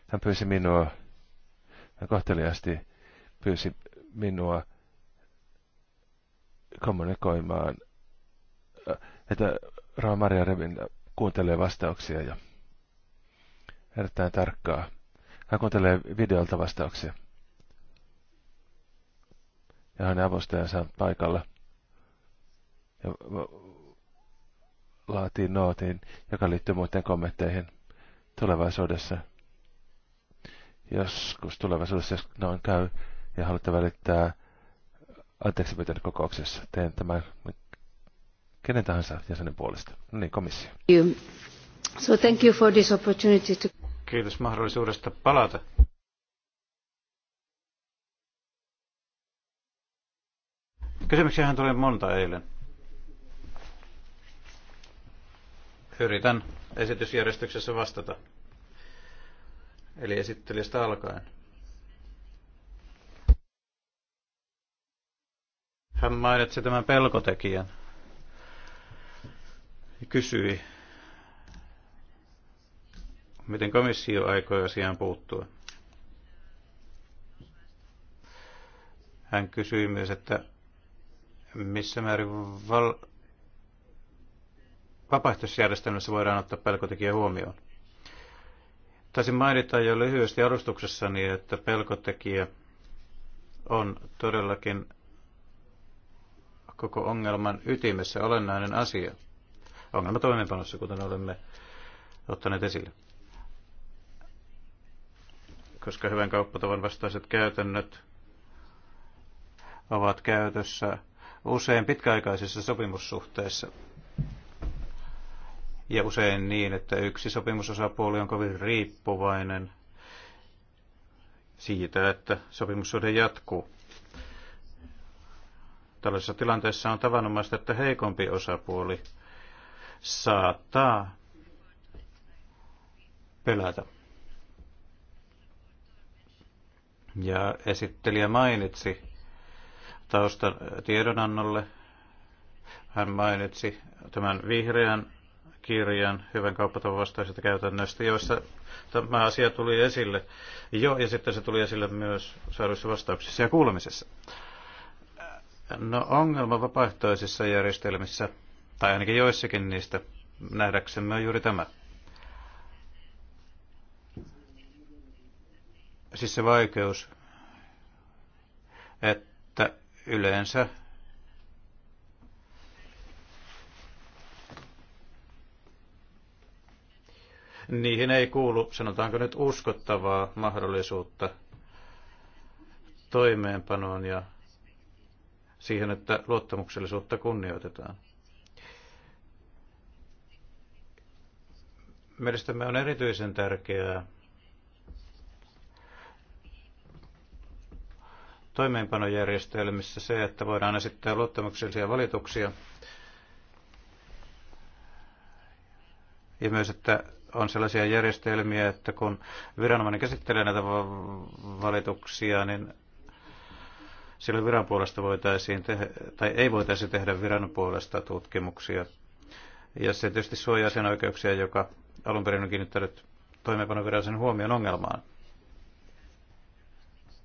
Hän pyysi minua, hän kohteliasti pyysi minua kommunikoimaan, että Rauha Maria Revin kuuntelee vastauksia ja erittäin tarkkaa. Hän kuuntelee videolta vastauksia ja hänen avustajansa paikalla. Ja laatii nootin, joka liittyy muiden kommentteihin tulevaisuudessa. Joskus tulevaisuudessa, jos noin käy ja haluatte välittää anteeksi pyytän kokouksessa, teen tämän kenen tahansa jäsenen puolesta. No niin, komissio. So thank you for this opportunity to... Kiitos mahdollisuudesta palata Kysymyksiähän tuli monta eilen. Yritän esitysjärjestyksessä vastata. Eli esittelystä alkaen. Hän mainitsi tämän pelkotekijän ja kysyi, miten komissio aikoi asiaan puuttua. Hän kysyi myös, että missä määrin val- vapaaehtoisjärjestelmässä voidaan ottaa pelkotekijä huomioon. Taisin mainita jo lyhyesti arvostuksessani, että pelkotekijä on todellakin koko ongelman ytimessä olennainen asia. Ongelma toimeenpanossa, kuten olemme ottaneet esille. Koska hyvän kauppatavan vastaiset käytännöt ovat käytössä usein pitkäaikaisissa sopimussuhteissa. Ja usein niin, että yksi sopimusosapuoli on kovin riippuvainen siitä, että sopimussuhde jatkuu. Tällaisessa tilanteessa on tavanomaista, että heikompi osapuoli saattaa pelätä. Ja esittelijä mainitsi taustan tiedonannolle. Hän mainitsi tämän vihreän kirjan hyvän kauppatavan vastaisesta käytännöstä, joissa tämä asia tuli esille jo, ja sitten se tuli esille myös saaduissa vastauksissa ja kuulemisessa. No ongelma vapaaehtoisissa järjestelmissä, tai ainakin joissakin niistä, nähdäksemme on juuri tämä. Siis se vaikeus, että yleensä niihin ei kuulu, sanotaanko nyt, uskottavaa mahdollisuutta toimeenpanoon ja siihen, että luottamuksellisuutta kunnioitetaan. Mielestäni on erityisen tärkeää, toimeenpanojärjestelmissä se, että voidaan esittää luottamuksellisia valituksia ja myös, että on sellaisia järjestelmiä, että kun viranomainen käsittelee näitä valituksia, niin silloin viran puolesta voitaisiin tehdä, tai ei voitaisi tehdä viran puolesta tutkimuksia. Ja se tietysti suojaa sen oikeuksia, joka alun perin on kiinnittänyt toimeenpanoviranomaisen huomion ongelmaan.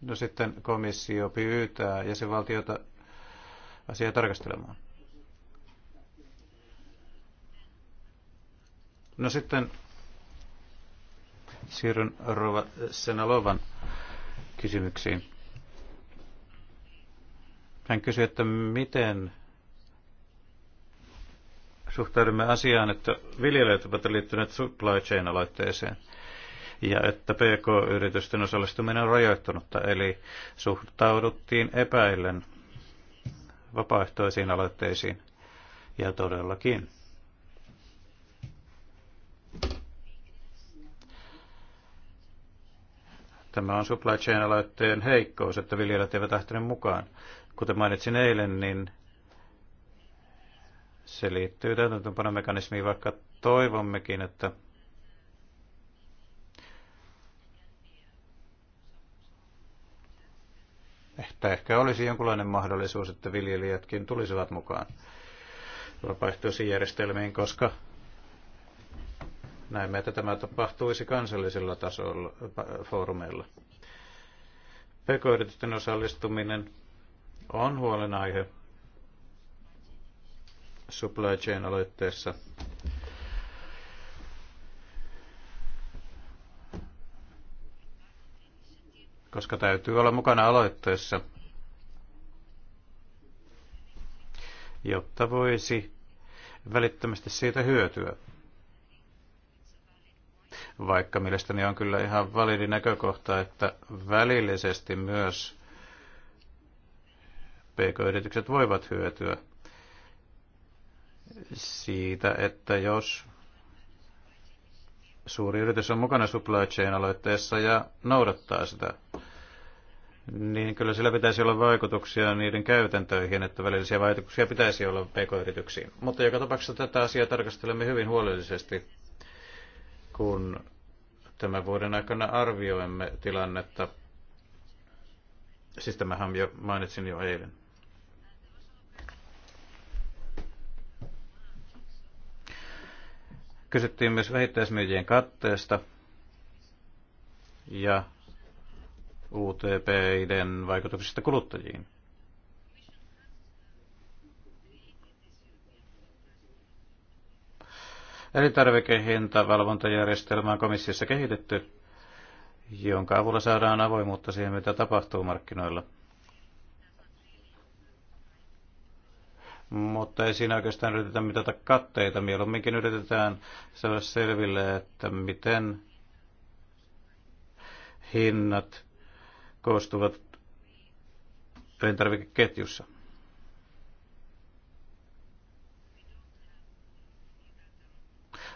No sitten komissio pyytää jäsenvaltiota asiaa tarkastelemaan. No sitten siirryn Rova Senalovan kysymyksiin. Hän kysyi, että miten suhtaudumme asiaan, että viljelijät ovat liittyneet supply chain-aloitteeseen – ja että PK-yritysten osallistuminen on rajoittunutta, eli suhtauduttiin epäillen vapaaehtoisiin aloitteisiin. Ja todellakin. Tämä on supply chain aloitteen heikkous, että viljelijät eivät lähteneet mukaan. Kuten mainitsin eilen, niin se liittyy täytäntöönpanomekanismiin, vaikka toivommekin, että että ehkä olisi jonkinlainen mahdollisuus, että viljelijätkin tulisivat mukaan vapaaehtoisiin järjestelmiin, koska näemme, että tämä tapahtuisi kansallisilla tasolla, foorumeilla. PK-yritysten osallistuminen on huolenaihe supply chain aloitteessa koska täytyy olla mukana aloitteessa, jotta voisi välittömästi siitä hyötyä. Vaikka mielestäni on kyllä ihan validi näkökohta, että välillisesti myös pk-yritykset voivat hyötyä siitä, että jos suuri yritys on mukana supply chain aloitteessa ja noudattaa sitä, niin kyllä sillä pitäisi olla vaikutuksia niiden käytäntöihin, että välillisiä vaikutuksia pitäisi olla pk-yrityksiin. Mutta joka tapauksessa tätä asiaa tarkastelemme hyvin huolellisesti, kun tämän vuoden aikana arvioimme tilannetta. Siis tämähän jo mainitsin jo eilen. Kysyttiin myös vähittäismyyjien katteesta ja UTP-iden vaikutuksista kuluttajiin. valvontajärjestelmä on komissiossa kehitetty, jonka avulla saadaan avoimuutta siihen, mitä tapahtuu markkinoilla. Mutta ei siinä oikeastaan yritetä mitata katteita. Mieluumminkin yritetään saada selville, että miten hinnat koostuvat elintarvikeketjussa.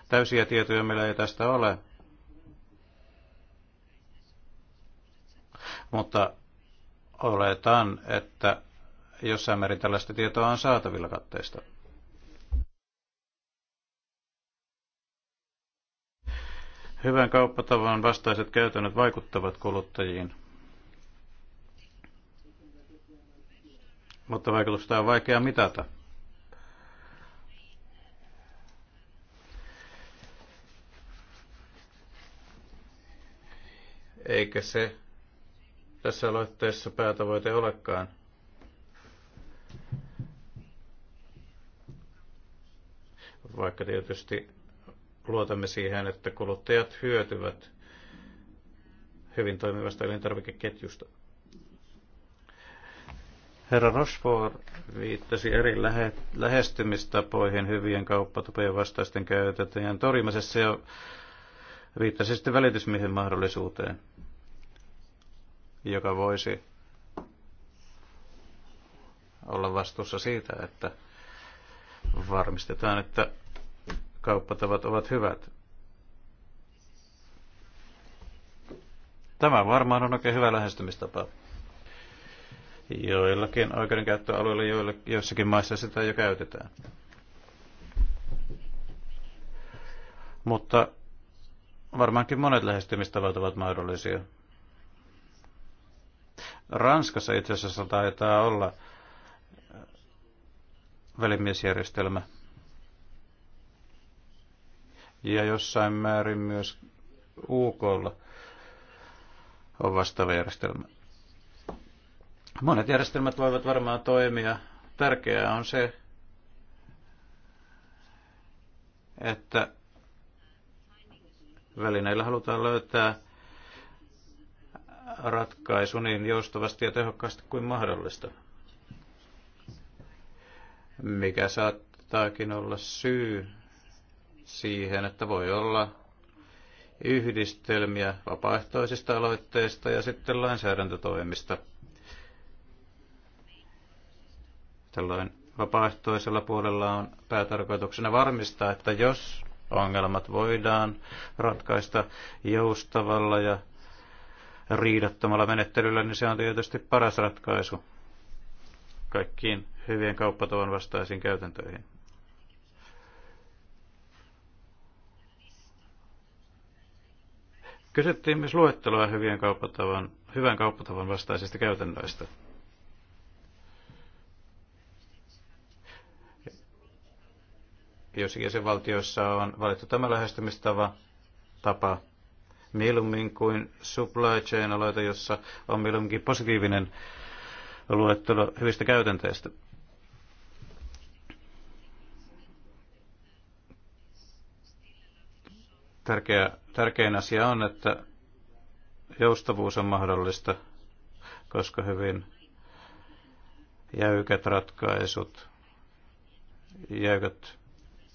Täysiä tietoja meillä ei tästä ole, mutta oletan, että jossain määrin tällaista tietoa on saatavilla katteista. Hyvän kauppatavan vastaiset käytännöt vaikuttavat kuluttajiin – mutta vaikutusta on vaikea mitata. Eikä se tässä aloitteessa päätavoite olekaan. Vaikka tietysti luotamme siihen, että kuluttajat hyötyvät hyvin toimivasta elintarvikeketjusta. Herra Rochefort viittasi eri lähe, lähestymistapoihin hyvien kauppatupien vastaisten käytäntöjen torjumisessa ja viittasi sitten välitysmiehen mahdollisuuteen, joka voisi olla vastuussa siitä, että varmistetaan, että kauppatavat ovat hyvät. Tämä varmaan on oikein hyvä lähestymistapa. Joillakin oikeudenkäyttöalueilla, joilla, joissakin maissa sitä jo käytetään. Mutta varmaankin monet lähestymistavat ovat mahdollisia. Ranskassa itse asiassa taitaa olla välimiesjärjestelmä. Ja jossain määrin myös UKlla on vastaava järjestelmä. Monet järjestelmät voivat varmaan toimia. Tärkeää on se, että välineillä halutaan löytää ratkaisu niin joustavasti ja tehokkaasti kuin mahdollista. Mikä saattaakin olla syy siihen, että voi olla yhdistelmiä vapaaehtoisista aloitteista ja sitten lainsäädäntötoimista – Tällöin vapaaehtoisella puolella on päätarkoituksena varmistaa, että jos ongelmat voidaan ratkaista joustavalla ja riidattomalla menettelyllä, niin se on tietysti paras ratkaisu kaikkiin hyvien kauppatavan vastaisiin käytäntöihin. Kysyttiin myös luetteloa hyvien kauppatavan, hyvän kauppatavan vastaisista käytännöistä. Joissakin jäsenvaltioissa on valittu tämä lähestymistapa tapa mieluummin kuin supply chain aloite, jossa on mieluumminkin positiivinen luettelo hyvistä käytänteistä. Tärkeä, tärkein asia on, että joustavuus on mahdollista, koska hyvin jäykät ratkaisut, jäykät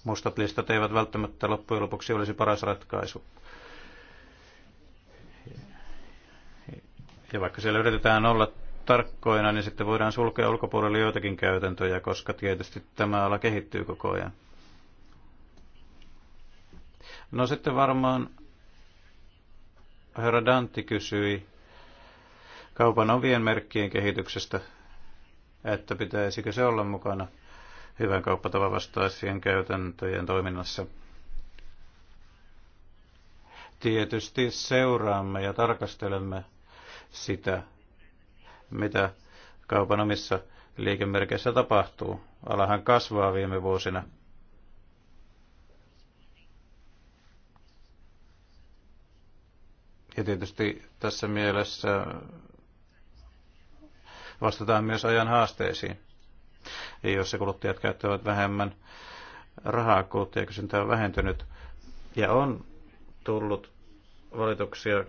mustat listat eivät välttämättä loppujen lopuksi olisi paras ratkaisu. Ja vaikka siellä yritetään olla tarkkoina, niin sitten voidaan sulkea ulkopuolelle joitakin käytäntöjä, koska tietysti tämä ala kehittyy koko ajan. No sitten varmaan herra Dantti kysyi kaupan ovien merkkien kehityksestä, että pitäisikö se olla mukana hyvän kauppatavan vastaisien käytäntöjen toiminnassa. Tietysti seuraamme ja tarkastelemme sitä, mitä kaupan omissa liikemerkeissä tapahtuu. Alahan kasvaa viime vuosina. Ja tietysti tässä mielessä vastataan myös ajan haasteisiin ja jossa kuluttajat käyttävät vähemmän rahaa, kuluttajakysyntä on vähentynyt. Ja on tullut valituksia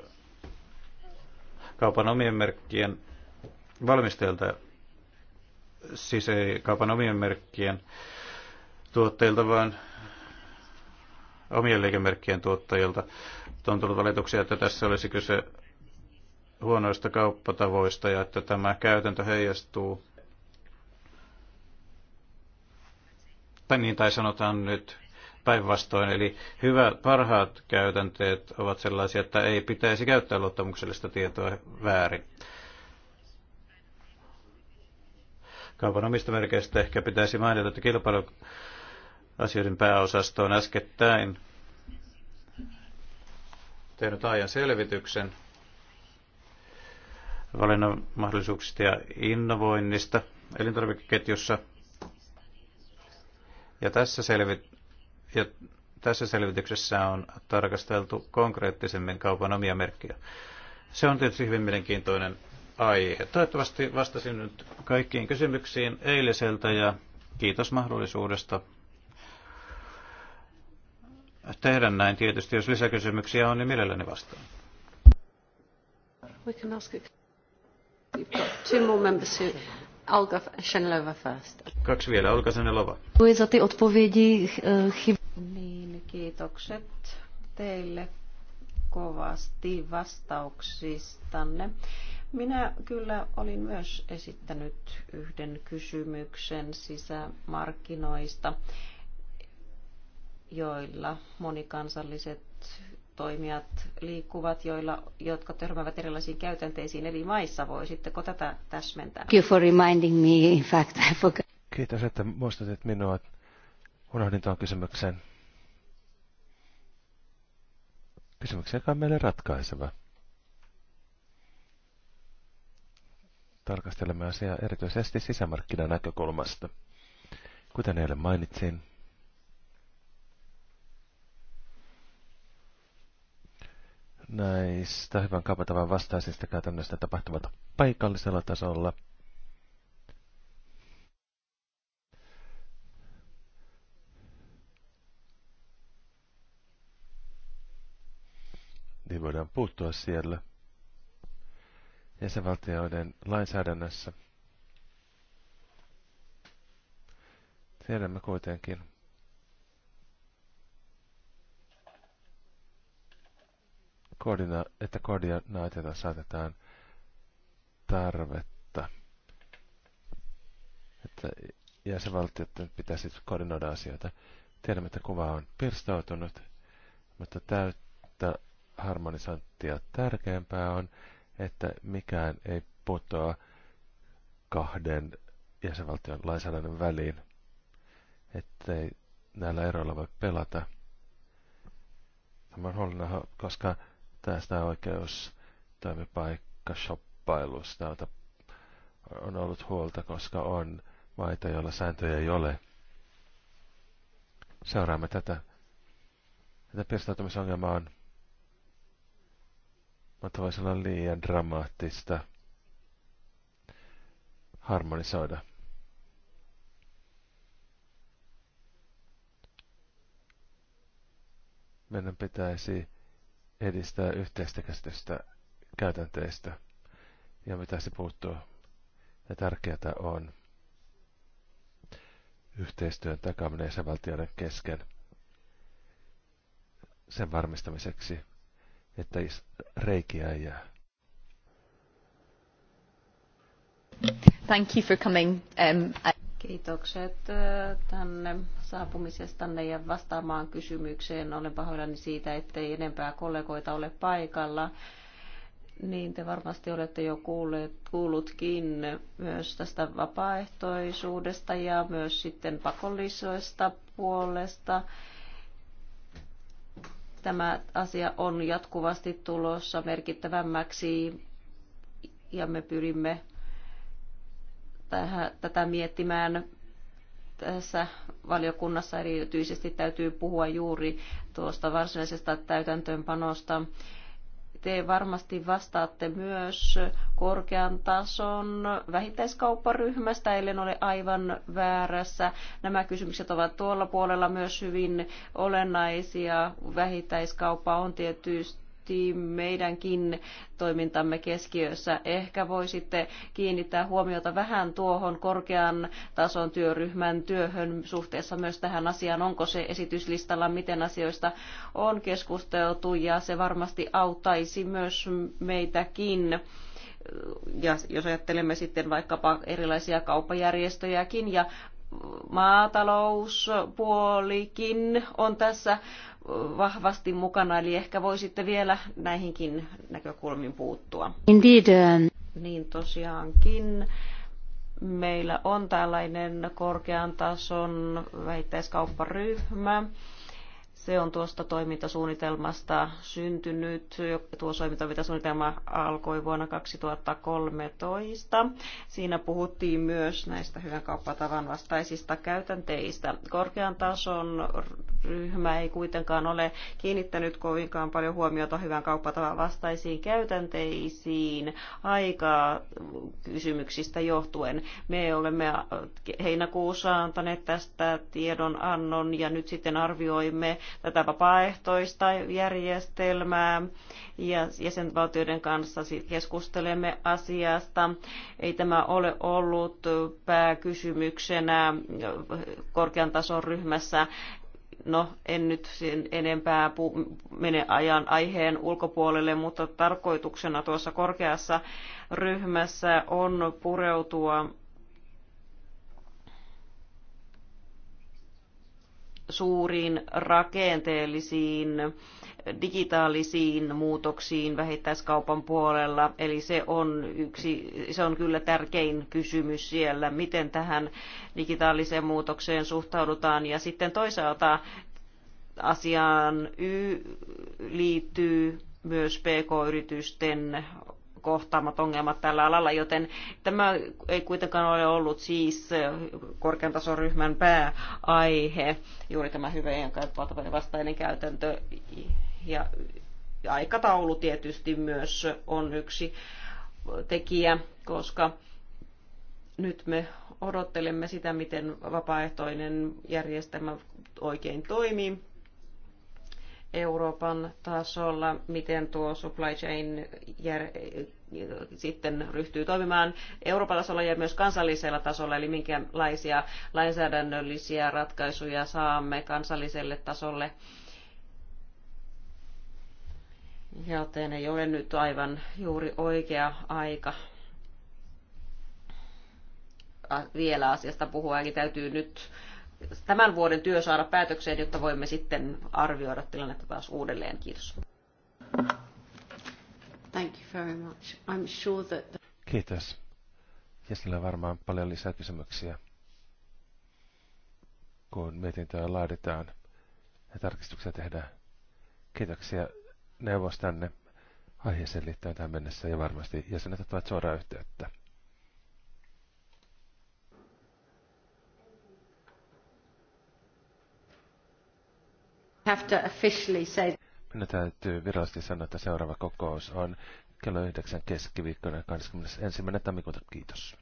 kaupan omien merkkien valmistajilta, siis ei kaupan omien merkkien tuotteilta, vaan omien liikemerkkien tuottajilta. On tullut valituksia, että tässä olisi kyse huonoista kauppatavoista ja että tämä käytäntö heijastuu tai niin tai sanotaan nyt päinvastoin. Eli hyvä, parhaat käytänteet ovat sellaisia, että ei pitäisi käyttää luottamuksellista tietoa väärin. Kaupan omistamerkeistä ehkä pitäisi mainita, että kilpailuasioiden pääosasto on äskettäin tehnyt ajan selvityksen valinnan mahdollisuuksista ja innovoinnista elintarvikeketjussa – ja tässä, selvi- ja tässä selvityksessä on tarkasteltu konkreettisemmin kaupan omia merkkiä. Se on tietysti hyvin mielenkiintoinen aihe. Toivottavasti vastasin nyt kaikkiin kysymyksiin eiliseltä ja kiitos mahdollisuudesta tehdä näin tietysti. Jos lisäkysymyksiä on, niin mielelläni vastaan. We can ask it. You've got two more members here. Olga Šenlova first. Kaksi vielä, Olga Šenlova. Děkuji za ty odpovědi. Eh, niin, kiitokset teille kovasti vastauksistanne. Minä kyllä olin myös esittänyt yhden kysymyksen sisämarkkinoista, joilla monikansalliset toimijat liikkuvat, joilla, jotka törmäävät erilaisiin käytänteisiin eri maissa. Voisitteko tätä täsmentää? Thank you for reminding me. In fact, I forgot. Kiitos, että muistutit minua. Unohdin tuon kysymyksen. Kysymyksen, joka on meille ratkaiseva. Tarkastelemme asiaa erityisesti sisämarkkinan näkökulmasta. Kuten eilen mainitsin, näistä hyvän kaupatavan vastaisista käytännöistä tapahtuvat paikallisella tasolla. Niin voidaan puuttua siellä jäsenvaltioiden lainsäädännössä. Tiedämme kuitenkin, koordina- että koordinaatiota saatetaan tarvetta. Että jäsenvaltioiden pitäisi koordinoida asioita. Tiedämme, että kuva on pirstoutunut, mutta täyttä harmonisointia tärkeämpää on, että mikään ei putoa kahden jäsenvaltion lainsäädännön väliin, ettei näillä eroilla voi pelata. Tämä on huolena, koska tästä oikeus toimipaikka shoppailusta on ollut huolta, koska on maita, joilla sääntöjä ei ole. Seuraamme tätä. Tätä pirstautumisongelmaa on mutta voisi olla liian dramaattista harmonisoida. Meidän pitäisi edistää yhteistä käsitystä käytänteistä ja mitä se puuttuu. Ja tärkeää on yhteistyön ja jäsenvaltioiden kesken sen varmistamiseksi, että reikiä ei jää. Thank you for coming. Um, I... Kiitokset tänne saapumisestanne ja vastaamaan kysymykseen. Olen pahoillani siitä, ettei enempää kollegoita ole paikalla. Niin te varmasti olette jo kuulleet, kuullutkin myös tästä vapaaehtoisuudesta ja myös sitten pakollisuudesta puolesta. Tämä asia on jatkuvasti tulossa merkittävämmäksi ja me pyrimme tähän, tätä miettimään tässä valiokunnassa erityisesti täytyy puhua juuri tuosta varsinaisesta täytäntöönpanosta. Te varmasti vastaatte myös korkean tason vähittäiskaupparyhmästä, ellen ole aivan väärässä. Nämä kysymykset ovat tuolla puolella myös hyvin olennaisia. Vähittäiskauppa on tietysti tietysti meidänkin toimintamme keskiössä. Ehkä voisitte kiinnittää huomiota vähän tuohon korkean tason työryhmän työhön suhteessa myös tähän asiaan. Onko se esityslistalla, miten asioista on keskusteltu ja se varmasti auttaisi myös meitäkin ja jos ajattelemme sitten vaikkapa erilaisia kauppajärjestöjäkin ja maatalouspuolikin on tässä vahvasti mukana, eli ehkä voisitte vielä näihinkin näkökulmiin puuttua. Indeed. Um, niin tosiaankin. Meillä on tällainen korkean tason vähittäiskaupparyhmä, se on tuosta toimintasuunnitelmasta syntynyt. Tuo toimintasuunnitelma alkoi vuonna 2013. Siinä puhuttiin myös näistä hyvän kauppatavan vastaisista käytänteistä. Korkean tason ryhmä ei kuitenkaan ole kiinnittänyt kovinkaan paljon huomiota hyvän kauppatavan vastaisiin käytänteisiin aikaa kysymyksistä johtuen. Me olemme heinäkuussa antaneet tästä tiedonannon ja nyt sitten arvioimme tätä vapaaehtoista järjestelmää ja jäsenvaltioiden kanssa keskustelemme asiasta. Ei tämä ole ollut pääkysymyksenä korkean tason ryhmässä no en nyt sen enempää pu- mene ajan aiheen ulkopuolelle, mutta tarkoituksena tuossa korkeassa ryhmässä on pureutua suuriin rakenteellisiin digitaalisiin muutoksiin vähittäiskaupan puolella. Eli se on, yksi, se on kyllä tärkein kysymys siellä, miten tähän digitaaliseen muutokseen suhtaudutaan. Ja sitten toisaalta asiaan y- liittyy myös pk-yritysten kohtaamat ongelmat tällä alalla, joten tämä ei kuitenkaan ole ollut siis korkean tasoryhmän pääaihe, juuri tämä hyvien kaipaavan vastainen käytäntö ja aikataulu tietysti myös on yksi tekijä, koska nyt me odottelemme sitä, miten vapaaehtoinen järjestelmä oikein toimii. Euroopan tasolla, miten tuo supply chain jär, sitten ryhtyy toimimaan Euroopan tasolla ja myös kansallisella tasolla, eli minkälaisia lainsäädännöllisiä ratkaisuja saamme kansalliselle tasolle. Joten ei ole nyt aivan juuri oikea aika vielä asiasta puhua, eli täytyy nyt tämän vuoden työ saada päätökseen, jotta voimme sitten arvioida tilannetta taas uudelleen. Kiitos. Thank you very much. I'm sure that the... Kiitos. Jäsenillä on varmaan paljon lisää kysymyksiä, kun mietintöä laaditaan ja tarkistuksia tehdään. Kiitoksia neuvostanne aiheeseen liittyen tähän mennessä ja varmasti jäsenet ottavat suoraan yhteyttä. have to officially say... Minä täytyy virallisesti sanoa, että seuraava kokous on kello 9 keskiviikkona 21. tammikuuta. Kiitos.